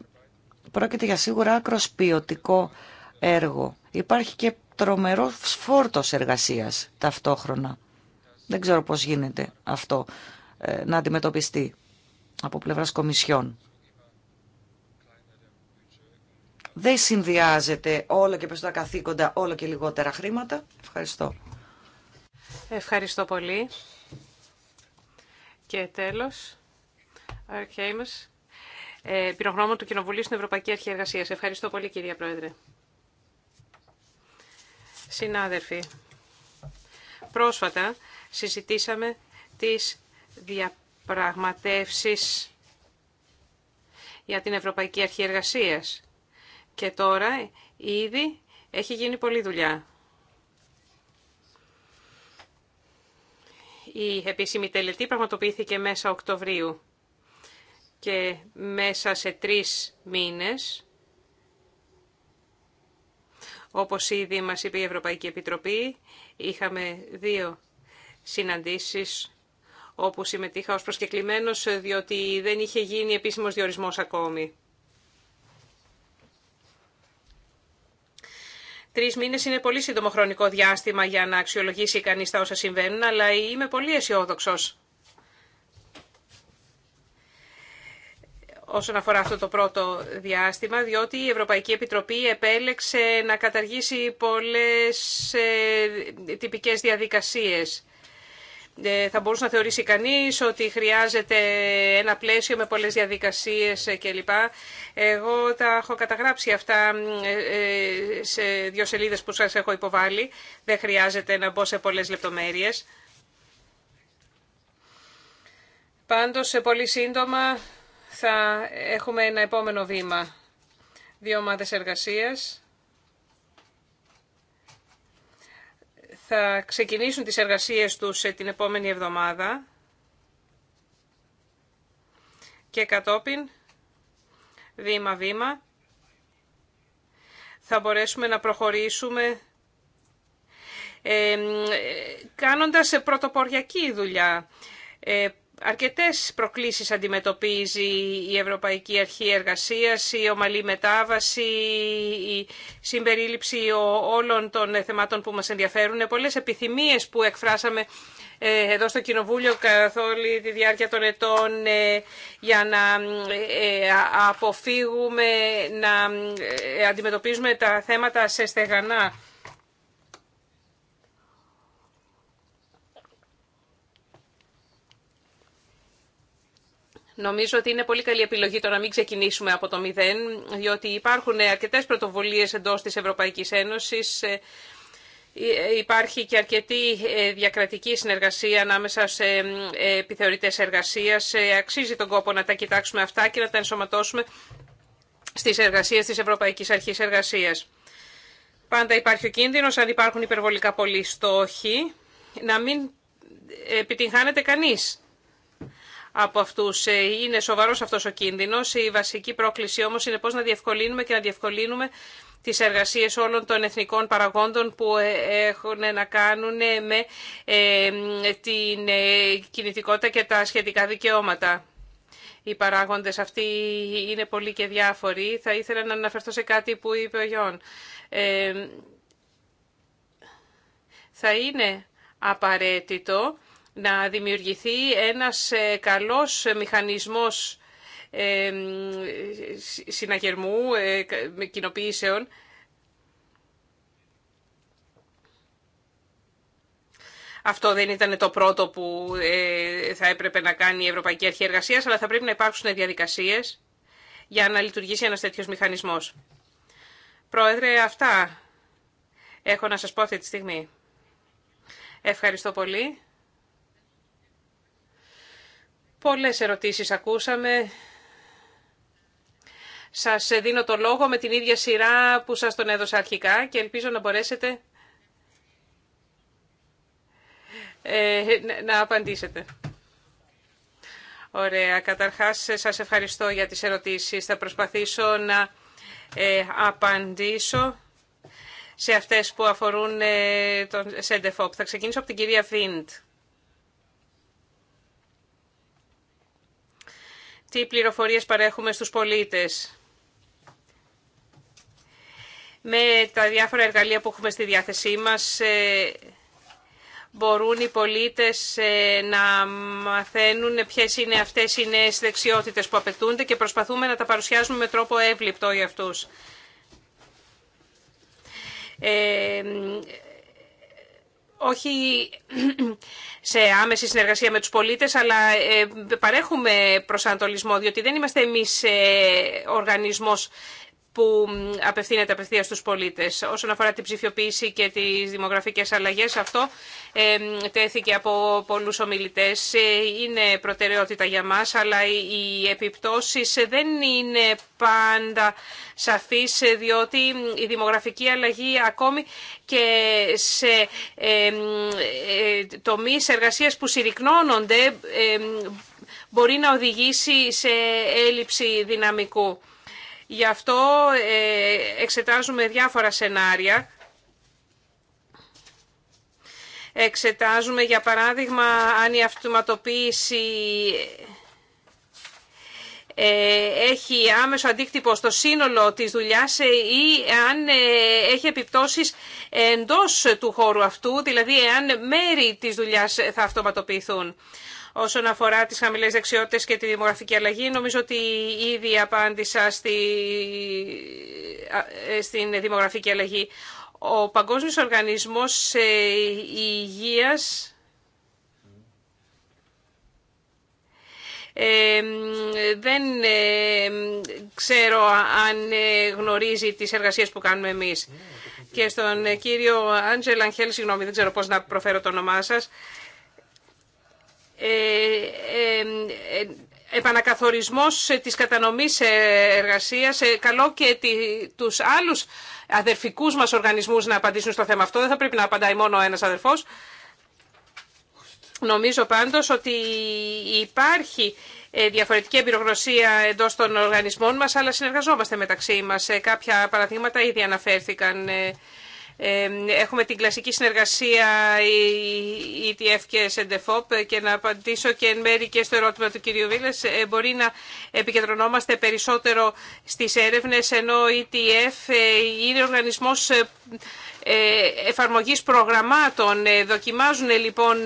Speaker 3: πρόκειται για σίγουρα άκρος ποιοτικό έργο. Υπάρχει και τρομερό φόρτος εργασίας ταυτόχρονα. Δεν ξέρω πώς γίνεται αυτό ε, να αντιμετωπιστεί από πλευράς Κομισιόν. Δεν συνδυάζεται όλο και περισσότερα καθήκοντα, όλο και λιγότερα χρήματα. Ευχαριστώ.
Speaker 1: Ευχαριστώ πολύ. Και τέλος, Αρκ ε, πυρογνώμων του Κοινοβουλίου στην Ευρωπαϊκή Αρχή Εργασίας. Ευχαριστώ πολύ κυρία Πρόεδρε. Συνάδελφοι, πρόσφατα συζητήσαμε τις διαπραγματεύσεις για την Ευρωπαϊκή Αρχή Εργασίας. Και τώρα ήδη έχει γίνει πολλή δουλειά. Η επίσημη τελετή πραγματοποιήθηκε μέσα Οκτωβρίου και μέσα σε τρεις μήνες, όπως ήδη μας είπε η Ευρωπαϊκή Επιτροπή, είχαμε δύο συναντήσεις όπου συμμετείχα ως προσκεκλημένος, διότι δεν είχε γίνει επίσημος διορισμός ακόμη. Τρει μήνε είναι πολύ σύντομο χρονικό διάστημα για να αξιολογήσει κανεί τα όσα συμβαίνουν, αλλά είμαι πολύ αισιόδοξο. όσον αφορά αυτό το πρώτο διάστημα, διότι η Ευρωπαϊκή Επιτροπή επέλεξε να καταργήσει πολλές ε, τυπικές διαδικασίες. Ε, θα μπορούσε να θεωρήσει κανείς ότι χρειάζεται ένα πλαίσιο με πολλές διαδικασίες κλπ. Εγώ τα έχω καταγράψει αυτά ε, ε, σε δύο σελίδες που σας έχω υποβάλει. Δεν χρειάζεται να μπω σε πολλές λεπτομέρειες. Πάντως, σε πολύ σύντομα θα έχουμε ένα επόμενο βήμα. Δύο ομάδες εργασίας θα ξεκινήσουν τις εργασίες τους ε, την επόμενη εβδομάδα και κατόπιν βήμα-βήμα θα μπορέσουμε να προχωρήσουμε ε, κάνοντας ε, πρωτοποριακή δουλειά. Ε, Αρκετές προκλήσεις αντιμετωπίζει η Ευρωπαϊκή Αρχή Εργασίας, η ομαλή μετάβαση, η συμπερίληψη όλων των θεμάτων που μας ενδιαφέρουν, πολλές επιθυμίες που εκφράσαμε ε, εδώ στο Κοινοβούλιο καθ' όλη τη διάρκεια των ετών ε, για να ε, αποφύγουμε να αντιμετωπίζουμε τα θέματα σε στεγανά. Νομίζω ότι είναι πολύ καλή επιλογή το να μην ξεκινήσουμε από το μηδέν, διότι υπάρχουν αρκετέ πρωτοβουλίε εντό τη Ευρωπαϊκής Ένωσης, ε, Υπάρχει και αρκετή ε, διακρατική συνεργασία ανάμεσα σε ε, επιθεωρητές εργασίας. Αξίζει τον κόπο να τα κοιτάξουμε αυτά και να τα ενσωματώσουμε στι εργασίε τη Ευρωπαϊκή Αρχή Εργασία. Πάντα υπάρχει ο κίνδυνο αν υπάρχουν υπερβολικά πολλοί στόχοι, να μην επιτυγχάνεται κανείς από αυτούς. Ε, είναι σοβαρός αυτός ο κίνδυνος. Η βασική πρόκληση όμως είναι πώς να διευκολύνουμε και να διευκολύνουμε τις εργασίες όλων των εθνικών παραγόντων που ε, έχουν να κάνουν ε, με την κινητικότητα και τα σχετικά δικαιώματα. Οι παράγοντες αυτοί είναι πολύ και διάφοροι. Θα ήθελα να αναφερθώ σε κάτι που είπε ο Γιόν. θα είναι απαραίτητο να δημιουργηθεί ένας ε, καλός μηχανισμός ε, συναγερμού, ε, κοινοποιήσεων, Αυτό δεν ήταν το πρώτο που θα έπρεπε να κάνει η Ευρωπαϊκή Αρχή Εργασίας, αλλά θα πρέπει να υπάρξουν διαδικασίες για να λειτουργήσει ένα τέτοιο μηχανισμό. Πρόεδρε, αυτά έχω να σας πω αυτή τη στιγμή. Ευχαριστώ πολύ. Πολλές ερωτήσεις ακούσαμε. Σας δίνω το λόγο με την ίδια σειρά που σας τον έδωσα αρχικά και ελπίζω να μπορέσετε ε, να απαντήσετε. Ωραία. Καταρχάς, σας ευχαριστώ για τις ερωτήσεις. Θα προσπαθήσω να ε, απαντήσω σε αυτές που αφορούν ε, τον ΣΕΝΤΕΦΟΠ. Θα ξεκινήσω από την κυρία Φίντ. τι πληροφορίες παρέχουμε στους πολίτες με τα διάφορα εργαλεία που έχουμε στη διάθεσή μας ε, μπορούν οι πολίτες ε, να μαθαίνουν ποιες είναι αυτές οι νέες δεξιότητες που απαιτούνται και προσπαθούμε να τα παρουσιάζουμε με τρόπο εύληπτο για αυτούς. Ε, όχι σε άμεση συνεργασία με τους πολίτες, αλλά ε, παρέχουμε προσανατολισμό, διότι δεν είμαστε εμείς ε, οργανισμός που απευθύνεται απευθεία στους πολίτες. Όσον αφορά την ψηφιοποίηση και τις δημογραφικές αλλαγές, αυτό τέθηκε από πολλούς ομιλητές. Είναι προτεραιότητα για μας, αλλά οι επιπτώσεις δεν είναι πάντα σαφείς, διότι η δημογραφική αλλαγή ακόμη και σε ε, τομείς εργασίας που συρρυκνώνονται μπορεί να οδηγήσει σε έλλειψη δυναμικού. Γι' αυτό ε, εξετάζουμε διάφορα σενάρια. Εξετάζουμε, για παράδειγμα, αν η αυτοματοποίηση ε, έχει άμεσο αντίκτυπο στο σύνολο της δουλειάς ε, ή αν έχει επιπτώσεις εντός του χώρου αυτού, δηλαδή εάν μέρη της δουλειάς θα αυτοματοποιηθούν. Όσον αφορά τις χαμηλές δεξιότητες και τη δημογραφική αλλαγή, νομίζω ότι ήδη απάντησα στη... Ε, στην δημογραφική αλλαγή. Ο Παγκόσμιος Οργανισμός ε, Υγείας Ε, δεν ε, ξέρω αν γνωρίζει τις εργασίες που κάνουμε εμείς. Και στον κύριο Άντζελ Αγχέλ, συγγνώμη, δεν ξέρω πώς να προφέρω το όνομά σας, ε, ε, ε, επανακαθορισμός της κατανομής εργασίας. Καλό και τους άλλους αδερφικούς μας οργανισμούς να απαντήσουν στο θέμα αυτό. Δεν θα πρέπει να απαντάει μόνο ένας αδερφός. Νομίζω πάντως ότι υπάρχει διαφορετική εμπειρογνωσία εντός των οργανισμών μας, αλλά συνεργαζόμαστε μεταξύ μας. Κάποια παραδείγματα ήδη αναφέρθηκαν Έχουμε την κλασική συνεργασία ETF και SENDEFOP και να απαντήσω και εν μέρη και στο ερώτημα του κυρίου Βίλες. Ε, μπορεί να επικεντρωνόμαστε περισσότερο στις έρευνες ενώ ETF ε, είναι οργανισμός ε, εφαρμογής προγραμμάτων. Δοκιμάζουν λοιπόν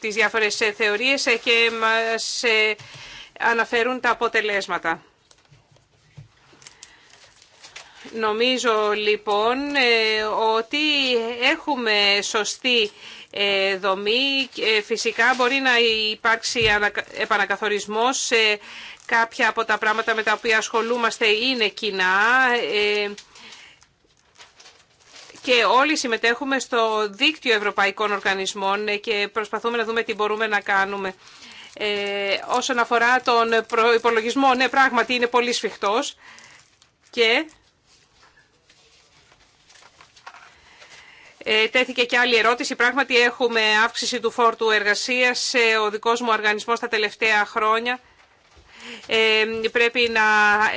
Speaker 1: τις διάφορες θεωρίες και μας αναφέρουν τα αποτελέσματα. Νομίζω λοιπόν ε, ότι έχουμε σωστή ε, δομή. Ε, φυσικά μπορεί να υπάρξει επανακαθορισμός. Κάποια από τα πράγματα με τα οποία ασχολούμαστε είναι κοινά και όλοι συμμετέχουμε στο δίκτυο ευρωπαϊκών οργανισμών και προσπαθούμε να δούμε τι μπορούμε να κάνουμε. όσον αφορά τον προϋπολογισμό, ναι πράγματι είναι πολύ σφιχτός και Ε, τέθηκε και άλλη ερώτηση. Πράγματι έχουμε αύξηση του φόρτου εργασίας. ο δικός μου οργανισμός τα τελευταία χρόνια ε, πρέπει να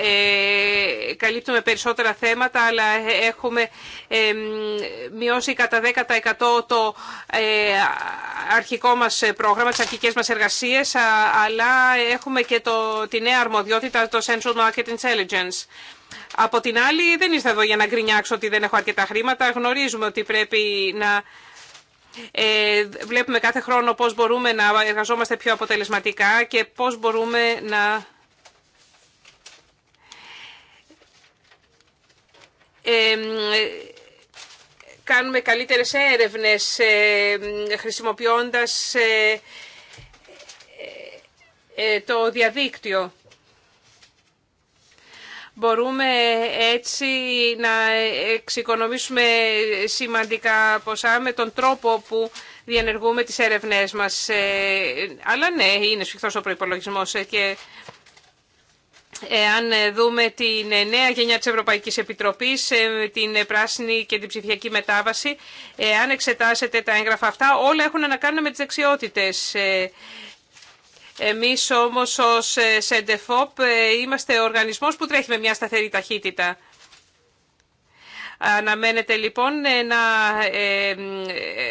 Speaker 1: ε, καλύπτουμε περισσότερα θέματα, αλλά έχουμε ε, μειώσει κατά 10% το ε, αρχικό μας πρόγραμμα, τις αρχικές μας εργασίες, αλλά έχουμε και το, τη νέα αρμοδιότητα, το Central Market Intelligence. Από την άλλη δεν είστε εδώ για να γκρινιάξω ότι δεν έχω αρκετά χρήματα. Γνωρίζουμε ότι πρέπει να ε, βλέπουμε κάθε χρόνο πώς μπορούμε να εργαζόμαστε πιο αποτελεσματικά και πώς μπορούμε να ε, κάνουμε καλύτερες έρευνες ε, χρησιμοποιώντας ε, το διαδίκτυο. Μπορούμε έτσι να εξοικονομήσουμε σημαντικά ποσά με τον τρόπο που διενεργούμε τις έρευνές μας. Ε, αλλά ναι, είναι σφιχτός ο προϋπολογισμός ε, και αν δούμε την νέα γενιά της Ευρωπαϊκής Επιτροπής, ε, την πράσινη και την ψηφιακή μετάβαση, αν εξετάσετε τα έγγραφα αυτά, όλα έχουν να κάνουν με τις δεξιότητες. Εμείς όμως ως ε, ΣΕΝΤΕΦΟΠ ε, είμαστε οργανισμός που τρέχει με μια σταθερή ταχύτητα. Αναμένεται λοιπόν ε, να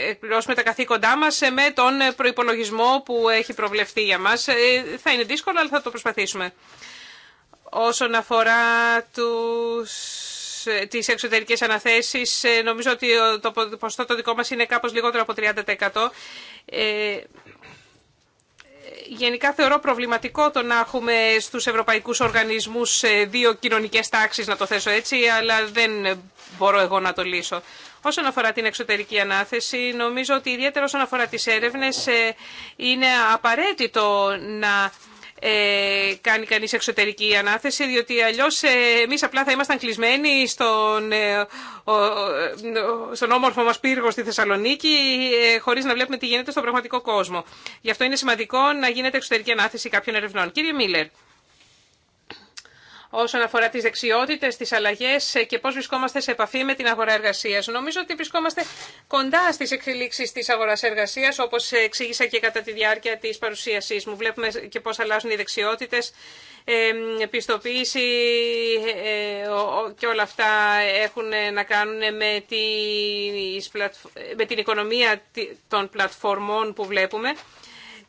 Speaker 1: εκπληρώσουμε τα καθήκοντά μας με τον προϋπολογισμό που έχει προβλεφθεί για μας. Θα είναι δύσκολο αλλά θα το προσπαθήσουμε. Όσον αφορά τους τις εξωτερικές αναθέσεις. Νομίζω ότι το ποσοστό το δικό μας είναι κάπως λιγότερο από 30% γενικά θεωρώ προβληματικό το να έχουμε στους ευρωπαϊκούς οργανισμούς ε, δύο κοινωνικές τάξεις, να το θέσω έτσι, αλλά δεν μπορώ εγώ να το λύσω. Όσον αφορά την εξωτερική ανάθεση, νομίζω ότι ιδιαίτερα όσον αφορά τις έρευνες ε, είναι απαραίτητο να ε, κάνει κανείς εξωτερική ανάθεση, διότι αλλιώς ε, εμείς απλά θα ήμασταν κλεισμένοι στον, ε, στον όμορφο μας πύργο στη Θεσσαλονίκη, χωρίς να βλέπουμε τι γίνεται στον πραγματικό κόσμο. Γι' αυτό είναι σημαντικό να γίνεται εξωτερική ανάθεση κάποιων ερευνών. Κύριε Μίλλερ, όσον αφορά τις δεξιότητες, τις αλλαγές και πώς βρισκόμαστε σε επαφή με την αγορά εργασίας. Νομίζω ότι βρισκόμαστε κοντά στις εξελίξεις της αγοράς εργασίας, όπως εξήγησα και κατά τη διάρκεια της παρουσίασής μου. Βλέπουμε και πώς αλλάζουν οι δεξιότητες, πιστοποίηση ε, και όλα αυτά έχουν να κάνουν με την οικονομία των πλατφορμών που βλέπουμε.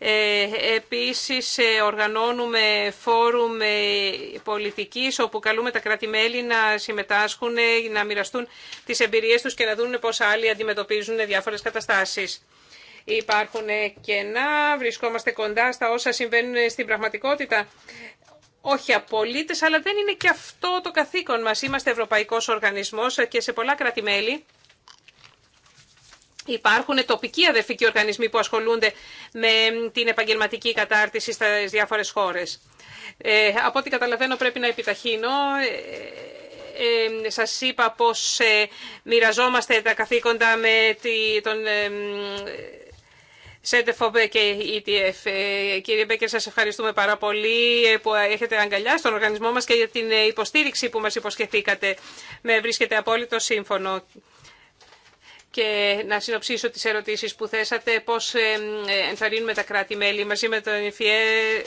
Speaker 1: Ε, επίσης ε, οργανώνουμε φόρουμ ε, πολιτικής όπου καλούμε τα κράτη-μέλη να συμμετάσχουν, να μοιραστούν τις εμπειρίες τους και να δουν πώς άλλοι αντιμετωπίζουν διάφορες καταστάσεις. Υπάρχουν κενά, βρισκόμαστε κοντά στα όσα συμβαίνουν στην πραγματικότητα. Όχι απολύτες, αλλά δεν είναι και αυτό το καθήκον μας. Είμαστε ευρωπαϊκός οργανισμός και σε πολλά κράτη-μέλη Υπάρχουν τοπικοί αδερφικοί οργανισμοί που ασχολούνται με την επαγγελματική κατάρτιση στις διάφορες χώρες. Ε, από ό,τι καταλαβαίνω πρέπει να επιταχύνω. Ε, ε σας είπα πως ε, μοιραζόμαστε τα καθήκοντα με τη, τον ΣΕΝΤΕΦΟΜ και ETF. Κύριε Μπέκερ, σας ευχαριστούμε πάρα πολύ ε, που έχετε αγκαλιά στον οργανισμό μας και για την υποστήριξη που μας υποσχεθήκατε. Με βρίσκεται απόλυτο σύμφωνο και να συνοψίσω τις ερωτήσεις που θέσατε, πώς ε, ενθαρρύνουμε τα κράτη-μέλη. Μαζί με το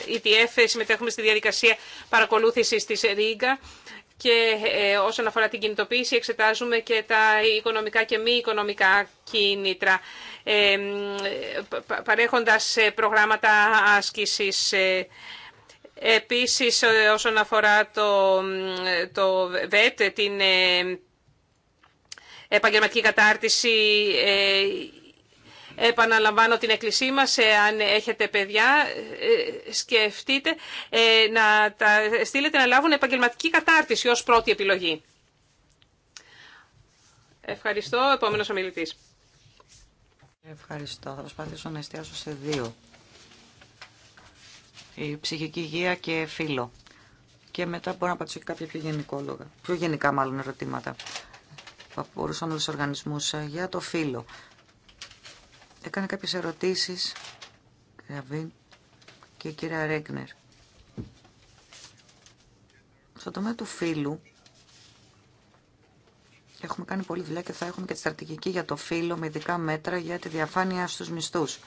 Speaker 1: ETF συμμετέχουμε στη διαδικασία παρακολούθησης της ΡΙΓΑ και ε, όσον αφορά την κινητοποίηση εξετάζουμε και τα οικονομικά και μη οικονομικά κίνητρα ε, παρέχοντας προγράμματα άσκησης. Επίσης όσον αφορά το, το ΒΕΤ, την επαγγελματική κατάρτιση. Ε, επαναλαμβάνω την έκκλησή μας, ε, αν έχετε παιδιά, ε, σκεφτείτε να τα στείλετε να λάβουν επαγγελματική κατάρτιση ως πρώτη επιλογή. Ευχαριστώ. Επόμενος ομιλητής.
Speaker 3: Ευχαριστώ. Θα προσπαθήσω να εστιάσω σε δύο. Η ψυχική υγεία και φίλο. Και μετά μπορώ να απαντήσω και κάποια πιο γενικόλογα. Πιο γενικά μάλλον ερωτήματα που αφορούσαν όλους τους οργανισμούς ε, για το φύλλο. Έκανε κάποιες ερωτήσεις και η κυρία Ρέγκνερ. Στο τομέα του φύλλου έχουμε κάνει πολλή δουλειά και θα έχουμε και τη στρατηγική για το φύλλο με ειδικά μέτρα για τη διαφάνεια στους μισθούς.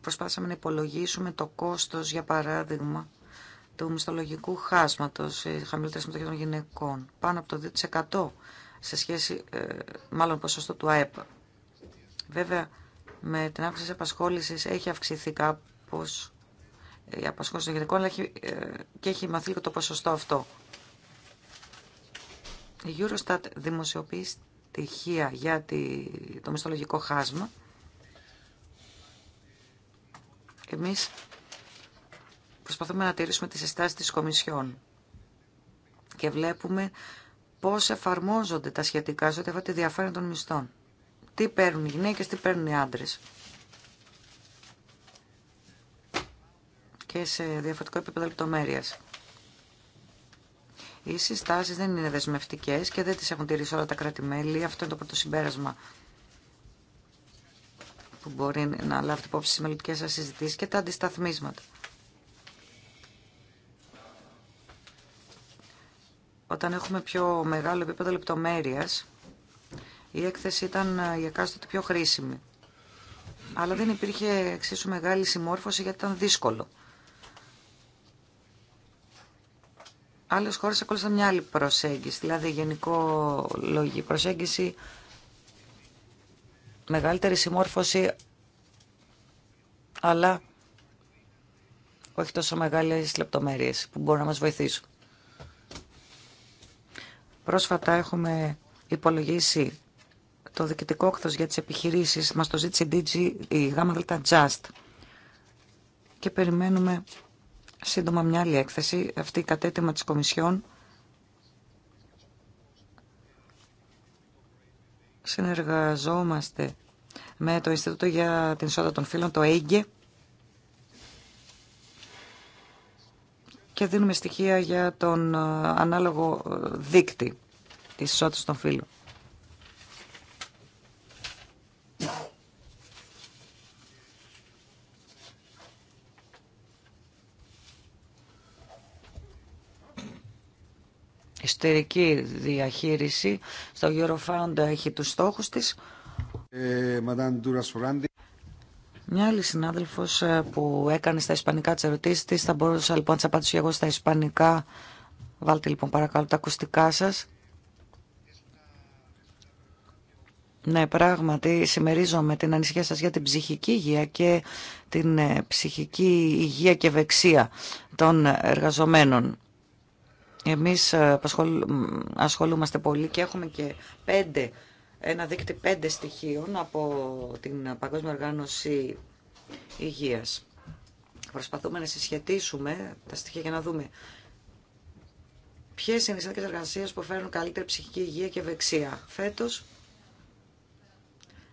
Speaker 3: Προσπάθησαμε να υπολογίσουμε το κόστος, για παράδειγμα, του μισθολογικού χάσματος, οι χαμηλότερη συμμετοχή των γυναικών, πάνω από το 2% σε σχέση, ε, μάλλον ποσοστό του ΑΕΠ. Βέβαια, με την αύξηση της απασχόλησης έχει αυξηθεί κάπως η απασχόληση των γυναικών, έχει, ε, και έχει μαθεί και το ποσοστό αυτό. Η Eurostat δημοσιοποιεί στοιχεία για το μισθολογικό χάσμα. Εμείς προσπαθούμε να τηρήσουμε τις συστάσεις της Κομισιόν και βλέπουμε πώς εφαρμόζονται τα σχετικά σε ό,τι αφορά τη διαφάνεια των μισθών. Τι παίρνουν οι γυναίκες, τι παίρνουν οι άντρες. Και σε διαφορετικό επίπεδο λεπτομέρεια. Οι συστάσεις δεν είναι δεσμευτικές και δεν τις έχουν τηρήσει όλα τα κράτη-μέλη. Αυτό είναι το πρώτο συμπέρασμα που μπορεί να λάβει υπόψη στις μελλοντικές σας συζητήσεις και τα αντισταθμίσματα. όταν έχουμε πιο μεγάλο επίπεδο λεπτομέρειας, η έκθεση ήταν ε, για κάστοτε πιο χρήσιμη. Αλλά δεν υπήρχε εξίσου μεγάλη συμμόρφωση γιατί ήταν δύσκολο. Άλλες χώρες ακολουθούν μια άλλη προσέγγιση, δηλαδή γενικό λόγη. Προσέγγιση μεγαλύτερη συμμόρφωση, αλλά όχι τόσο μεγάλες λεπτομέρειες που μπορούν να μας βοηθήσουν. Πρόσφατα έχουμε υπολογίσει το διοικητικό όκθος για τις επιχειρήσεις. Μας το ζήτησε DG, η ΓΔ Just. Και περιμένουμε σύντομα μια άλλη έκθεση, αυτή η κατέτοιμα της Κομισιόν. Συνεργαζόμαστε με το Ινστιτούτο για την Ισότητα των Φίλων, το ΕΙΓΕ, και δίνουμε στοιχεία για τον ε, ανάλογο ε, δίκτυ της ισότητας των φύλων. Εσωτερική διαχείριση στο Eurofound έχει τους στόχους της. Ε, μια άλλη συνάδελφο ε, που έκανε στα ισπανικά τι ερωτήσει, τη, θα μπορούσα λοιπόν να τι απαντήσω εγώ στα ισπανικά. Βάλτε λοιπόν παρακαλώ τα ακουστικά σα. Ναι, πράγματι, συμμερίζομαι την ανησυχία σας για την ψυχική υγεία και την ε, ψυχική υγεία και ευεξία των εργαζομένων. Εμείς ε, ασχολούμαστε πολύ και έχουμε και πέντε ένα δείκτη πέντε στοιχείων από την Παγκόσμια Οργάνωση Υγείας. Προσπαθούμε να συσχετίσουμε τα στοιχεία για να δούμε ποιες είναι οι συνθήκες εργασίες που φέρνουν καλύτερη ψυχική υγεία και ευεξία. Φέτος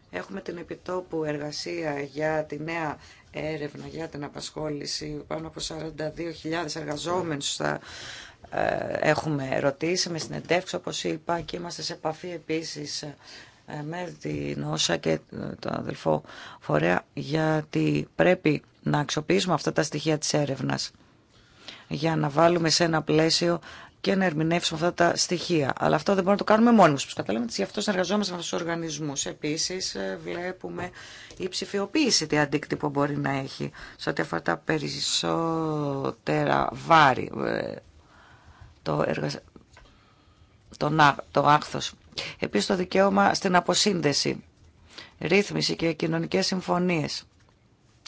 Speaker 3: έχουμε την επιτόπου εργασία για τη νέα έρευνα για την απασχόληση. Πάνω από 42.000 εργαζόμενους στα ε, έχουμε ρωτήσει με συνεντεύξει όπως είπα και είμαστε σε επαφή επίσης ε, με την Όσα και τον αδελφό φορέα γιατί πρέπει να αξιοποιήσουμε αυτά τα στοιχεία της έρευνας για να βάλουμε σε ένα πλαίσιο και να ερμηνεύσουμε αυτά τα στοιχεία. Αλλά αυτό δεν μπορούμε να το κάνουμε μόνοι μας, καταλαβαίνετε, γι' αυτό συνεργαζόμαστε με τους οργανισμούς. Επίσης, ε, βλέπουμε η ψηφιοποίηση τι αντίκτυπο μπορεί να έχει σε ό,τι αφορά τα περισσότερα βάρη το, εργα... το, το άχθος. Επίσης το δικαίωμα στην αποσύνδεση, ρύθμιση και κοινωνικές συμφωνίες.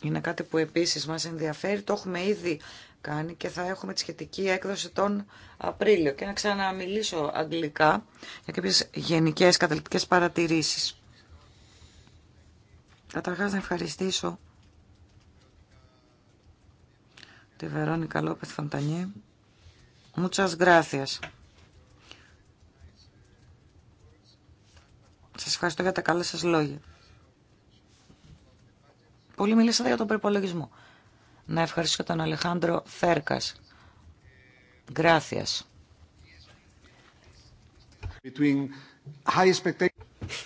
Speaker 3: Είναι κάτι που επίσης μας ενδιαφέρει, το έχουμε ήδη κάνει και θα έχουμε τη σχετική έκδοση τον Απρίλιο. Και να ξαναμιλήσω αγγλικά για κάποιες γενικές καταληπτικές παρατηρήσεις. Καταρχάς να ευχαριστήσω τη Βερόνικα Λόπεθ Φαντανιέ Muchas gracias. Σας ευχαριστώ για τα καλά σας λόγια. Πολύ μιλήσατε για τον προπολογισμό. Να ευχαριστήσω τον Αλεχάνδρο Θέρκας. Gracias.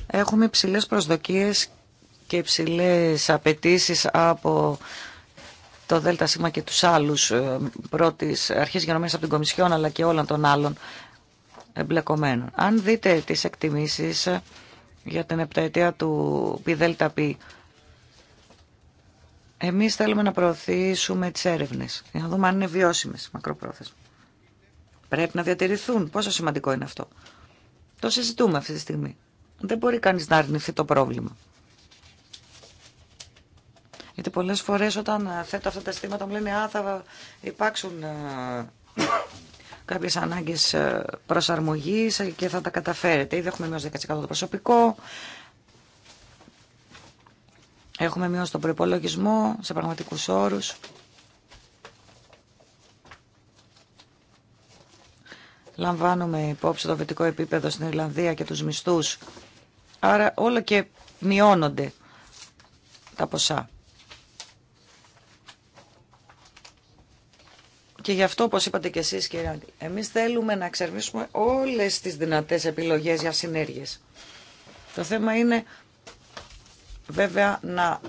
Speaker 3: Έχουμε υψηλές προσδοκίες και υψηλές απαιτήσεις από το ΔΣ και τους άλλους ε, πρώτης αρχής γενομένης από την Κομισιόν αλλά και όλων των άλλων εμπλεκομένων. Αν δείτε τις εκτιμήσεις ε, για την επταετία του ΠΔΠ, εμείς θέλουμε να προωθήσουμε τις έρευνες για να δούμε αν είναι βιώσιμες μακροπρόθεσμα. Πρέπει να διατηρηθούν. Πόσο σημαντικό είναι αυτό. Το συζητούμε αυτή τη στιγμή. Δεν μπορεί κανείς να αρνηθεί το πρόβλημα. Γιατί πολλές φορές όταν ε, θέτω αυτά τα στήματα μου λένε «Α, θα υπάρξουν ε, κάποιες ανάγκες ε, προσαρμογής και θα τα καταφέρετε». Ήδη έχουμε μειώσει 10% το προσωπικό, έχουμε μειώσει τον προπολογισμό σε πραγματικούς όρους. Λαμβάνουμε υπόψη το βετικό επίπεδο στην Ιρλανδία και τους μισθούς. Άρα όλο και μειώνονται τα ποσά. Και γι' αυτό, όπω είπατε και εσεί κύριε εμεί θέλουμε να εξερμίσουμε όλε τι δυνατέ επιλογέ για συνέργειε. Το θέμα είναι βέβαια να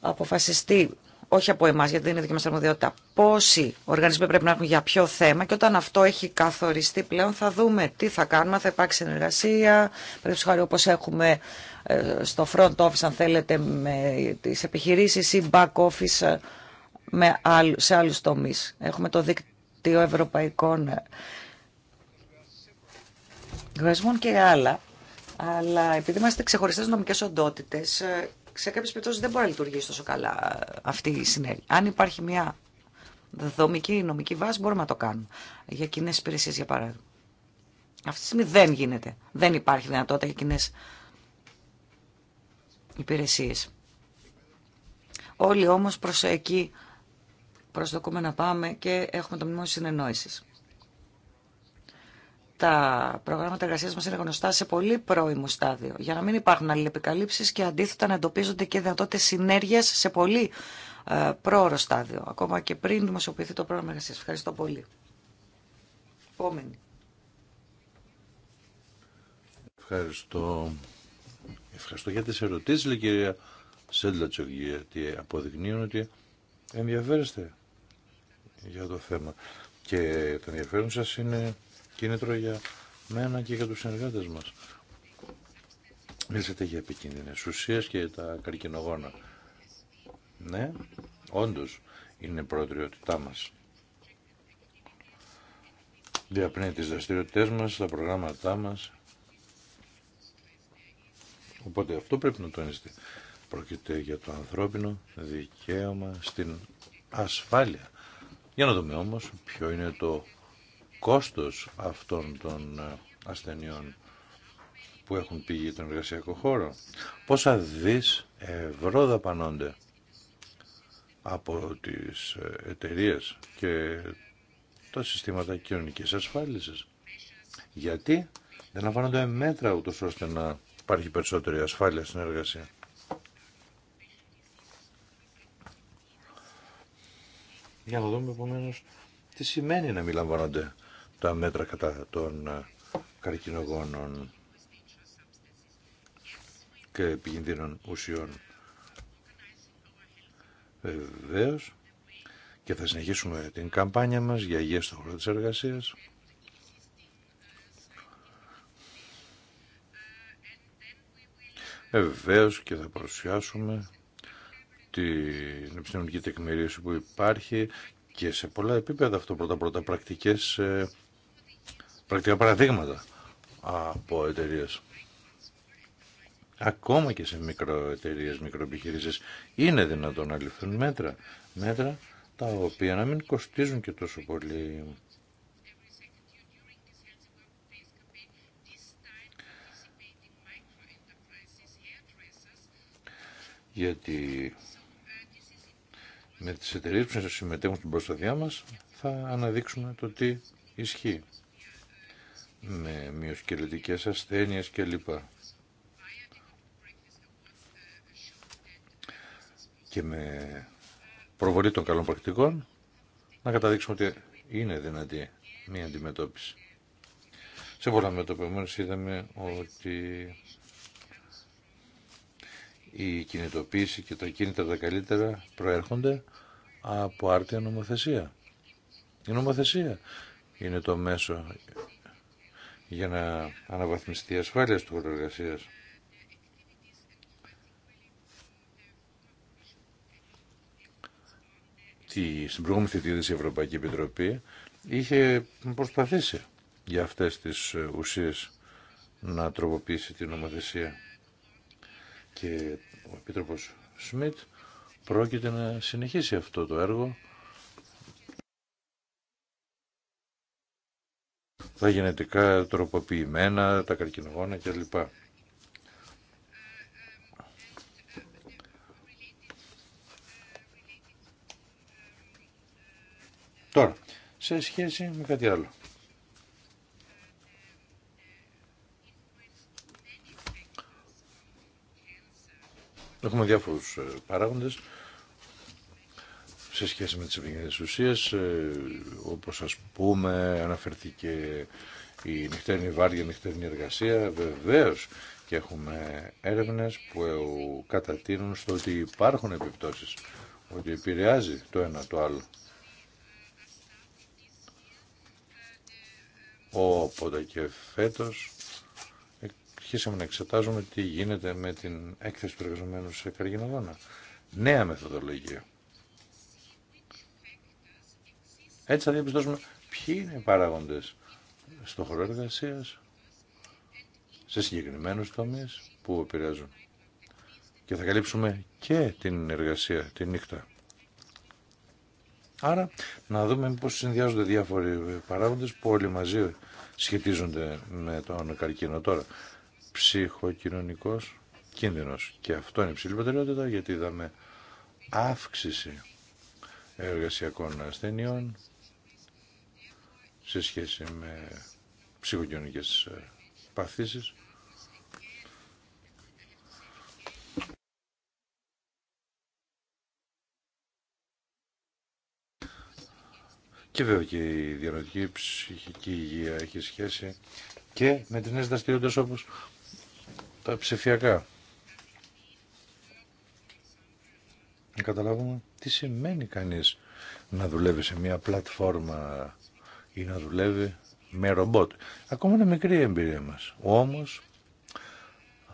Speaker 3: αποφασιστεί όχι από εμά, γιατί δεν είναι δική μα αρμοδιότητα, πόσοι οργανισμοί πρέπει να έχουν για ποιο θέμα και όταν αυτό έχει καθοριστεί πλέον θα δούμε τι θα κάνουμε, θα υπάρξει συνεργασία. Πρέπει χάρη όπω έχουμε ε, στο front office, αν θέλετε, με τι επιχειρήσει ή back office ε, με σε άλλους τομείς. Έχουμε το δίκτυο ευρωπαϊκών ε, γασμών και άλλα. Αλλά επειδή είμαστε ξεχωριστές νομικές οντότητες, ε, σε κάποιες περιπτώσεις δεν μπορεί να λειτουργήσει τόσο καλά ε, αυτή η συνέργεια. Αν υπάρχει μια δομική νομική βάση, μπορούμε να το κάνουμε. Για κοινέ υπηρεσίε, για παράδειγμα. Αυτή τη στιγμή δεν γίνεται. Δεν υπάρχει δυνατότητα για κοινέ υπηρεσίε. Όλοι όμω προ εκεί προσδοκούμε να πάμε και έχουμε το μνημόνιο συνεννόησης. Τα προγράμματα εργασία μα είναι γνωστά σε πολύ πρώιμο στάδιο, για να μην υπάρχουν αλληλεπικαλύψει και αντίθετα να εντοπίζονται και δυνατότητε συνέργεια σε πολύ ε, πρόωρο στάδιο, ακόμα και πριν δημοσιοποιηθεί το πρόγραμμα εργασία. Ευχαριστώ πολύ. Επόμενη.
Speaker 2: Ευχαριστώ. Ευχαριστώ για τις ερωτήσεις, κυρία Σέντλατσοκ, γιατί αποδεικνύουν ότι ενδιαφέρεστε για το θέμα. Και το ενδιαφέρον σας είναι κίνητρο για μένα και για τους συνεργάτες μας. Μιλήσατε για επικίνδυνες ουσίες και τα καρκινογόνα. Ναι, όντως είναι προτεραιότητά μας. Διαπνέει τις δραστηριότητές μας, τα προγράμματά μας. Οπότε αυτό πρέπει να τονίσετε. Πρόκειται για το ανθρώπινο δικαίωμα στην ασφάλεια για να δούμε όμως ποιο είναι το κόστος αυτών των ε, ασθενειών που έχουν πήγει τον εργασιακό χώρο. Πόσα δις ευρώ δαπανώνται από τις ε, εταιρείε και τα συστήματα κοινωνικής ασφάλισης. Γιατί δεν λαμβάνονται μέτρα ούτως ώστε να υπάρχει περισσότερη ασφάλεια στην εργασία. για να δούμε επομένω, τι σημαίνει να μην λαμβάνονται τα μέτρα κατά των ε, καρκινογόνων και επικινδύνων ουσιών. Βεβαίω και θα συνεχίσουμε την καμπάνια μας για υγεία στον χώρο της εργασίας. Βεβαίω και θα παρουσιάσουμε την επιστημονική τεκμηρίωση που υπάρχει και σε πολλά επίπεδα αυτό πρώτα-πρώτα πρακτικές, ε, πρακτικά παραδείγματα από εταιρείε. Ακόμα και σε μικροεταιρείες, μικροεπιχειρήσεις είναι δυνατόν να ληφθούν μέτρα. Μέτρα τα οποία να μην κοστίζουν και τόσο πολύ. Γιατί με τις εταιρείες που συμμετέχουν στην προστασία μας θα αναδείξουμε το τι ισχύει με μειοσκελετικές ασθένειες κλπ. Και με προβολή των καλών πρακτικών να καταδείξουμε ότι είναι δυνατή μία αντιμετώπιση. Σε πολλά μετωπιμένες είδαμε ότι η κινητοποίηση και τα κίνητρα τα καλύτερα προέρχονται από άρτια νομοθεσία. Η νομοθεσία είναι το μέσο για να αναβαθμιστεί η ασφάλεια του χωροεργασία. εργασίας. Στην προηγούμενη θητεία η Ευρωπαϊκή Επιτροπή είχε προσπαθήσει για αυτές τις ουσίες να τροποποιήσει την νομοθεσία και ο Επίτροπος Σμιτ πρόκειται να συνεχίσει αυτό το έργο. Τα γενετικά τροποποιημένα, τα καρκινογόνα κλπ. Τώρα, σε σχέση με κάτι άλλο. Έχουμε διάφορους ε, παράγοντες σε σχέση με τις επικοινωνικές ουσίες, ε, όπως σας πούμε αναφερθήκε η νυχτερινή βάρια, η νυχτερινή εργασία, βεβαίως και έχουμε έρευνες που κατατείνουν στο ότι υπάρχουν επιπτώσεις, ότι επηρεάζει το ένα το άλλο. Οπότε και φέτος αρχίσαμε να εξετάζουμε τι γίνεται με την έκθεση του εργαζομένου σε καρκινογόνα. Νέα μεθοδολογία. Έτσι θα διαπιστώσουμε ποιοι είναι οι παράγοντες στο χώρο εργασία, σε συγκεκριμένους τομείς που επηρεάζουν. Και θα καλύψουμε και την εργασία τη νύχτα. Άρα να δούμε πώς συνδυάζονται διάφοροι παράγοντες που όλοι μαζί σχετίζονται με τον καρκίνο τώρα ψυχοκοινωνικός κίνδυνος. Και αυτό είναι υψηλή προτεραιότητα γιατί είδαμε αύξηση εργασιακών ασθενειών σε σχέση με ψυχοκοινωνικές ε, παθήσεις. Και βέβαια και η διανοητική ψυχική υγεία έχει σχέση και με τις νέες δραστηριότητες όπως τα ψηφιακά. Να καταλάβουμε τι σημαίνει κανείς να δουλεύει σε μια πλατφόρμα ή να δουλεύει με ρομπότ. Ακόμα είναι μικρή η εμπειρία μας. Όμως,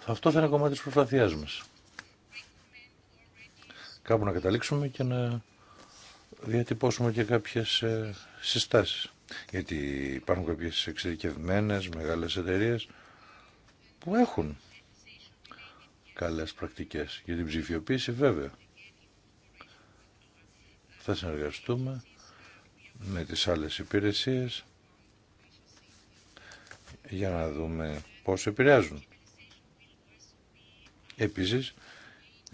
Speaker 2: αυτό θα είναι κομμάτι της προσπαθειάς μας. Κάπου να καταλήξουμε και να διατυπώσουμε και κάποιες ε, συστάσεις. Γιατί υπάρχουν κάποιες εξειδικευμένες μεγάλες εταιρείες που έχουν καλές πρακτικές. Για την ψηφιοποίηση βέβαια. Θα συνεργαστούμε με τις άλλες υπηρεσίες για να δούμε πώς επηρεάζουν. Επίσης,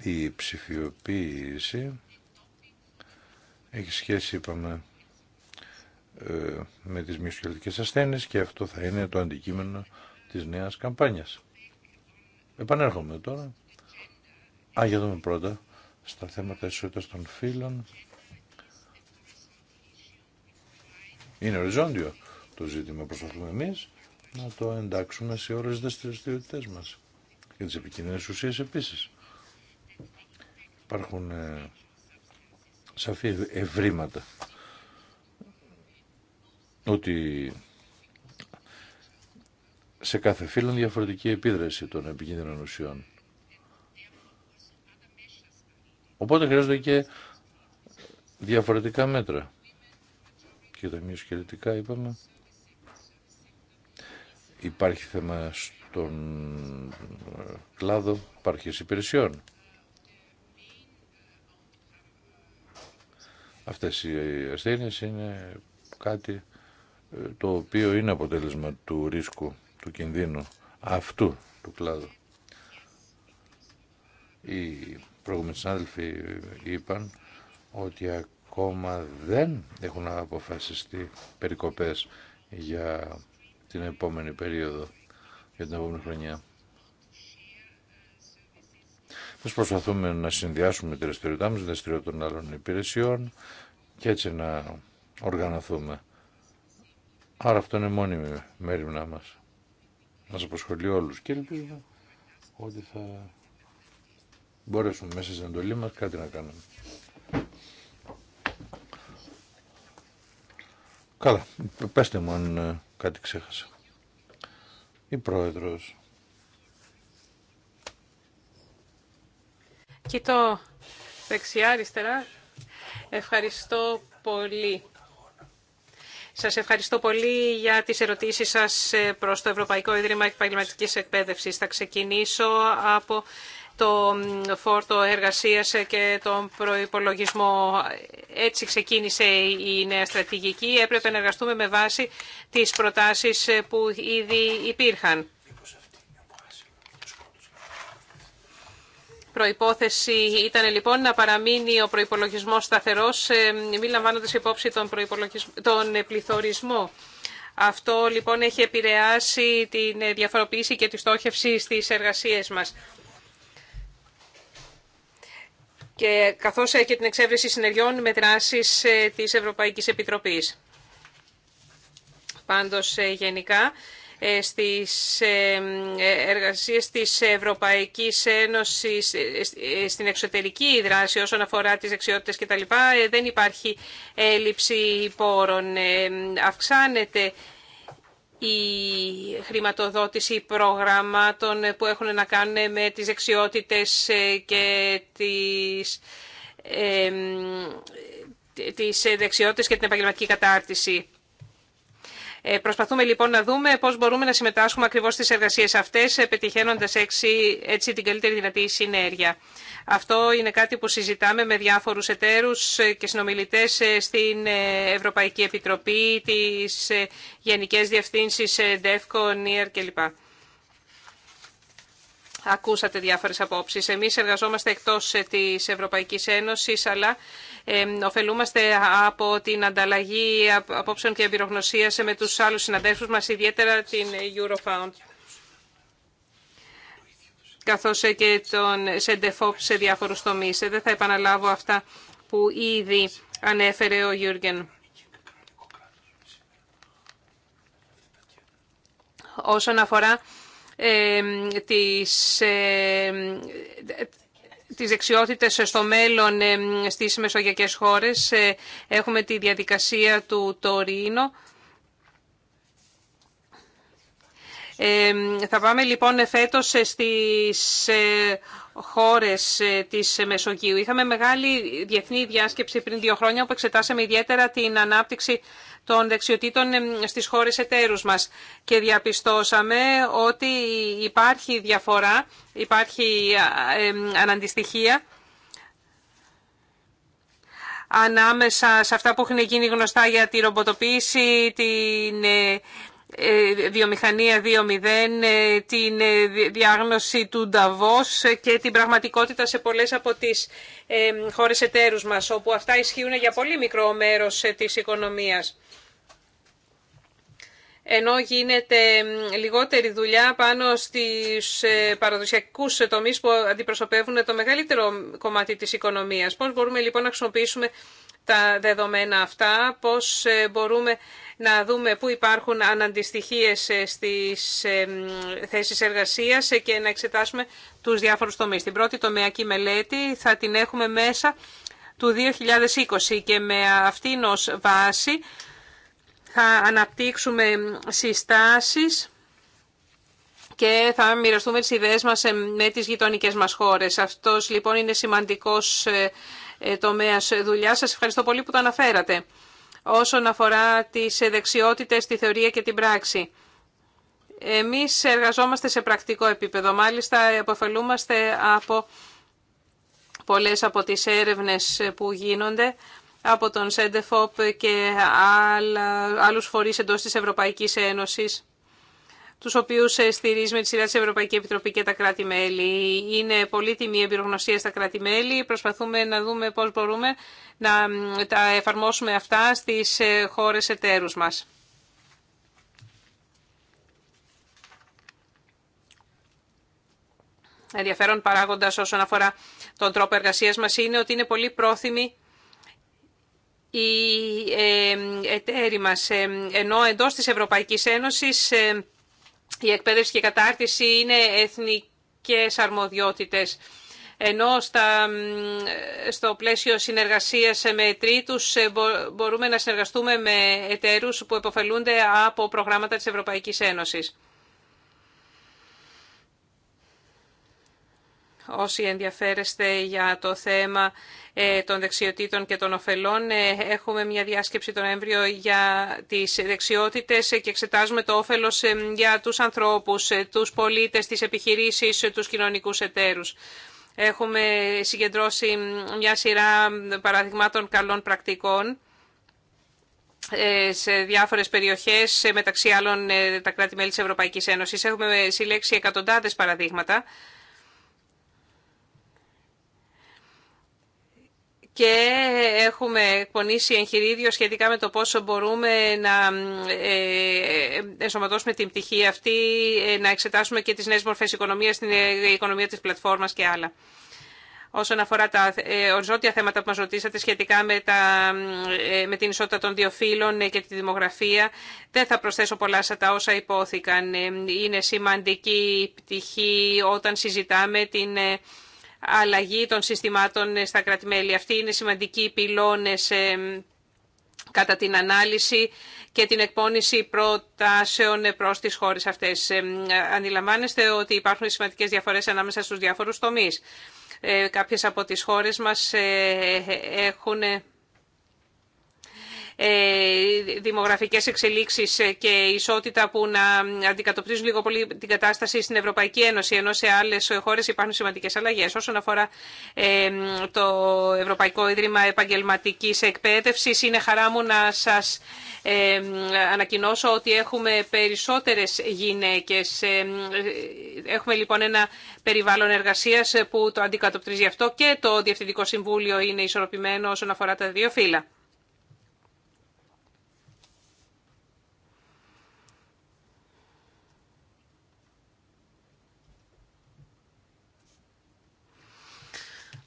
Speaker 2: η ψηφιοποίηση έχει σχέση, είπαμε, ε, με τις μυοσκελτικές ασθένειες και αυτό θα είναι το αντικείμενο της νέας καμπάνιας. Επανέρχομαι τώρα. Α, για δούμε πρώτα στα θέματα ισότητας των φύλων. Είναι οριζόντιο το ζήτημα. Προσπαθούμε εμείς να το εντάξουμε σε όλε τι δραστηριότητε μας. Και τις επικοινωνίες ουσίες επίσης. Υπάρχουν ε, σαφή ευρήματα ότι σε κάθε φύλλον διαφορετική επίδραση των επικίνδυνων ουσιών. Οπότε χρειάζονται και διαφορετικά μέτρα. Και τα μειοσκελετικά είπαμε. Υπάρχει θέμα στον ε, κλάδο υπάρχει υπηρεσιών. Αυτές οι ασθένειες είναι κάτι ε, το οποίο είναι αποτέλεσμα του ρίσκου του κινδύνου αυτού του κλάδου. Οι προηγούμενοι συνάδελφοι είπαν ότι ακόμα δεν έχουν αποφασιστεί περικοπές για την επόμενη περίοδο, για την επόμενη χρονιά. Εμείς προσπαθούμε να συνδυάσουμε τη δραστηριότητά μας, τη των άλλων υπηρεσιών και έτσι να οργανωθούμε. Άρα αυτό είναι μόνιμη μέρη μας μας αποσχολεί όλους και ελπίζουμε ότι θα μπορέσουμε μέσα στην εντολή μας κάτι να κάνουμε. Καλά, πέστε μου αν ε, κάτι ξέχασα. Η πρόεδρος.
Speaker 1: Κοιτώ δεξιά-αριστερά. Ευχαριστώ πολύ. Σας ευχαριστώ πολύ για τι ερωτήσει σας ε, προς το Ευρωπαϊκό Ίδρυμα Επαγγελματική εκπαίδευση. Θα ξεκινήσω από το φόρτο εργασίας και τον προϋπολογισμό. Έτσι ξεκίνησε η νέα στρατηγική. Έπρεπε να εργαστούμε με βάση τις προτάσεις που ήδη υπήρχαν. Προϋπόθεση ήταν λοιπόν να παραμείνει ο προϋπολογισμός σταθερός, ε, μη λαμβάνοντας υπόψη τον, τον ε, πληθωρισμό. Αυτό λοιπόν έχει επηρεάσει την ε, διαφοροποίηση και τη στόχευση στις εργασίες μας. Και καθώς και την εξέβρεση συνεργειών με δράσεις της Ευρωπαϊκής Επιτροπής. Πάντως γενικά ε, στις ε, ε, εργασίες της Ευρωπαϊκής Ένωσης, στην εξωτερική δράση όσον αφορά τις δεξιότητες κτλ. Δεν υπάρχει έλλειψη πόρων. Αυξάνεται η χρηματοδότηση προγραμμάτων που έχουν να κάνουν με τις δεξιότητε και τις, τις δεξιότητες και την επαγγελματική κατάρτιση. Ε, προσπαθούμε λοιπόν να δούμε πώς μπορούμε να συμμετάσχουμε ακριβώς στις εργασίες αυτές, ε, πετυχαίνοντα έτσι, την καλύτερη δυνατή συνέργεια. Αυτό είναι κάτι που συζητάμε με διάφορους εταίρους ε, και συνομιλητές στην Ευρωπαϊκή Επιτροπή, τις Γενικές Διευθύνσεις, ΔΕΦΚΟ, ΝΙΕΡ κλπ. Ακούσατε διάφορες απόψεις. Εμείς εργαζόμαστε εκτός ε, της Ευρωπαϊκής Ένωσης, αλλά ε, ωφελούμαστε από την ανταλλαγή απόψεων και εμπειρογνωσία με τους άλλους συναδέλφους μας, ιδιαίτερα την Eurofound καθώς ε, και τον ΣΕΝΤΕΦΟΠ σε διάφορους τομείς. Ε, δεν θα επαναλάβω αυτά που ήδη ανέφερε ο Γιούργεν. Όσον αφορά τις, τις δεξιότητες στο μέλλον στις μεσογειακές χώρες. Ε, έχουμε τη διαδικασία του Τωρίνο. Θα πάμε λοιπόν φέτος στις ε, χώρες ε, της Μεσογείου. Είχαμε μεγάλη διεθνή διάσκεψη πριν δύο χρόνια που εξετάσαμε ιδιαίτερα την ανάπτυξη των δεξιοτήτων στις χώρες εταίρους μας. Και διαπιστώσαμε ότι υπάρχει διαφορά, υπάρχει αναντιστοιχία ανάμεσα σε αυτά που έχουν γίνει γνωστά για τη ρομποτοποίηση, την ε, ε, βιομηχανία 2.0, ε, την ε, διάγνωση του Νταβός και την πραγματικότητα σε πολλές από τις χώρες εταίρους μας, όπου αυτά ισχύουν για πολύ μικρό μέρος της οικονομίας. Ενώ γίνεται λιγότερη δουλειά πάνω στις παραδοσιακούς τομείς που αντιπροσωπεύουν το μεγαλύτερο κομμάτι της οικονομίας. Πώς μπορούμε λοιπόν να χρησιμοποιήσουμε τα δεδομένα αυτά, πώς ε, μπορούμε να δούμε πού υπάρχουν αναντιστοιχίες ε, στις ε, θέσεις εργασίας και να εξετάσουμε τους διάφορους τομείς. Την πρώτη τομεακή μελέτη θα την έχουμε μέσα του 2020 και με αυτήν ως βάση θα αναπτύξουμε συστάσεις και θα μοιραστούμε τις ιδέες μας με τις γειτονικές μας χώρες. Αυτός λοιπόν είναι σημαντικός ε, τομέα δουλειά, Σας ευχαριστώ πολύ που το αναφέρατε όσον αφορά τις δεξιότητες, τη θεωρία και την πράξη. Εμείς εργαζόμαστε σε πρακτικό επίπεδο. Μάλιστα, αποφελούμαστε από πολλές από τις έρευνες που γίνονται από τον ΣΕΝΤΕΦΟΠ και άλλους φορείς εντός της Ευρωπαϊκής Ένωσης τους οποίους ε, στηρίζουμε τη σειρά της Ευρωπαϊκή Επιτροπή και τα κράτη-μέλη. Είναι πολύτιμη η εμπειρογνωσία στα κράτη-μέλη. Προσπαθούμε να δούμε πώς μπορούμε να τα εφαρμόσουμε αυτά στις ε, χώρες εταίρους μας. ενδιαφέρον παράγοντας όσον αφορά τον τρόπο εργασίας μας είναι ότι είναι πολύ πρόθυμοι οι ε, εταίροι μας. Ενώ εντός της Ευρωπαϊκής Ένωσης η εκπαίδευση και η κατάρτιση είναι εθνικές αρμοδιότητες. Ενώ στα, στο πλαίσιο συνεργασίας με τρίτους ε, μπορούμε να συνεργαστούμε με εταίρους που επωφελούνται από προγράμματα της Ευρωπαϊκής Ένωσης. όσοι ενδιαφέρεστε για το θέμα ε, των δεξιοτήτων και των ωφελών. Ε, έχουμε μια διάσκεψη τον έμβριο για τις δεξιότητες και εξετάζουμε το όφελος ε, για τους ανθρώπους, τους πολίτες, τις επιχειρήσεις, τους κοινωνικούς εταίρους. Έχουμε συγκεντρώσει μια σειρά παραδειγμάτων καλών πρακτικών σε διάφορες περιοχές, μεταξύ άλλων τα κράτη-μέλη της Ευρωπαϊκής Ένωσης. Έχουμε συλλέξει εκατοντάδες παραδείγματα και έχουμε εκπονήσει εγχειρίδιο σχετικά με το πόσο μπορούμε να ε, ε, ενσωματώσουμε την πτυχή αυτή, ε, να εξετάσουμε και τις νέες μορφές οικονομίας, την οικονομία της πλατφόρμας και άλλα. Όσον αφορά τα οριζόντια θέματα που μας ρωτήσατε σχετικά με, τα, με την ισότητα των δύο φύλων και τη δημογραφία, δεν θα προσθέσω πολλά σε τα όσα υπόθηκαν. Είναι σημαντική πτυχή όταν συζητάμε την αλλαγή των συστημάτων ε, στα κρατημέλη. Αυτοί είναι σημαντικοί πυλώνες ε, κατά την ανάλυση και την εκπόνηση προτάσεων ε, προς τις χώρες αυτές. Αντιλαμβάνεστε ότι υπάρχουν σημαντικές διαφορές ανάμεσα στους διάφορους τομείς. Κάποιες από τις χώρες μας έχουν ε, δημογραφικές εξελίξεις και ισότητα που να αντικατοπτρίζουν λίγο πολύ την κατάσταση στην Ευρωπαϊκή Ένωση, ενώ σε άλλες χώρες υπάρχουν σημαντικές αλλαγές. Όσον αφορά ε, το Ευρωπαϊκό Ίδρυμα Επαγγελματικής Εκπαίδευσης, είναι χαρά μου να σας ε, ανακοινώσω ότι έχουμε περισσότερες γυναίκες. Έχουμε λοιπόν ένα περιβάλλον εργασίας που το αντικατοπτρίζει αυτό και το Διευθυντικό Συμβούλιο είναι ισορροπημένο όσον αφορά τα δύο φύλλα.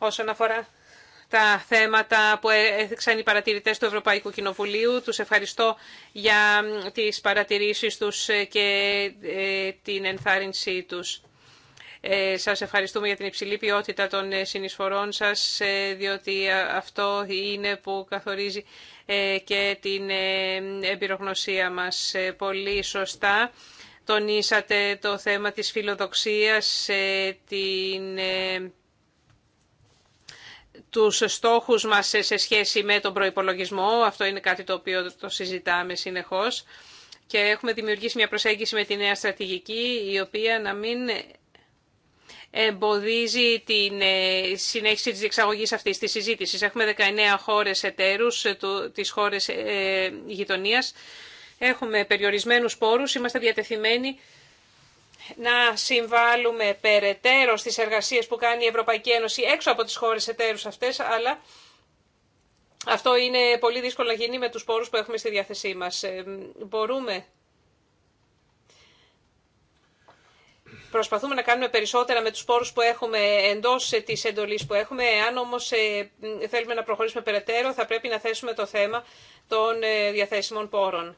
Speaker 1: όσον αφορά τα θέματα που έδειξαν οι παρατηρητές του Ευρωπαϊκού Κοινοβουλίου. Τους ευχαριστώ για τις παρατηρήσεις τους και ε, την ενθάρρυνσή τους. Ε, σας ευχαριστούμε για την υψηλή ποιότητα των ε, συνεισφορών σας, διότι αυτό είναι που καθορίζει και την εμπειρογνωσία μας πολύ σωστά. Τονίσατε το θέμα της φιλοδοξίας, την τους στόχους μας σε σχέση με τον προϋπολογισμό. Αυτό είναι κάτι το οποίο το συζητάμε συνεχώς. Και έχουμε δημιουργήσει μια προσέγγιση με τη νέα στρατηγική, η οποία να μην εμποδίζει την ε, συνέχιση της διεξαγωγής αυτής της συζήτησης. Έχουμε 19 χώρες εταίρους, ε, τις χώρες ε, γειτονίας. Έχουμε περιορισμένους πόρους, είμαστε διατεθειμένοι να συμβάλλουμε περαιτέρω στις εργασίες που κάνει η Ευρωπαϊκή Ένωση έξω από τις χώρες εταίρους αυτές, αλλά αυτό είναι πολύ δύσκολο να γίνει με τους πόρους που έχουμε στη διάθεσή μας. Ε, μπορούμε. Προσπαθούμε να κάνουμε περισσότερα με τους πόρους που έχουμε εντός της εντολής που έχουμε. Αν όμως ε, θέλουμε να προχωρήσουμε περαιτέρω, θα πρέπει να θέσουμε το θέμα των ε, διαθέσιμων πόρων.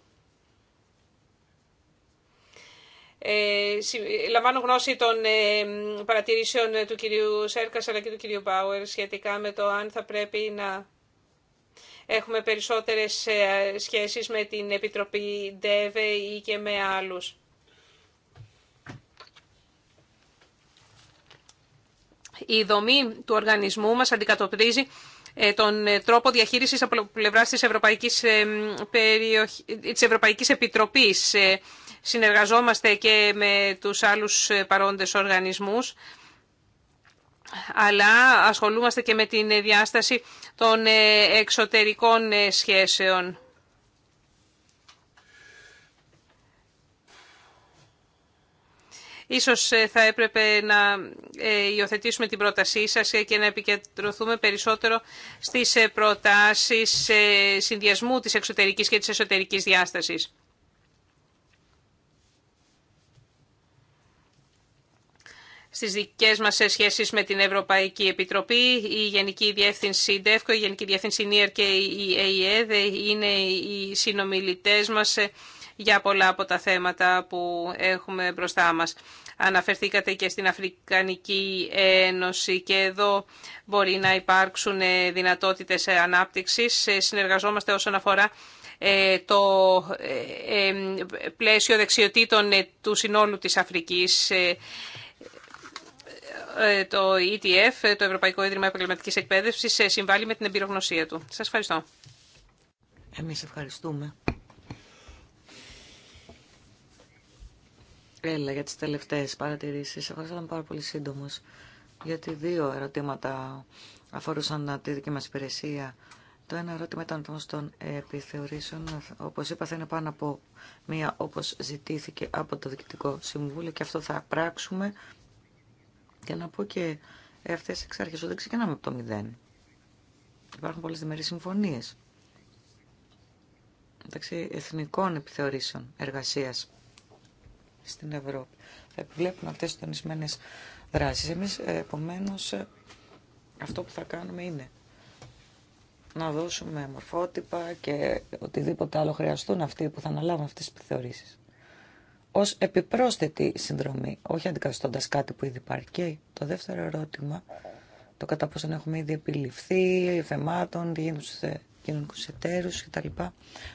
Speaker 1: Ε, λαμβάνω γνώση των ε, παρατηρήσεων του κυρίου Σέρκας αλλά και του κυρίου Μπάουερ σχετικά με το αν θα πρέπει να έχουμε περισσότερες ε, σχέσεις με την Επιτροπή ΔΕΒΕ ή και με άλλους. Η δομή του οργανισμού μας αντικατοπτρίζει τον τρόπο διαχείρισης από πλευράς της Ευρωπαϊκής, της Ευρωπαϊκής Επιτροπής συνεργαζόμαστε και με τους άλλους παρόντες οργανισμούς αλλά ασχολούμαστε και με την διάσταση των εξωτερικών σχέσεων. Ίσως ε, θα έπρεπε να ε, υιοθετήσουμε την πρότασή σας και να επικεντρωθούμε περισσότερο στις ε, προτάσεις συνδυασμού της εξωτερικής και της εσωτερικής διάστασης. στις δικές μας σχέσεις με την Ευρωπαϊκή Επιτροπή. Η Γενική Διεύθυνση ΔΕΦΚΟ, η Γενική Διεύθυνση ΝΙΕΡ και η ΕΙΕΔ είναι οι συνομιλητές μας για πολλά από τα θέματα που έχουμε μπροστά μας. Αναφερθήκατε και στην Αφρικανική Ένωση και εδώ μπορεί να υπάρξουν δυνατότητες ανάπτυξης. Συνεργαζόμαστε όσον αφορά ε, το ε, ε, πλαίσιο δεξιοτήτων του συνόλου της Αφρικής. Ε, το ETF, το Ευρωπαϊκό Ίδρυμα Επαγγελματικής Εκπαίδευσης, ε, συμβάλλει με την εμπειρογνωσία του. Σας ευχαριστώ.
Speaker 3: Εμείς ευχαριστούμε. Έλα για τις τελευταίες παρατηρήσεις. Εγώ θα πάρα πολύ σύντομο γιατί δύο ερωτήματα αφορούσαν τη δική μας υπηρεσία. Το ένα ερώτημα ήταν το των επιθεωρήσεων. Όπως είπα, θα είναι πάνω από μία όπως ζητήθηκε από το Διοικητικό Συμβούλιο και αυτό θα πράξουμε και να πω και αυτές εξ ότι δεν ξεκινάμε από το μηδέν. Υπάρχουν πολλές διμερεί συμφωνίε. μεταξύ εθνικών επιθεωρήσεων εργασία στην Ευρώπη. Θα επιβλέπουν αυτές τις τονισμένες δράσεις. Εμείς, ε, επομένως, ε, αυτό που θα κάνουμε είναι να δώσουμε μορφότυπα και οτιδήποτε άλλο χρειαστούν αυτοί που θα αναλάβουν αυτές τις επιθεωρήσεις ως επιπρόσθετη συνδρομή, όχι αντικαθιστώντας κάτι που ήδη υπάρχει. Και το δεύτερο ερώτημα, το κατά πόσον έχουμε ήδη επιληφθεί θεμάτων, ε, κοινωνικούς εταίρους κτλ.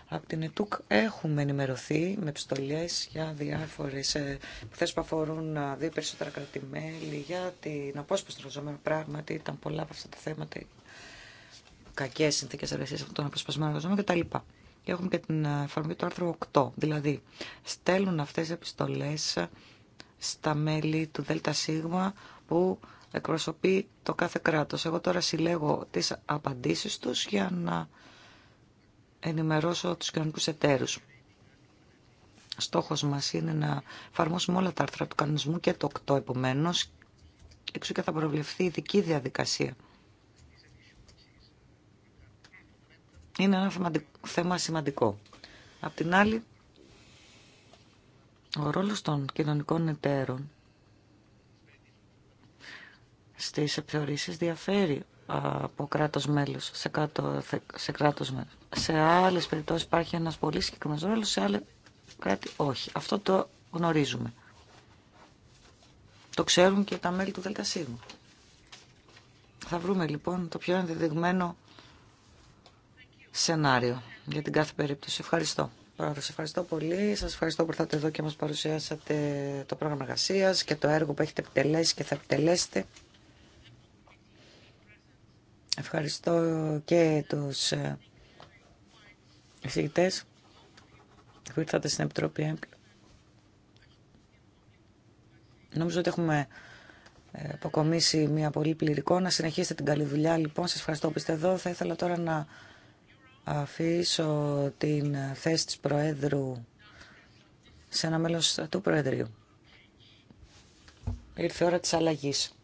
Speaker 3: Από την ΕΤΟΚ έχουμε ενημερωθεί με επιστολές για διάφορες ε, υποθέσεις που αφορούν δύο περισσότερα κρατημέλη, για την απόσπαση των εργαζομένων πράγματι, ήταν πολλά από αυτά τα θέματα, κακές συνθήκες εργασίας από τον απόσπασμένο εργαζόμενο κτλ. Και έχουμε και την εφαρμογή του άρθρου 8. Δηλαδή, στέλνουν αυτές τις επιστολές στα μέλη του ΔΣ που εκπροσωπεί το κάθε κράτος. Εγώ τώρα συλλέγω τις απαντήσεις τους για να ενημερώσω τους κοινωνικούς εταίρους. Στόχος μας είναι να εφαρμόσουμε όλα τα άρθρα του κανονισμού και το 8 επομένως, εξού και θα προβλεφθεί ειδική διαδικασία είναι ένα θέμα σημαντικό. Απ' την άλλη, ο ρόλος των κοινωνικών εταίρων στις επιθεωρήσεις διαφέρει από κράτος μέλος σε, κάτω, σε κράτος μέλος. Σε άλλες περιπτώσεις υπάρχει ένας πολύ συγκεκριμένος ρόλος, σε άλλες κράτη όχι. Αυτό το γνωρίζουμε. Το ξέρουν και τα μέλη του ΔΣ. Θα βρούμε λοιπόν το πιο ενδεδειγμένο σενάριο για την κάθε περίπτωση. Ευχαριστώ. Σα ευχαριστώ πολύ. Σας ευχαριστώ που ήρθατε εδώ και μας παρουσιάσατε το πρόγραμμα εργασία και το έργο που έχετε επιτελέσει και θα επιτελέσετε. Ευχαριστώ και τους ε, εισηγητέ που ήρθατε στην Επιτροπή. Νομίζω ότι έχουμε ε, αποκομίσει μια πολύ πληρικό. Να συνεχίσετε την καλή δουλειά. Λοιπόν, σας ευχαριστώ που είστε εδώ. Θα ήθελα τώρα να αφήσω την θέση της Προέδρου σε ένα μέλος του Προεδρείου. Ήρθε η ώρα της αλλαγής.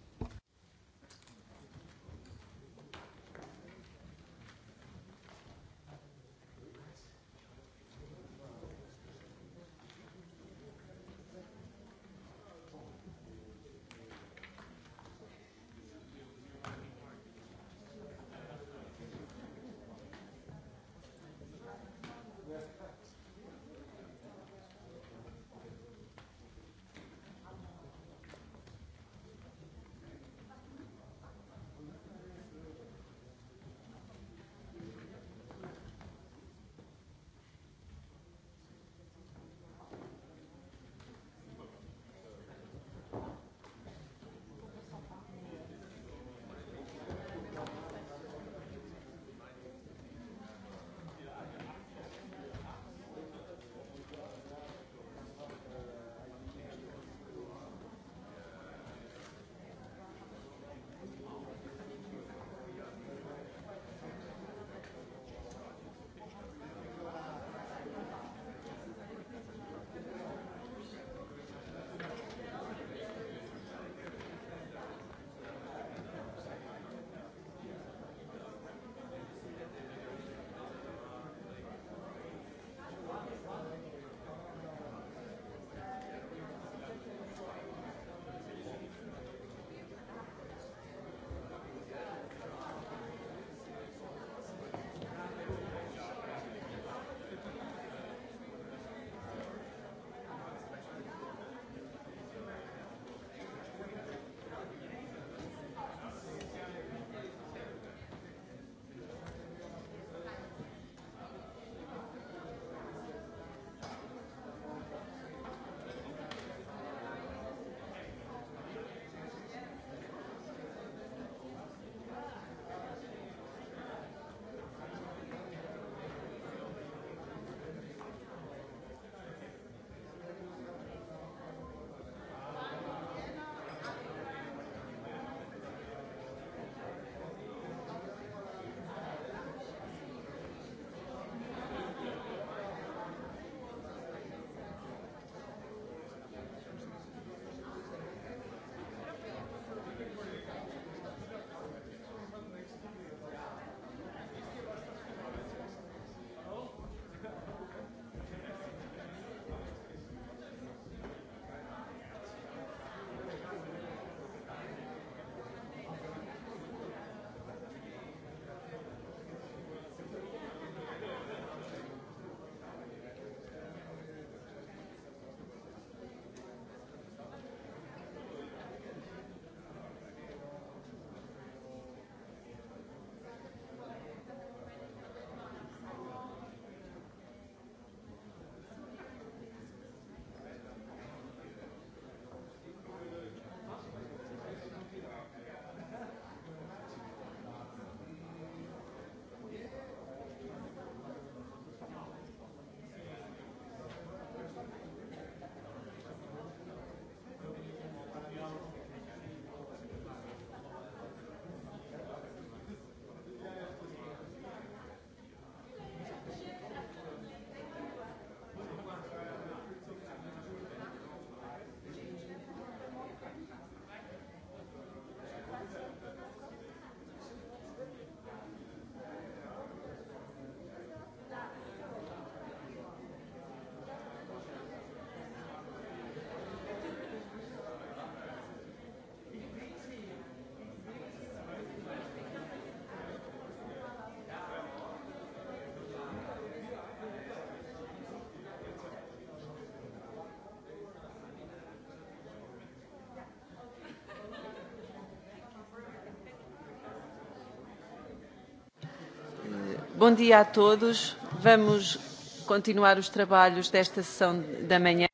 Speaker 3: Bom dia a todos. Vamos continuar os trabalhos desta sessão da manhã.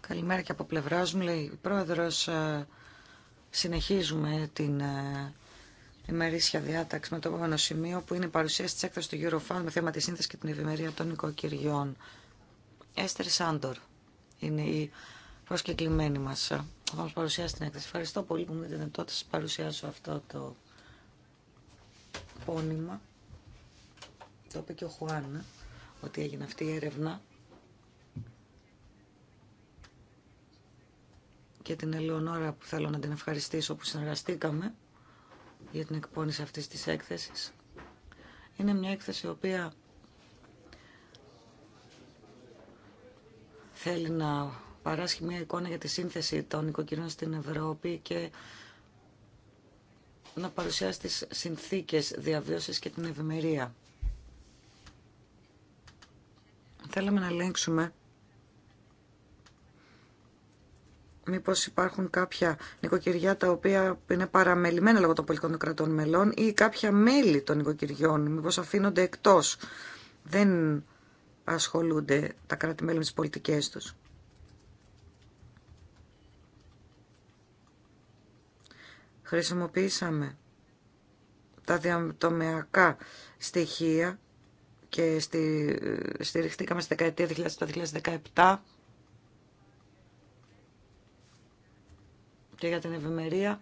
Speaker 3: Καλημέρα και από πλευρά μου, λέει η πρόεδρο. Ε, συνεχίζουμε την ε, ημερήσια διάταξη με το επόμενο σημείο που είναι η παρουσίαση τη έκταση του Eurofund με θέμα τη σύνθεση και την ευημερία των οικοκυριών. Έστερ Σάντορ είναι η προσκεκλημένη μα. Ε, θα μα παρουσιάσει την έκταση. Ευχαριστώ πολύ που μου δίνετε τότε. Σα παρουσιάσω αυτό το πόνημα το είπε και ο Χουάν ότι έγινε αυτή η έρευνα και την Ελεονόρα που θέλω να την ευχαριστήσω που συνεργαστήκαμε για την εκπόνηση αυτής της έκθεσης. Είναι μια έκθεση η οποία θέλει να παράσχει μια εικόνα για τη σύνθεση των οικοκυρών στην Ευρώπη και να παρουσιάσει τις συνθήκες διαβίωσης και την ευημερία Θέλαμε να ελέγξουμε μήπως υπάρχουν κάποια νοικοκυριά τα οποία είναι παραμελημένα λόγω των πολιτικών κρατών μελών ή κάποια μέλη των νοικοκυριών, μήπως αφήνονται εκτός. Δεν ασχολούνται τα κράτη-μέλη με τις πολιτικές τους. Χρησιμοποίησαμε τα διατομεακά στοιχεία και στη, στηριχτήκαμε στη δεκαετία 2017 και για την ευημερία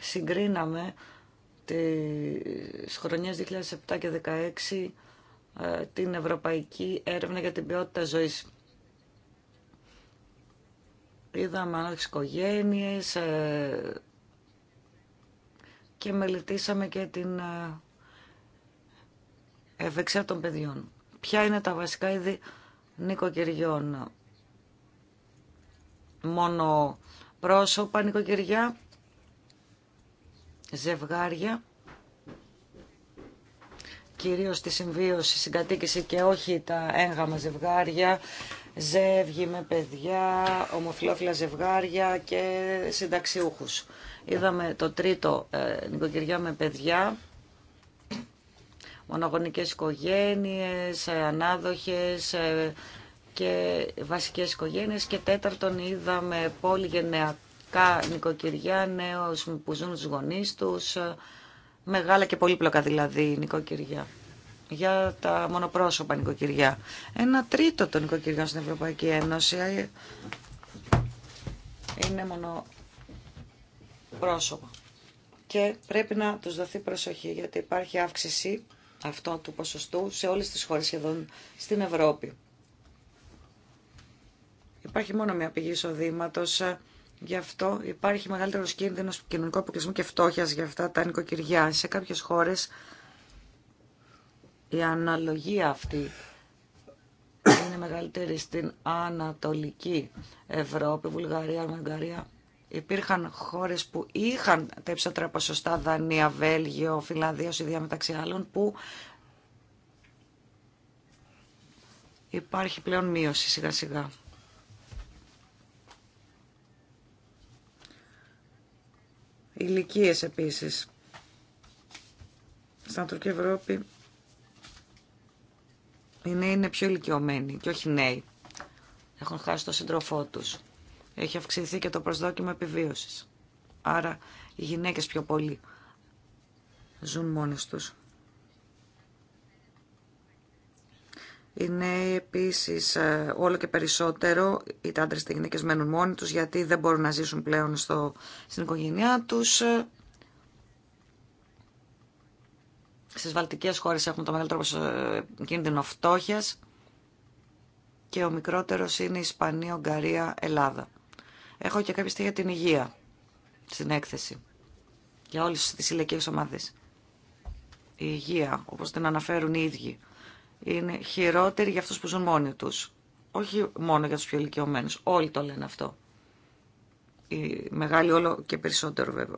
Speaker 3: συγκρίναμε τις χρονιές 2007 και 2016 ε, την Ευρωπαϊκή Έρευνα για την Ποιότητα Ζωής. Είδαμε ανάδειξη οικογένειες ε, και μελετήσαμε και την ε, των παιδιών. Ποια είναι τα βασικά είδη νοικοκυριών. Μόνο πρόσωπα νοικοκυριά, ζευγάρια, κυρίως τη συμβίωση, συγκατοίκηση και όχι τα έγγαμα ζευγάρια, ζεύγη με παιδιά, ομοφυλόφιλα ζευγάρια και συνταξιούχους. Είδαμε το τρίτο ε, νοικοκυριά με παιδιά, μονογονικές οικογένειες, ε, ανάδοχες ε, και βασικές οικογένειες και τέταρτον είδαμε πολυγενειακά νοικοκυριά, νέους που ζουν τους γονείς τους, ε, μεγάλα και πολύπλοκα δηλαδή νοικοκυριά για τα μονοπρόσωπα νοικοκυριά. Ένα τρίτο των νοικοκυριών στην Ευρωπαϊκή Ένωση είναι μονοπρόσωπα. Και πρέπει να τους δοθεί προσοχή γιατί υπάρχει αύξηση αυτό του ποσοστού σε όλες τις χώρες σχεδόν στην Ευρώπη. Υπάρχει μόνο μια πηγή εισοδήματο, ε, γι' αυτό υπάρχει μεγαλύτερο κίνδυνο κοινωνικού αποκλεισμού και φτώχεια για αυτά τα νοικοκυριά. Σε κάποιες χώρες η αναλογία αυτή είναι μεγαλύτερη στην Ανατολική Ευρώπη, Βουλγαρία, Μαγκαρία Υπήρχαν χώρες που είχαν τα υψηλότερα ποσοστά, Δανία, Βέλγιο, Φιλανδία, Σουηδία μεταξύ άλλων, που υπάρχει πλέον μείωση σιγά σιγά. Ηλικίες επίσης. Στην Ανατολική Ευρώπη οι νέοι είναι πιο ηλικιωμένοι και όχι νέοι. Έχουν χάσει τον σύντροφό τους έχει αυξηθεί και το προσδόκιμο επιβίωσης. Άρα οι γυναίκες πιο πολύ ζουν μόνες τους. Οι νέοι επίσης ε, όλο και περισσότερο, οι άντρες οι γυναίκες μένουν μόνοι τους γιατί δεν μπορούν να ζήσουν πλέον στο, στην οικογένειά τους. Στις βαλτικές χώρες έχουμε το μεγαλύτερο ε, κίνδυνο φτώχειας και ο μικρότερος είναι η Ισπανία, Ουγγαρία, Ελλάδα. Έχω και κάποια για την υγεία στην έκθεση για όλε τι ηλικίε ομάδε. Η υγεία, όπω την αναφέρουν οι ίδιοι, είναι χειρότερη για αυτούς που ζουν μόνοι του. Όχι μόνο για του πιο ηλικιωμένου. Όλοι το λένε αυτό. Οι μεγάλοι όλο και περισσότερο βέβαια.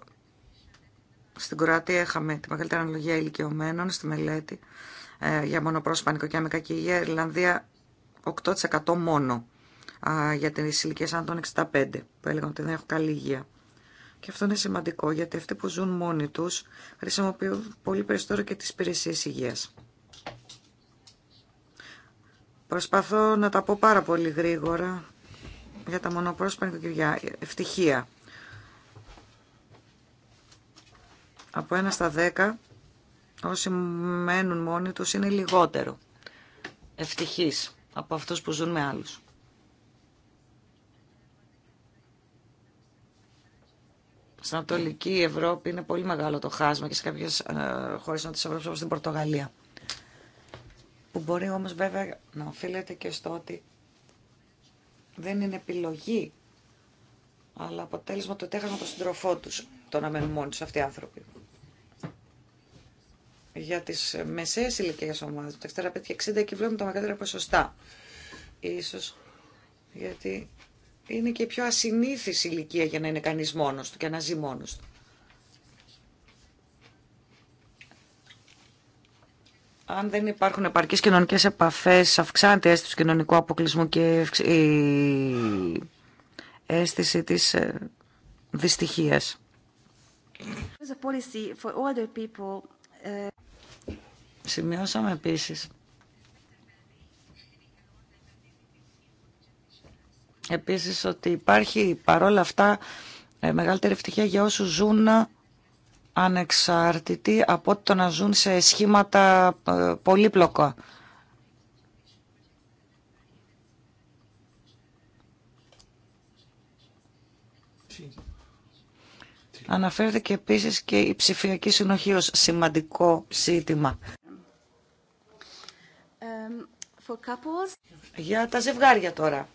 Speaker 3: Στην Κροατία είχαμε τη μεγαλύτερη αναλογία ηλικιωμένων στη μελέτη ε, για μονοπρόσωπα νοικοκυριά με κακή υγεία. Ιρλανδία 8% μόνο α, για τι ηλικίε άνω των 65, που έλεγαν ότι δεν έχουν καλή υγεία. Και αυτό είναι σημαντικό γιατί αυτοί που ζουν μόνοι του χρησιμοποιούν πολύ περισσότερο και τι υπηρεσίε υγεία. Προσπαθώ να τα πω πάρα πολύ γρήγορα για τα μονοπρόσωπα νοικοκυριά. Ευτυχία. Από ένα στα δέκα όσοι μένουν μόνοι τους είναι λιγότερο ευτυχείς από αυτούς που ζουν με άλλους. Στην Ανατολική Ευρώπη είναι πολύ μεγάλο το χάσμα και σε κάποιες ε, χώρες της Ευρώπης όπως την Πορτογαλία. Που μπορεί όμως βέβαια να οφείλεται και στο ότι δεν είναι επιλογή αλλά αποτέλεσμα το τέχασμα των συντροφών του το να μένουν μόνοι τους αυτοί οι άνθρωποι. Για τις μεσαίε ηλικίε ομάδε, τα 65 και 60 εκεί βλέπουμε τα μεγαλύτερα ποσοστά. Ίσως γιατί είναι και πιο ασυνήθιση ηλικία για να είναι κανείς μόνος του και να ζει μόνος του. Αν δεν υπάρχουν επαρκείς κοινωνικές επαφές, αυξάνεται η αίσθηση του κοινωνικού αποκλεισμού και η αίσθηση της ε, δυστυχίας. Ε, Σημειώσαμε επίσης επίσης ότι υπάρχει παρόλα αυτά ε, μεγαλύτερη ευτυχία για όσους ζουν ε, ανεξάρτητοι από το να ζουν σε σχήματα ε, πολύπλοκα. και επίσης και η ψηφιακή συνοχή ως σημαντικό ζήτημα. Um, Για τα ζευγάρια τώρα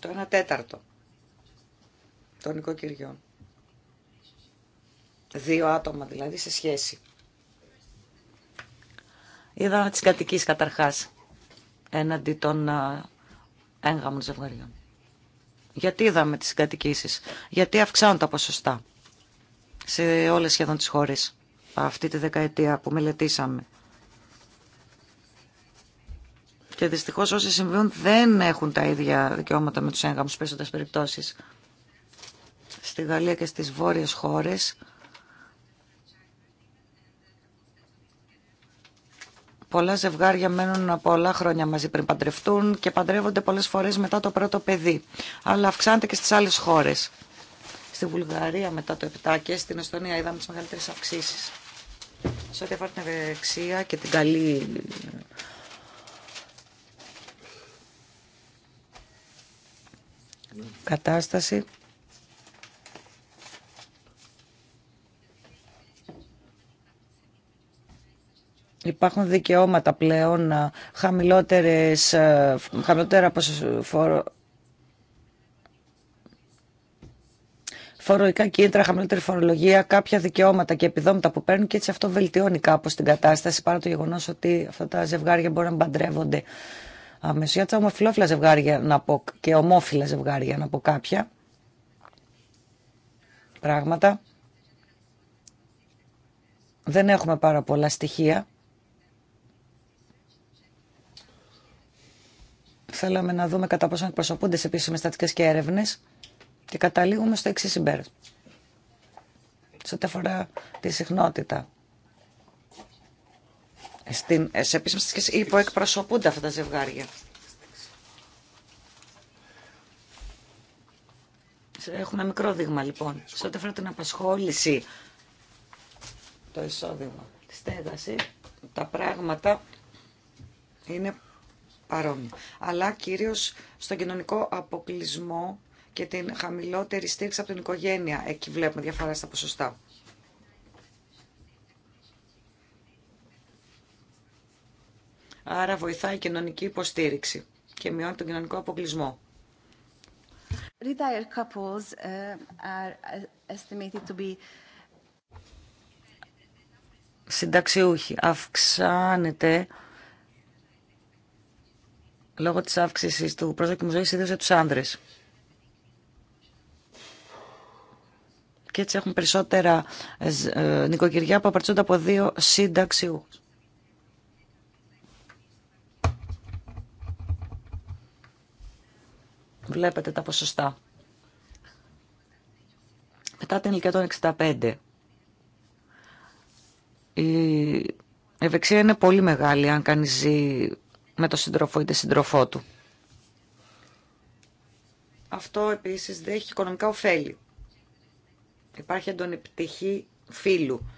Speaker 3: το 1 τέταρτο των οικοκυριών. Δύο άτομα δηλαδή σε σχέση. Είδαμε τις κατοικίες καταρχάς έναντι των έγγαμων ζευγαριών. Γιατί είδαμε τις κατοικήσεις, γιατί αυξάνουν τα ποσοστά σε όλες σχεδόν τις χώρες αυτή τη δεκαετία που μελετήσαμε. Και δυστυχώ όσοι συμβούν δεν έχουν τα ίδια δικαιώματα με του έγγαμου σε περιπτώσει. Στη Γαλλία και στι βόρειε χώρε. Πολλά ζευγάρια μένουν πολλά χρόνια μαζί πριν παντρευτούν και παντρεύονται πολλές φορές μετά το πρώτο παιδί. Αλλά αυξάνεται και στις άλλες χώρες. Στη Βουλγαρία μετά το 7 και στην Εστονία είδαμε τις μεγαλύτερες αυξήσεις. Σε ό,τι αφορά την ευεξία και την καλή κατάσταση. Υπάρχουν δικαιώματα πλέον ε, χαμηλότερες, ε, χαμηλότερα φόρο, φοροϊκά κίνητρα, χαμηλότερη φορολογία, κάποια δικαιώματα και επιδόματα που παίρνουν και έτσι αυτό βελτιώνει κάπως την κατάσταση παρά το γεγονός ότι αυτά τα ζευγάρια μπορούν να μπαντρεύονται αμέσως ομοφυλόφιλα ζευγάρια να πω, και ομόφυλα ζευγάρια να πω κάποια πράγματα. Δεν έχουμε πάρα πολλά στοιχεία. Θέλαμε να δούμε κατά πόσο εκπροσωπούνται σε επίσημε στατικέ και έρευνε και καταλήγουμε στο εξή συμπέρασμα. Σε ό,τι αφορά τη συχνότητα στην, ε, σε σχέση σχέσεις ή που εκπροσωπούνται αυτά τα ζευγάρια. Έχουμε μικρό δείγμα λοιπόν. Σε ό,τι αφορά την απασχόληση, το εισόδημα, τη στέγαση, τα πράγματα είναι παρόμοια. Αλλά κυρίως στον κοινωνικό αποκλεισμό και την χαμηλότερη στήριξη από την οικογένεια, εκεί βλέπουμε διαφορά στα ποσοστά. Άρα βοηθάει η κοινωνική υποστήριξη και μειώνει τον κοινωνικό αποκλεισμό. Uh, Retired uh, συνταξιούχοι. Αυξάνεται λόγω της αύξησης του προσδόκιμου ζωής ιδίως για τους άνδρες. Και έτσι έχουν περισσότερα ε, νοικοκυριά που απαρτίζονται από δύο συνταξιούχους. Βλέπετε τα ποσοστά. Μετά την ηλικία των 65. Η ευεξία είναι πολύ μεγάλη αν κανείς ζει με το σύντροφο ή τη σύντροφό του. Αυτό επίσης δεν έχει οικονομικά ωφέλη. Υπάρχει έντονη πτυχή φίλου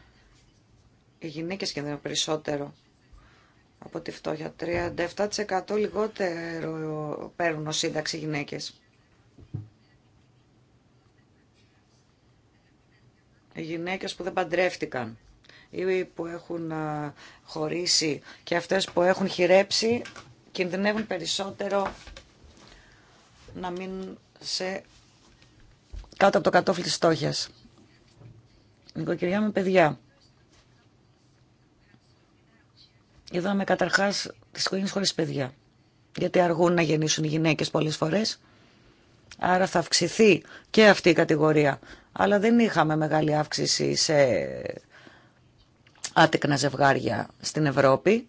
Speaker 3: Οι γυναίκες είναι περισσότερο από τη φτώχεια. 37% λιγότερο παίρνουν ως σύνταξη γυναίκες. Οι γυναίκες που δεν παντρεύτηκαν ή που έχουν χωρίσει και αυτές που έχουν χειρέψει κινδυνεύουν περισσότερο να μην σε κάτω από το κατόφλι της στόχιας. Νοικοκυριά με παιδιά. Είδαμε καταρχάς τις οικογένειε χωρίς παιδιά. Γιατί αργούν να γεννήσουν οι γυναίκες πολλές φορές. Άρα θα αυξηθεί και αυτή η κατηγορία. Αλλά δεν είχαμε μεγάλη αύξηση σε άτεκνα ζευγάρια στην Ευρώπη.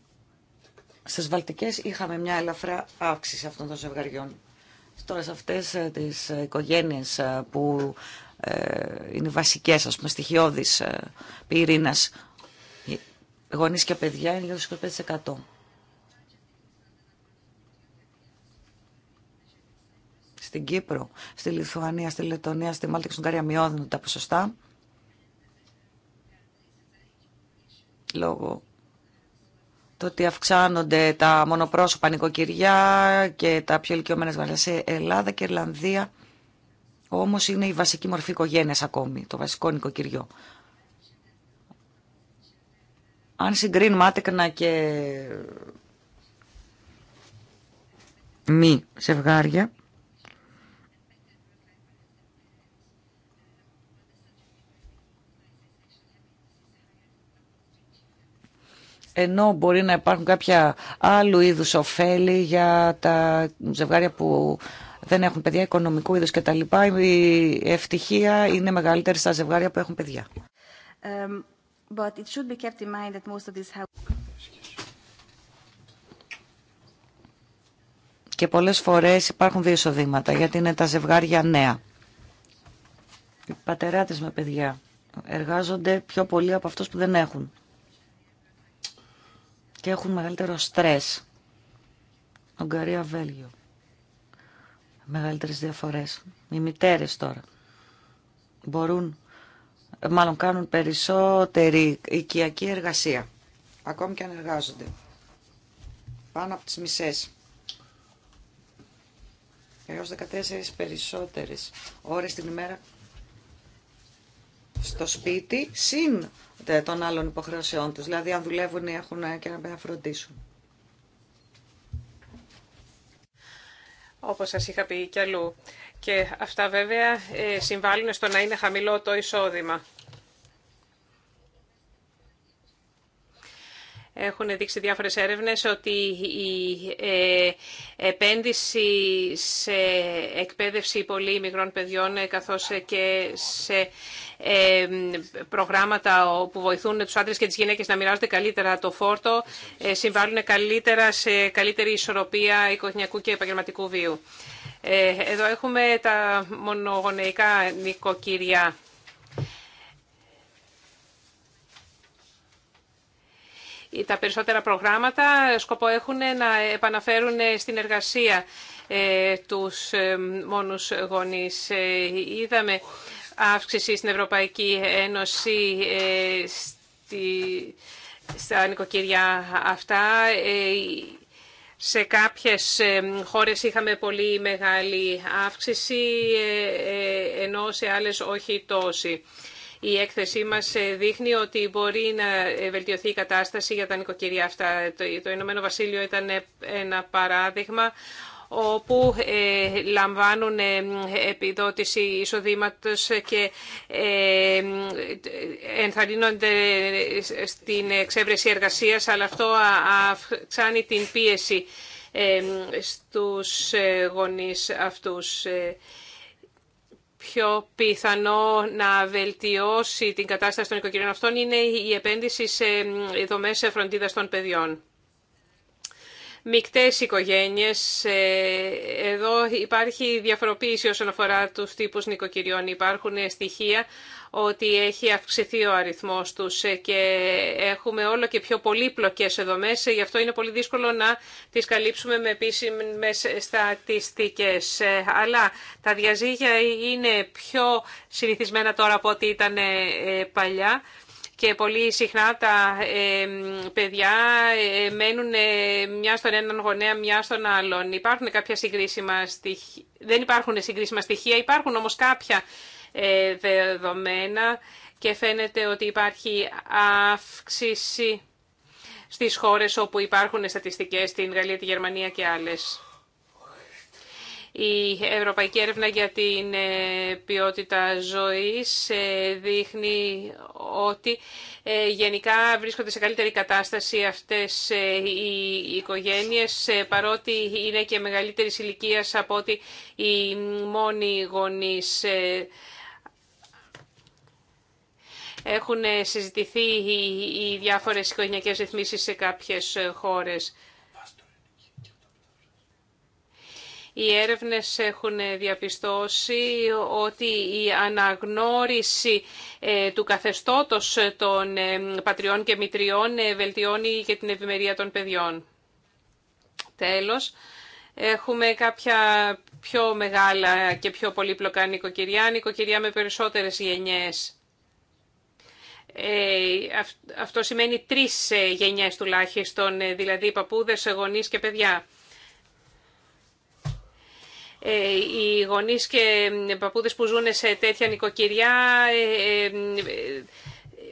Speaker 3: Στι Βαλτικέ είχαμε μια ελαφρά αύξηση αυτών των ζευγαριών. Τώρα σε αυτές ε, τις ε, οικογένειε ε, που είναι βασικέ, α πούμε, στοιχειώδη πυρήνα γονείς και παιδιά είναι 25%. Στην Κύπρο, στη Λιθουανία, στη Λετωνία, στη Μάλτα και στην Ουγγαρία μειώνουν τα ποσοστά. Λόγω το ότι αυξάνονται τα μονοπρόσωπα νοικοκυριά και τα πιο ηλικιωμένα βαριά σε Ελλάδα και Ιρλανδία. Όμω είναι η βασική μορφή οικογένεια ακόμη, το βασικό νοικοκυριό. Αν συγκρίνουμε άτεκνα και μη ζευγάρια, ενώ μπορεί να υπάρχουν κάποια άλλου είδους ωφέλη για τα ζευγάρια που δεν έχουν παιδιά οικονομικού είδους κτλ. Η ευτυχία είναι μεγαλύτερη στα ζευγάρια που έχουν παιδιά. Και πολλές φορές υπάρχουν δύο εισοδήματα, γιατί είναι τα ζευγάρια νέα. Οι πατεράτες με παιδιά εργάζονται πιο πολύ από αυτούς που δεν έχουν. Και έχουν μεγαλύτερο στρες. ογκαρια Βέλγιο. Μεγαλύτερες διαφορές. Οι μητέρες τώρα μπορούν μάλλον κάνουν περισσότερη οικιακή εργασία, ακόμη και αν εργάζονται, πάνω από τις μισές. Έως 14 περισσότερες ώρες την ημέρα στο σπίτι, συν των άλλων υποχρεώσεών τους. Δηλαδή, αν δουλεύουν, έχουν και να φροντίσουν.
Speaker 1: όπως σας είχα πει και αλλού. Και αυτά βέβαια ε, συμβάλλουν στο να είναι χαμηλό το εισόδημα. Έχουν δείξει διάφορες έρευνες ότι η ε, επένδυση σε εκπαίδευση πολύ μικρών παιδιών ε, καθώς ε, και σε προγράμματα που βοηθούν τους άντρες και τις γυναίκες να μοιράζονται καλύτερα το φόρτο συμβάλλουν καλύτερα σε καλύτερη ισορροπία οικογενειακού και επαγγελματικού βίου. Εδώ έχουμε τα μονογονεϊκά νοικοκυριά. τα περισσότερα προγράμματα σκοπό έχουν να επαναφέρουν στην εργασία ε, τους ε, μόνους γονείς. Ε, είδαμε αύξηση στην Ευρωπαϊκή Ένωση στη, στα νοικοκυριά αυτά. Σε κάποιες χώρες είχαμε πολύ μεγάλη αύξηση, ενώ σε άλλες όχι τόση. Η έκθεσή μας ε, δείχνει ότι μπορεί να ε, βελτιωθεί η κατάσταση για τα νοικοκυριά αυτά. Το Ηνωμένο Βασίλειο ήταν ε, ένα παράδειγμα όπου λαμβάνουν επιδότηση εισοδήματος και ενθαρρύνονται στην εξέβρεση εργασίας, αλλά αυτό αυξάνει την πίεση στους γονείς αυτούς πιο πιθανό να βελτιώσει την κατάσταση των οικοκυριών αυτών είναι η επένδυση σε δομές φροντίδας των παιδιών. Μικτές οικογένειες, ε, εδώ υπάρχει διαφοροποίηση όσον αφορά τους τύπους νοικοκυριών. Υπάρχουν στοιχεία ότι έχει αυξηθεί ο αριθμός τους και έχουμε όλο και πιο πολύπλοκες δομές, γι' αυτό είναι πολύ δύσκολο να τις καλύψουμε με επίσημες στατιστικές. Αλλά τα διαζύγια είναι πιο συνηθισμένα τώρα από ό,τι ήταν ε, παλιά και πολύ συχνά τα ε, παιδιά ε, μένουν ε, μια στον έναν γονέα, μια στον άλλον. δεν υπάρχουν συγκρίσιμα στοιχεία, υπάρχουν όμως κάποια ε, δεδομένα και φαίνεται ότι υπάρχει αύξηση στις χώρες όπου υπάρχουν στατιστικές, στην Γαλλία, τη Γερμανία και άλλες. Η Ευρωπαϊκή Έρευνα για την ε, Ποιότητα Ζωής ε, δείχνει ότι γενικά βρίσκονται σε καλύτερη κατάσταση αυτές οι οικογένειες παρότι είναι και μεγαλύτερης ηλικίας από ότι οι μόνοι γονείς έχουν συζητηθεί οι διάφορες οικογενειακές ρυθμίσεις σε κάποιες χώρες. Οι έρευνες έχουν διαπιστώσει ότι η αναγνώριση ε, του καθεστώτος των ε, πατριών και μητριών ε, βελτιώνει και την ευημερία των παιδιών. Τέλος, έχουμε κάποια πιο μεγάλα και πιο πολύπλοκα νοικοκυριά, νοικοκυριά με περισσότερες γενιές. Ε, αυτό σημαίνει τρεις ε, γενιές τουλάχιστον, ε, δηλαδή παππούδες, γονείς και παιδιά. Οι γονείς και παππούδες που ζουν σε τέτοια νοικοκυριά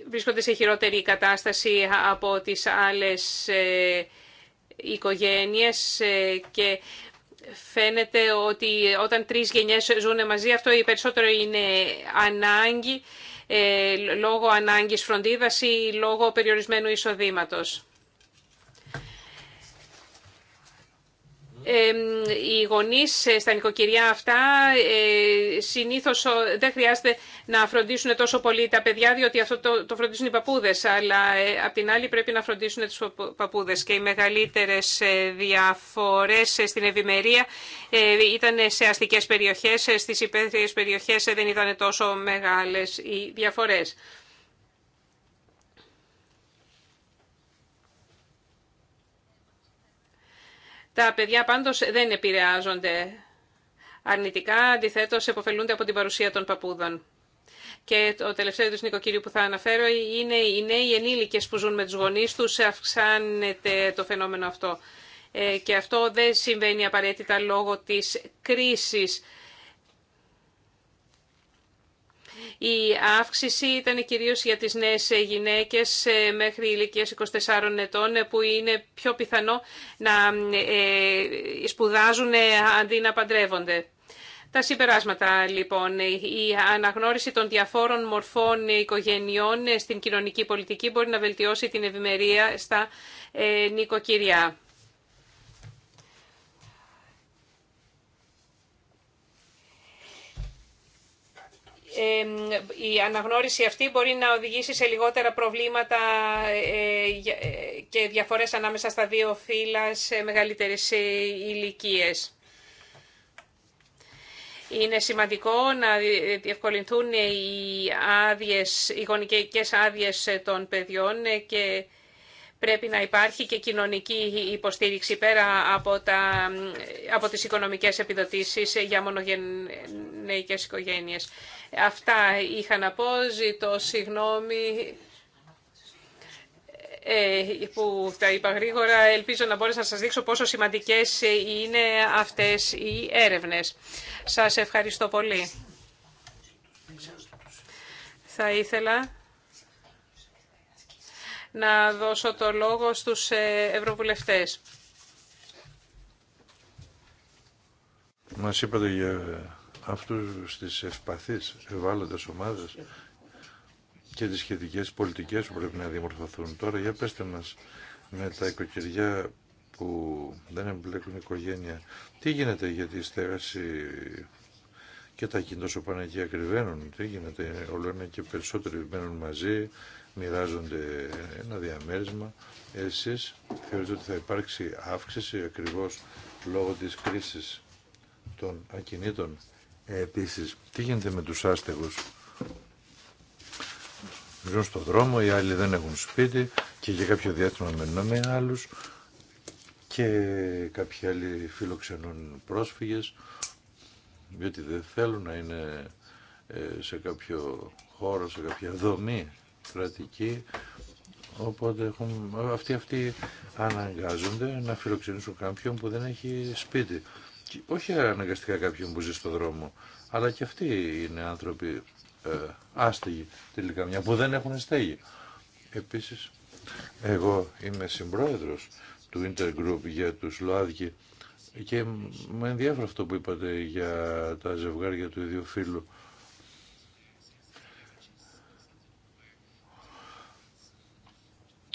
Speaker 1: βρίσκονται σε χειρότερη κατάσταση από τις άλλες οικογένειες και φαίνεται ότι όταν τρεις γενιές ζουν μαζί αυτό η περισσότερο είναι ανάγκη ε, λόγω ανάγκης φροντίδας ή λόγω περιορισμένου εισοδήματος. οι γονεί ε, στα νοικοκυριά αυτά ε, συνήθως δεν χρειάζεται να φροντίσουν τόσο πολύ τα παιδιά διότι αυτό το, το φροντίζουν οι παππούδε. αλλά ε, απ' την άλλη πρέπει να φροντίσουν του παππούδε. και οι μεγαλύτερε διαφορές στην ευημερία ήταν σε αστικές περιοχές, στις υπαίθριες περιοχές δεν ήταν τόσο μεγάλε οι διαφορέ. Τα παιδιά πάντως δεν επηρεάζονται αρνητικά, αντιθέτως επωφελούνται από την παρουσία των παππούδων. Και το τελευταίο είδος νοικοκύριου που θα αναφέρω είναι οι νέοι ενήλικες που ζουν με τους γονείς τους, αυξάνεται το φαινόμενο αυτό. Ε, και αυτό δεν συμβαίνει απαραίτητα λόγω της κρίσης Η αύξηση ήταν κυρίως για τις νέες γυναίκες ε, μέχρι ηλικίας 24 ετών ε, που είναι πιο πιθανό να ε, σπουδάζουν αντί να παντρεύονται. Τα συμπεράσματα λοιπόν, η αναγνώριση των διαφόρων μορφών οικογενειών στην κοινωνική πολιτική μπορεί να βελτιώσει την ευημερία στα νοικοκυριά. η αναγνώριση αυτή μπορεί να οδηγήσει σε λιγότερα προβλήματα ε, ε, και διαφορές ανάμεσα στα δύο φύλλα σε μεγαλύτερες ε, ηλικίε. Είναι σημαντικό να διευκολυνθούν οι, άδειες, οι γονικές άδειες των παιδιών και πρέπει να υπάρχει και κοινωνική υποστήριξη πέρα από, τα, από τις οικονομικές επιδοτήσεις για μονογενεϊκές οικογένειες. Αυτά είχα να πω. Ζητώ συγγνώμη ε, που τα είπα γρήγορα. Ελπίζω να μπορέσω να σας δείξω πόσο σημαντικές είναι αυτές οι έρευνες. Σας ευχαριστώ πολύ. Θα ήθελα να δώσω το λόγο στους ε, ευρωβουλευτές.
Speaker 2: Μας είπατε αυτούς της ευπαθείς ευάλωτες ομάδες και τις σχετικές πολιτικές που πρέπει να δημορφωθούν Τώρα για πέστε μας με τα οικοκυριά που δεν εμπλέκουν οικογένεια. Τι γίνεται για τη στέγαση και τα πάνε εκεί ακριβένουν. Τι γίνεται, όλο ένα και περισσότεροι μένουν μαζί, μοιράζονται ένα διαμέρισμα. Εσείς θεωρείτε ότι θα υπάρξει αύξηση ακριβώς λόγω της κρίσης των ακινήτων. Ε, Επίση τι γίνεται με του άστεγους. Ζουν στον δρόμο, οι άλλοι δεν έχουν σπίτι και για κάποιο διάστημα μένουν με άλλους και κάποιοι άλλοι φιλοξενούν πρόσφυγες διότι δεν θέλουν να είναι ε, σε κάποιο χώρο, σε κάποια δομή κρατική οπότε έχουν, αυτοί, αυτοί αναγκάζονται να φιλοξενήσουν κάποιον που δεν έχει σπίτι όχι αναγκαστικά κάποιον που ζει στο δρόμο, αλλά και αυτοί είναι άνθρωποι ε, άστεγοι τελικά, μια που δεν έχουν στέγη. Επίσης, εγώ είμαι συμπρόεδρος του Intergroup για τους ΛΟΑΔΚΙ και με ενδιαφέρει αυτό που είπατε για τα ζευγάρια του ίδιου φίλου.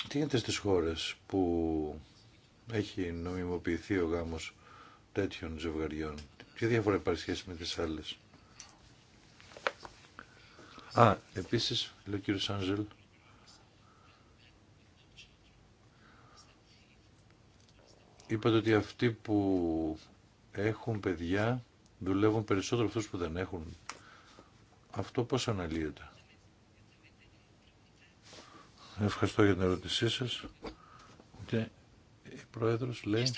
Speaker 2: Τι γίνεται στις χώρες που έχει νομιμοποιηθεί ο γάμος τέτοιων ζευγαριών. Ποια διαφορά υπάρχει σχέση με τις άλλες. Α, επίσης, λέει ο κύριος Άντζελ, είπατε ότι αυτοί που έχουν παιδιά δουλεύουν περισσότερο αυτούς που δεν έχουν. Αυτό πώς αναλύεται. Ευχαριστώ για την ερώτησή σας. Και η Πρόεδρος λέει...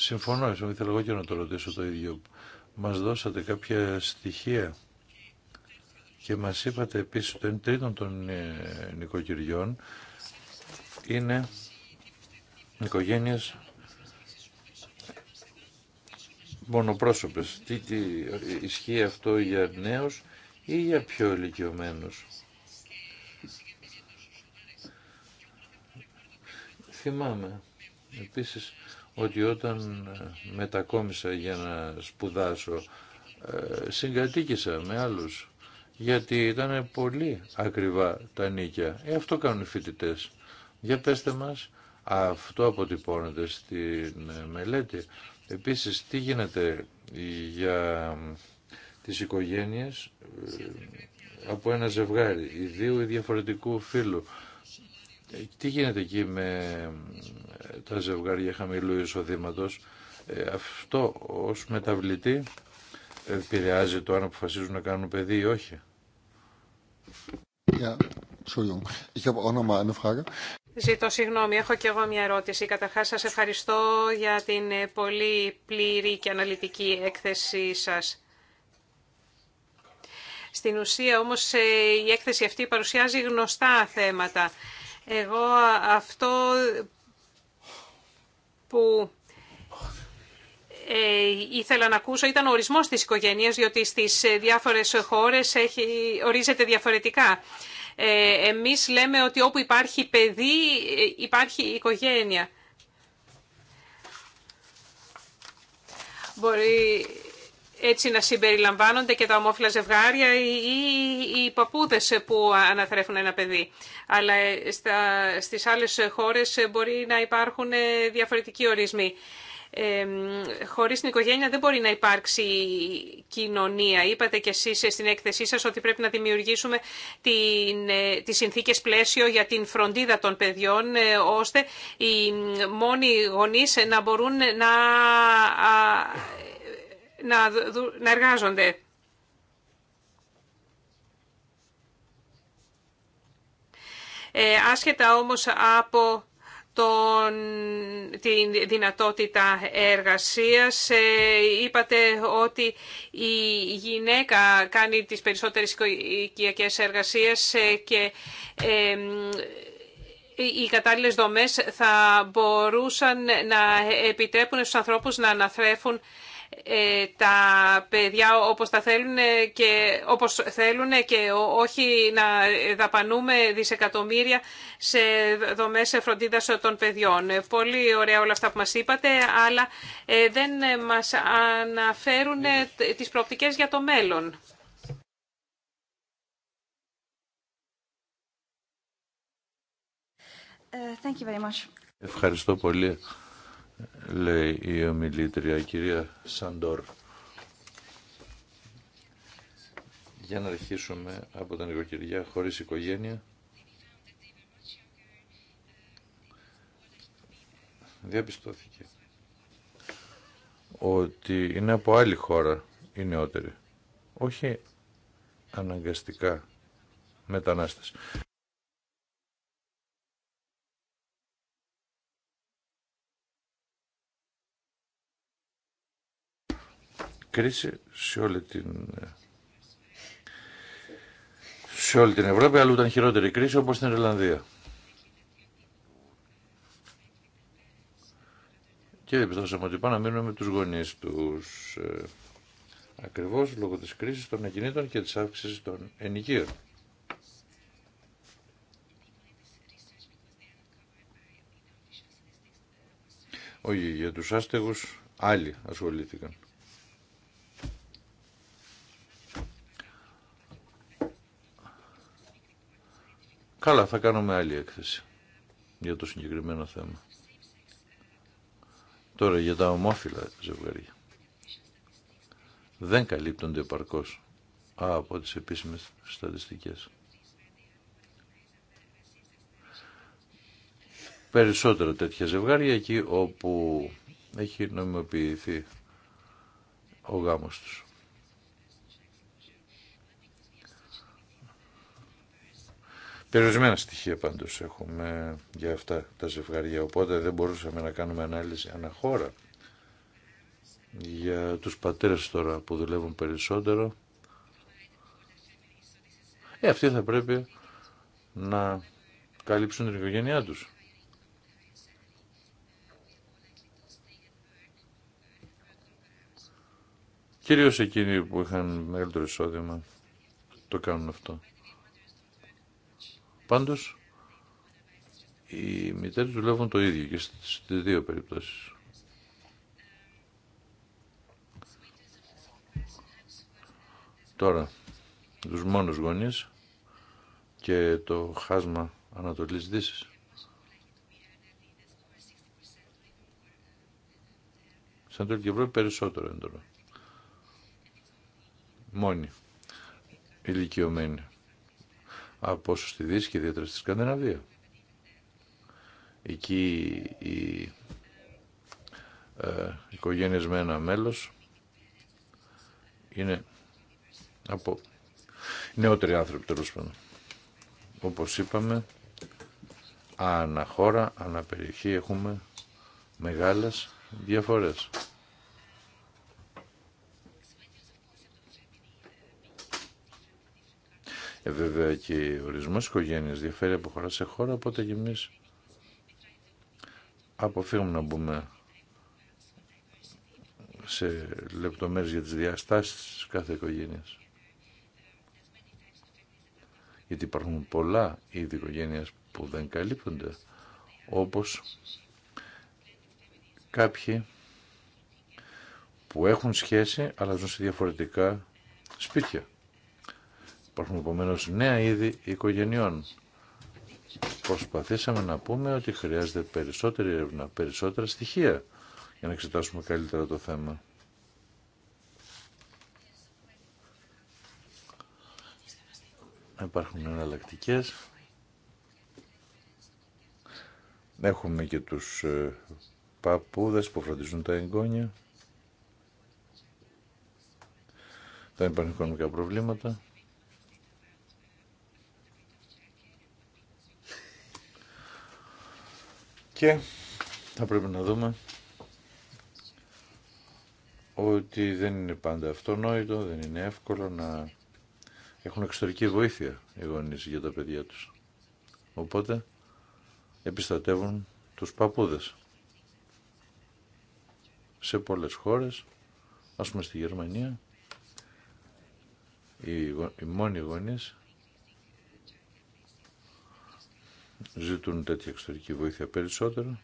Speaker 2: Συμφωνώ, ήθελα εγώ και να το ρωτήσω το ίδιο. Μας δώσατε κάποια στοιχεία και μας είπατε επίσης ότι το 1 των ε, νοικοκυριών είναι οικογένειες μονοπρόσωπες. Τι, τι ισχύει αυτό για νέους ή για πιο ηλικιωμένους. Θυμάμαι επίσης ότι όταν ε, μετακόμισα για να σπουδάσω ε, συγκατοίκησα με άλλους γιατί ήταν πολύ ακριβά τα νίκια. Ε, αυτό κάνουν οι φοιτητές. Για πέστε μας, αυτό αποτυπώνεται στην ε, μελέτη. Επίσης, τι γίνεται για τις οικογένειες από ένα ζευγάρι, ιδίου ή διαφορετικού φίλου. Ε, τι γίνεται εκεί με ε, τα ζευγάρια χαμηλού εισοδήματο. Ε, αυτό ως μεταβλητή επηρεάζει το αν αποφασίζουν να κάνουν παιδί ή όχι.
Speaker 1: Ζητώ συγγνώμη, έχω και εγώ μια ερώτηση. Καταρχάς σας ευχαριστώ για την πολύ πλήρη και αναλυτική έκθεσή σας. Στην ουσία όμως η έκθεση αυτή παρουσιάζει γνωστά θέματα. Εγώ αυτό που ε, ήθελα να ακούσω ήταν ο ορισμός της οικογένειας, διότι στις ε, διάφορες χώρες έχει, ορίζεται διαφορετικά. Ε, εμείς λέμε ότι όπου υπάρχει παιδί υπάρχει οικογένεια έτσι να συμπεριλαμβάνονται και τα ομόφυλα ζευγάρια ή οι παππούδες που αναθρέφουν ένα παιδί. Αλλά ε, στα, στις άλλες χώρες μπορεί να υπάρχουν ε, διαφορετικοί ορισμοί. Ε, χωρίς την οικογένεια δεν μπορεί να υπάρξει κοινωνία. Είπατε κι εσείς ε, στην έκθεσή σας ότι πρέπει να δημιουργήσουμε την, τις συνθήκες πλαίσιο για την φροντίδα των παιδιών ώστε οι μόνοι γονείς να μπορούν να να, να εργάζονται. Ε, άσχετα όμως από τον, την δυνατότητα εργασίας. Ε, είπατε ότι η γυναίκα κάνει τις περισσότερες οικιακές εργασίες ε, και οι κατάλληλες δομές θα μπορούσαν να επιτρέπουν στους ανθρώπους να αναθρέφουν ε, τα παιδιά όπως τα θέλουν και όπως θέλουν και όχι να δαπανούμε δισεκατομμύρια σε δομές φροντίδας των παιδιών. Ε, πολύ ωραία όλα αυτά που μας είπατε, αλλά ε, δεν μας αναφέρουν τις προοπτικές για το μέλλον.
Speaker 3: Thank you very much.
Speaker 2: Ευχαριστώ πολύ λέει η ομιλήτρια, η κυρία Σαντόρ. Για να αρχίσουμε από τα νοικοκυριά χωρίς οικογένεια. Διαπιστώθηκε ότι είναι από άλλη χώρα οι νεότεροι. Όχι αναγκαστικά μετανάστες. κρίση σε όλη την σε όλη την Ευρώπη, αλλού ήταν χειρότερη κρίση όπως στην Ιρλανδία. Και επιστάσαμε ότι πάνε να μείνουμε με τους γονείς τους. Ε, ακριβώς λόγω της κρίσης των ακινήτων και της αύξησης των ενοικίων. Όχι, για τους άστεγους άλλοι ασχολήθηκαν. Καλά, θα κάνουμε άλλη έκθεση για το συγκεκριμένο θέμα. Τώρα για τα ομόφυλα ζευγαρία. Δεν καλύπτονται επαρκώς από τις επίσημες στατιστικές. Περισσότερα τέτοια ζευγάρια εκεί όπου έχει νομιμοποιηθεί ο γάμος τους. Περιορισμένα στοιχεία πάντως έχουμε για αυτά τα ζευγαριά, οπότε δεν μπορούσαμε να κάνουμε ανάλυση αναχώρα. Για τους πατέρες τώρα που δουλεύουν περισσότερο, ε, αυτοί θα πρέπει να καλύψουν την οικογένειά τους. Κυρίως εκείνοι που είχαν μεγαλύτερο εισόδημα το κάνουν αυτό. Πάντω, οι μητέρες δουλεύουν το ίδιο και στι δύο περιπτώσεις. Τώρα, τους μόνους γονείς και το χάσμα Ανατολής Δύσης. Σαν και Ευρώπη περισσότερο έντονο. Μόνοι, ηλικιωμένοι από όσο στη Δύση και ιδιαίτερα στη Σκανδιναβία. Εκεί οι ε, οικογένειες με ένα μέλος είναι από νεότεροι άνθρωποι τέλο πάντων. Όπως είπαμε, ανά περιοχή έχουμε μεγάλες διαφορές. Ε, βέβαια και ο ορισμός οικογένεια διαφέρει από χώρα σε χώρα, οπότε και εμείς αποφύγουμε να μπούμε σε λεπτομέρειες για τις διαστάσεις της κάθε οικογένειας. Γιατί υπάρχουν πολλά είδη οικογένεια που δεν καλύπτονται, όπως κάποιοι που έχουν σχέση αλλά ζουν σε διαφορετικά σπίτια. Υπάρχουν επομένω νέα είδη οικογενειών. Προσπαθήσαμε να πούμε ότι χρειάζεται περισσότερη έρευνα, περισσότερα στοιχεία για να εξετάσουμε καλύτερα το θέμα. Υπάρχουν εναλλακτικέ. Έχουμε και τους ε, παππούδες που φροντίζουν τα εγγόνια. Δεν υπάρχουν οικονομικά προβλήματα. Και θα πρέπει να δούμε ότι δεν είναι πάντα αυτονόητο, δεν είναι εύκολο να έχουν εξωτερική βοήθεια οι γονείς για τα παιδιά τους. Οπότε επιστατεύουν τους παππούδες. Σε πολλές χώρες, ας πούμε στη Γερμανία, οι, οι μόνοι γονείς ζητούν τέτοια εξωτερική βοήθεια περισσότερο.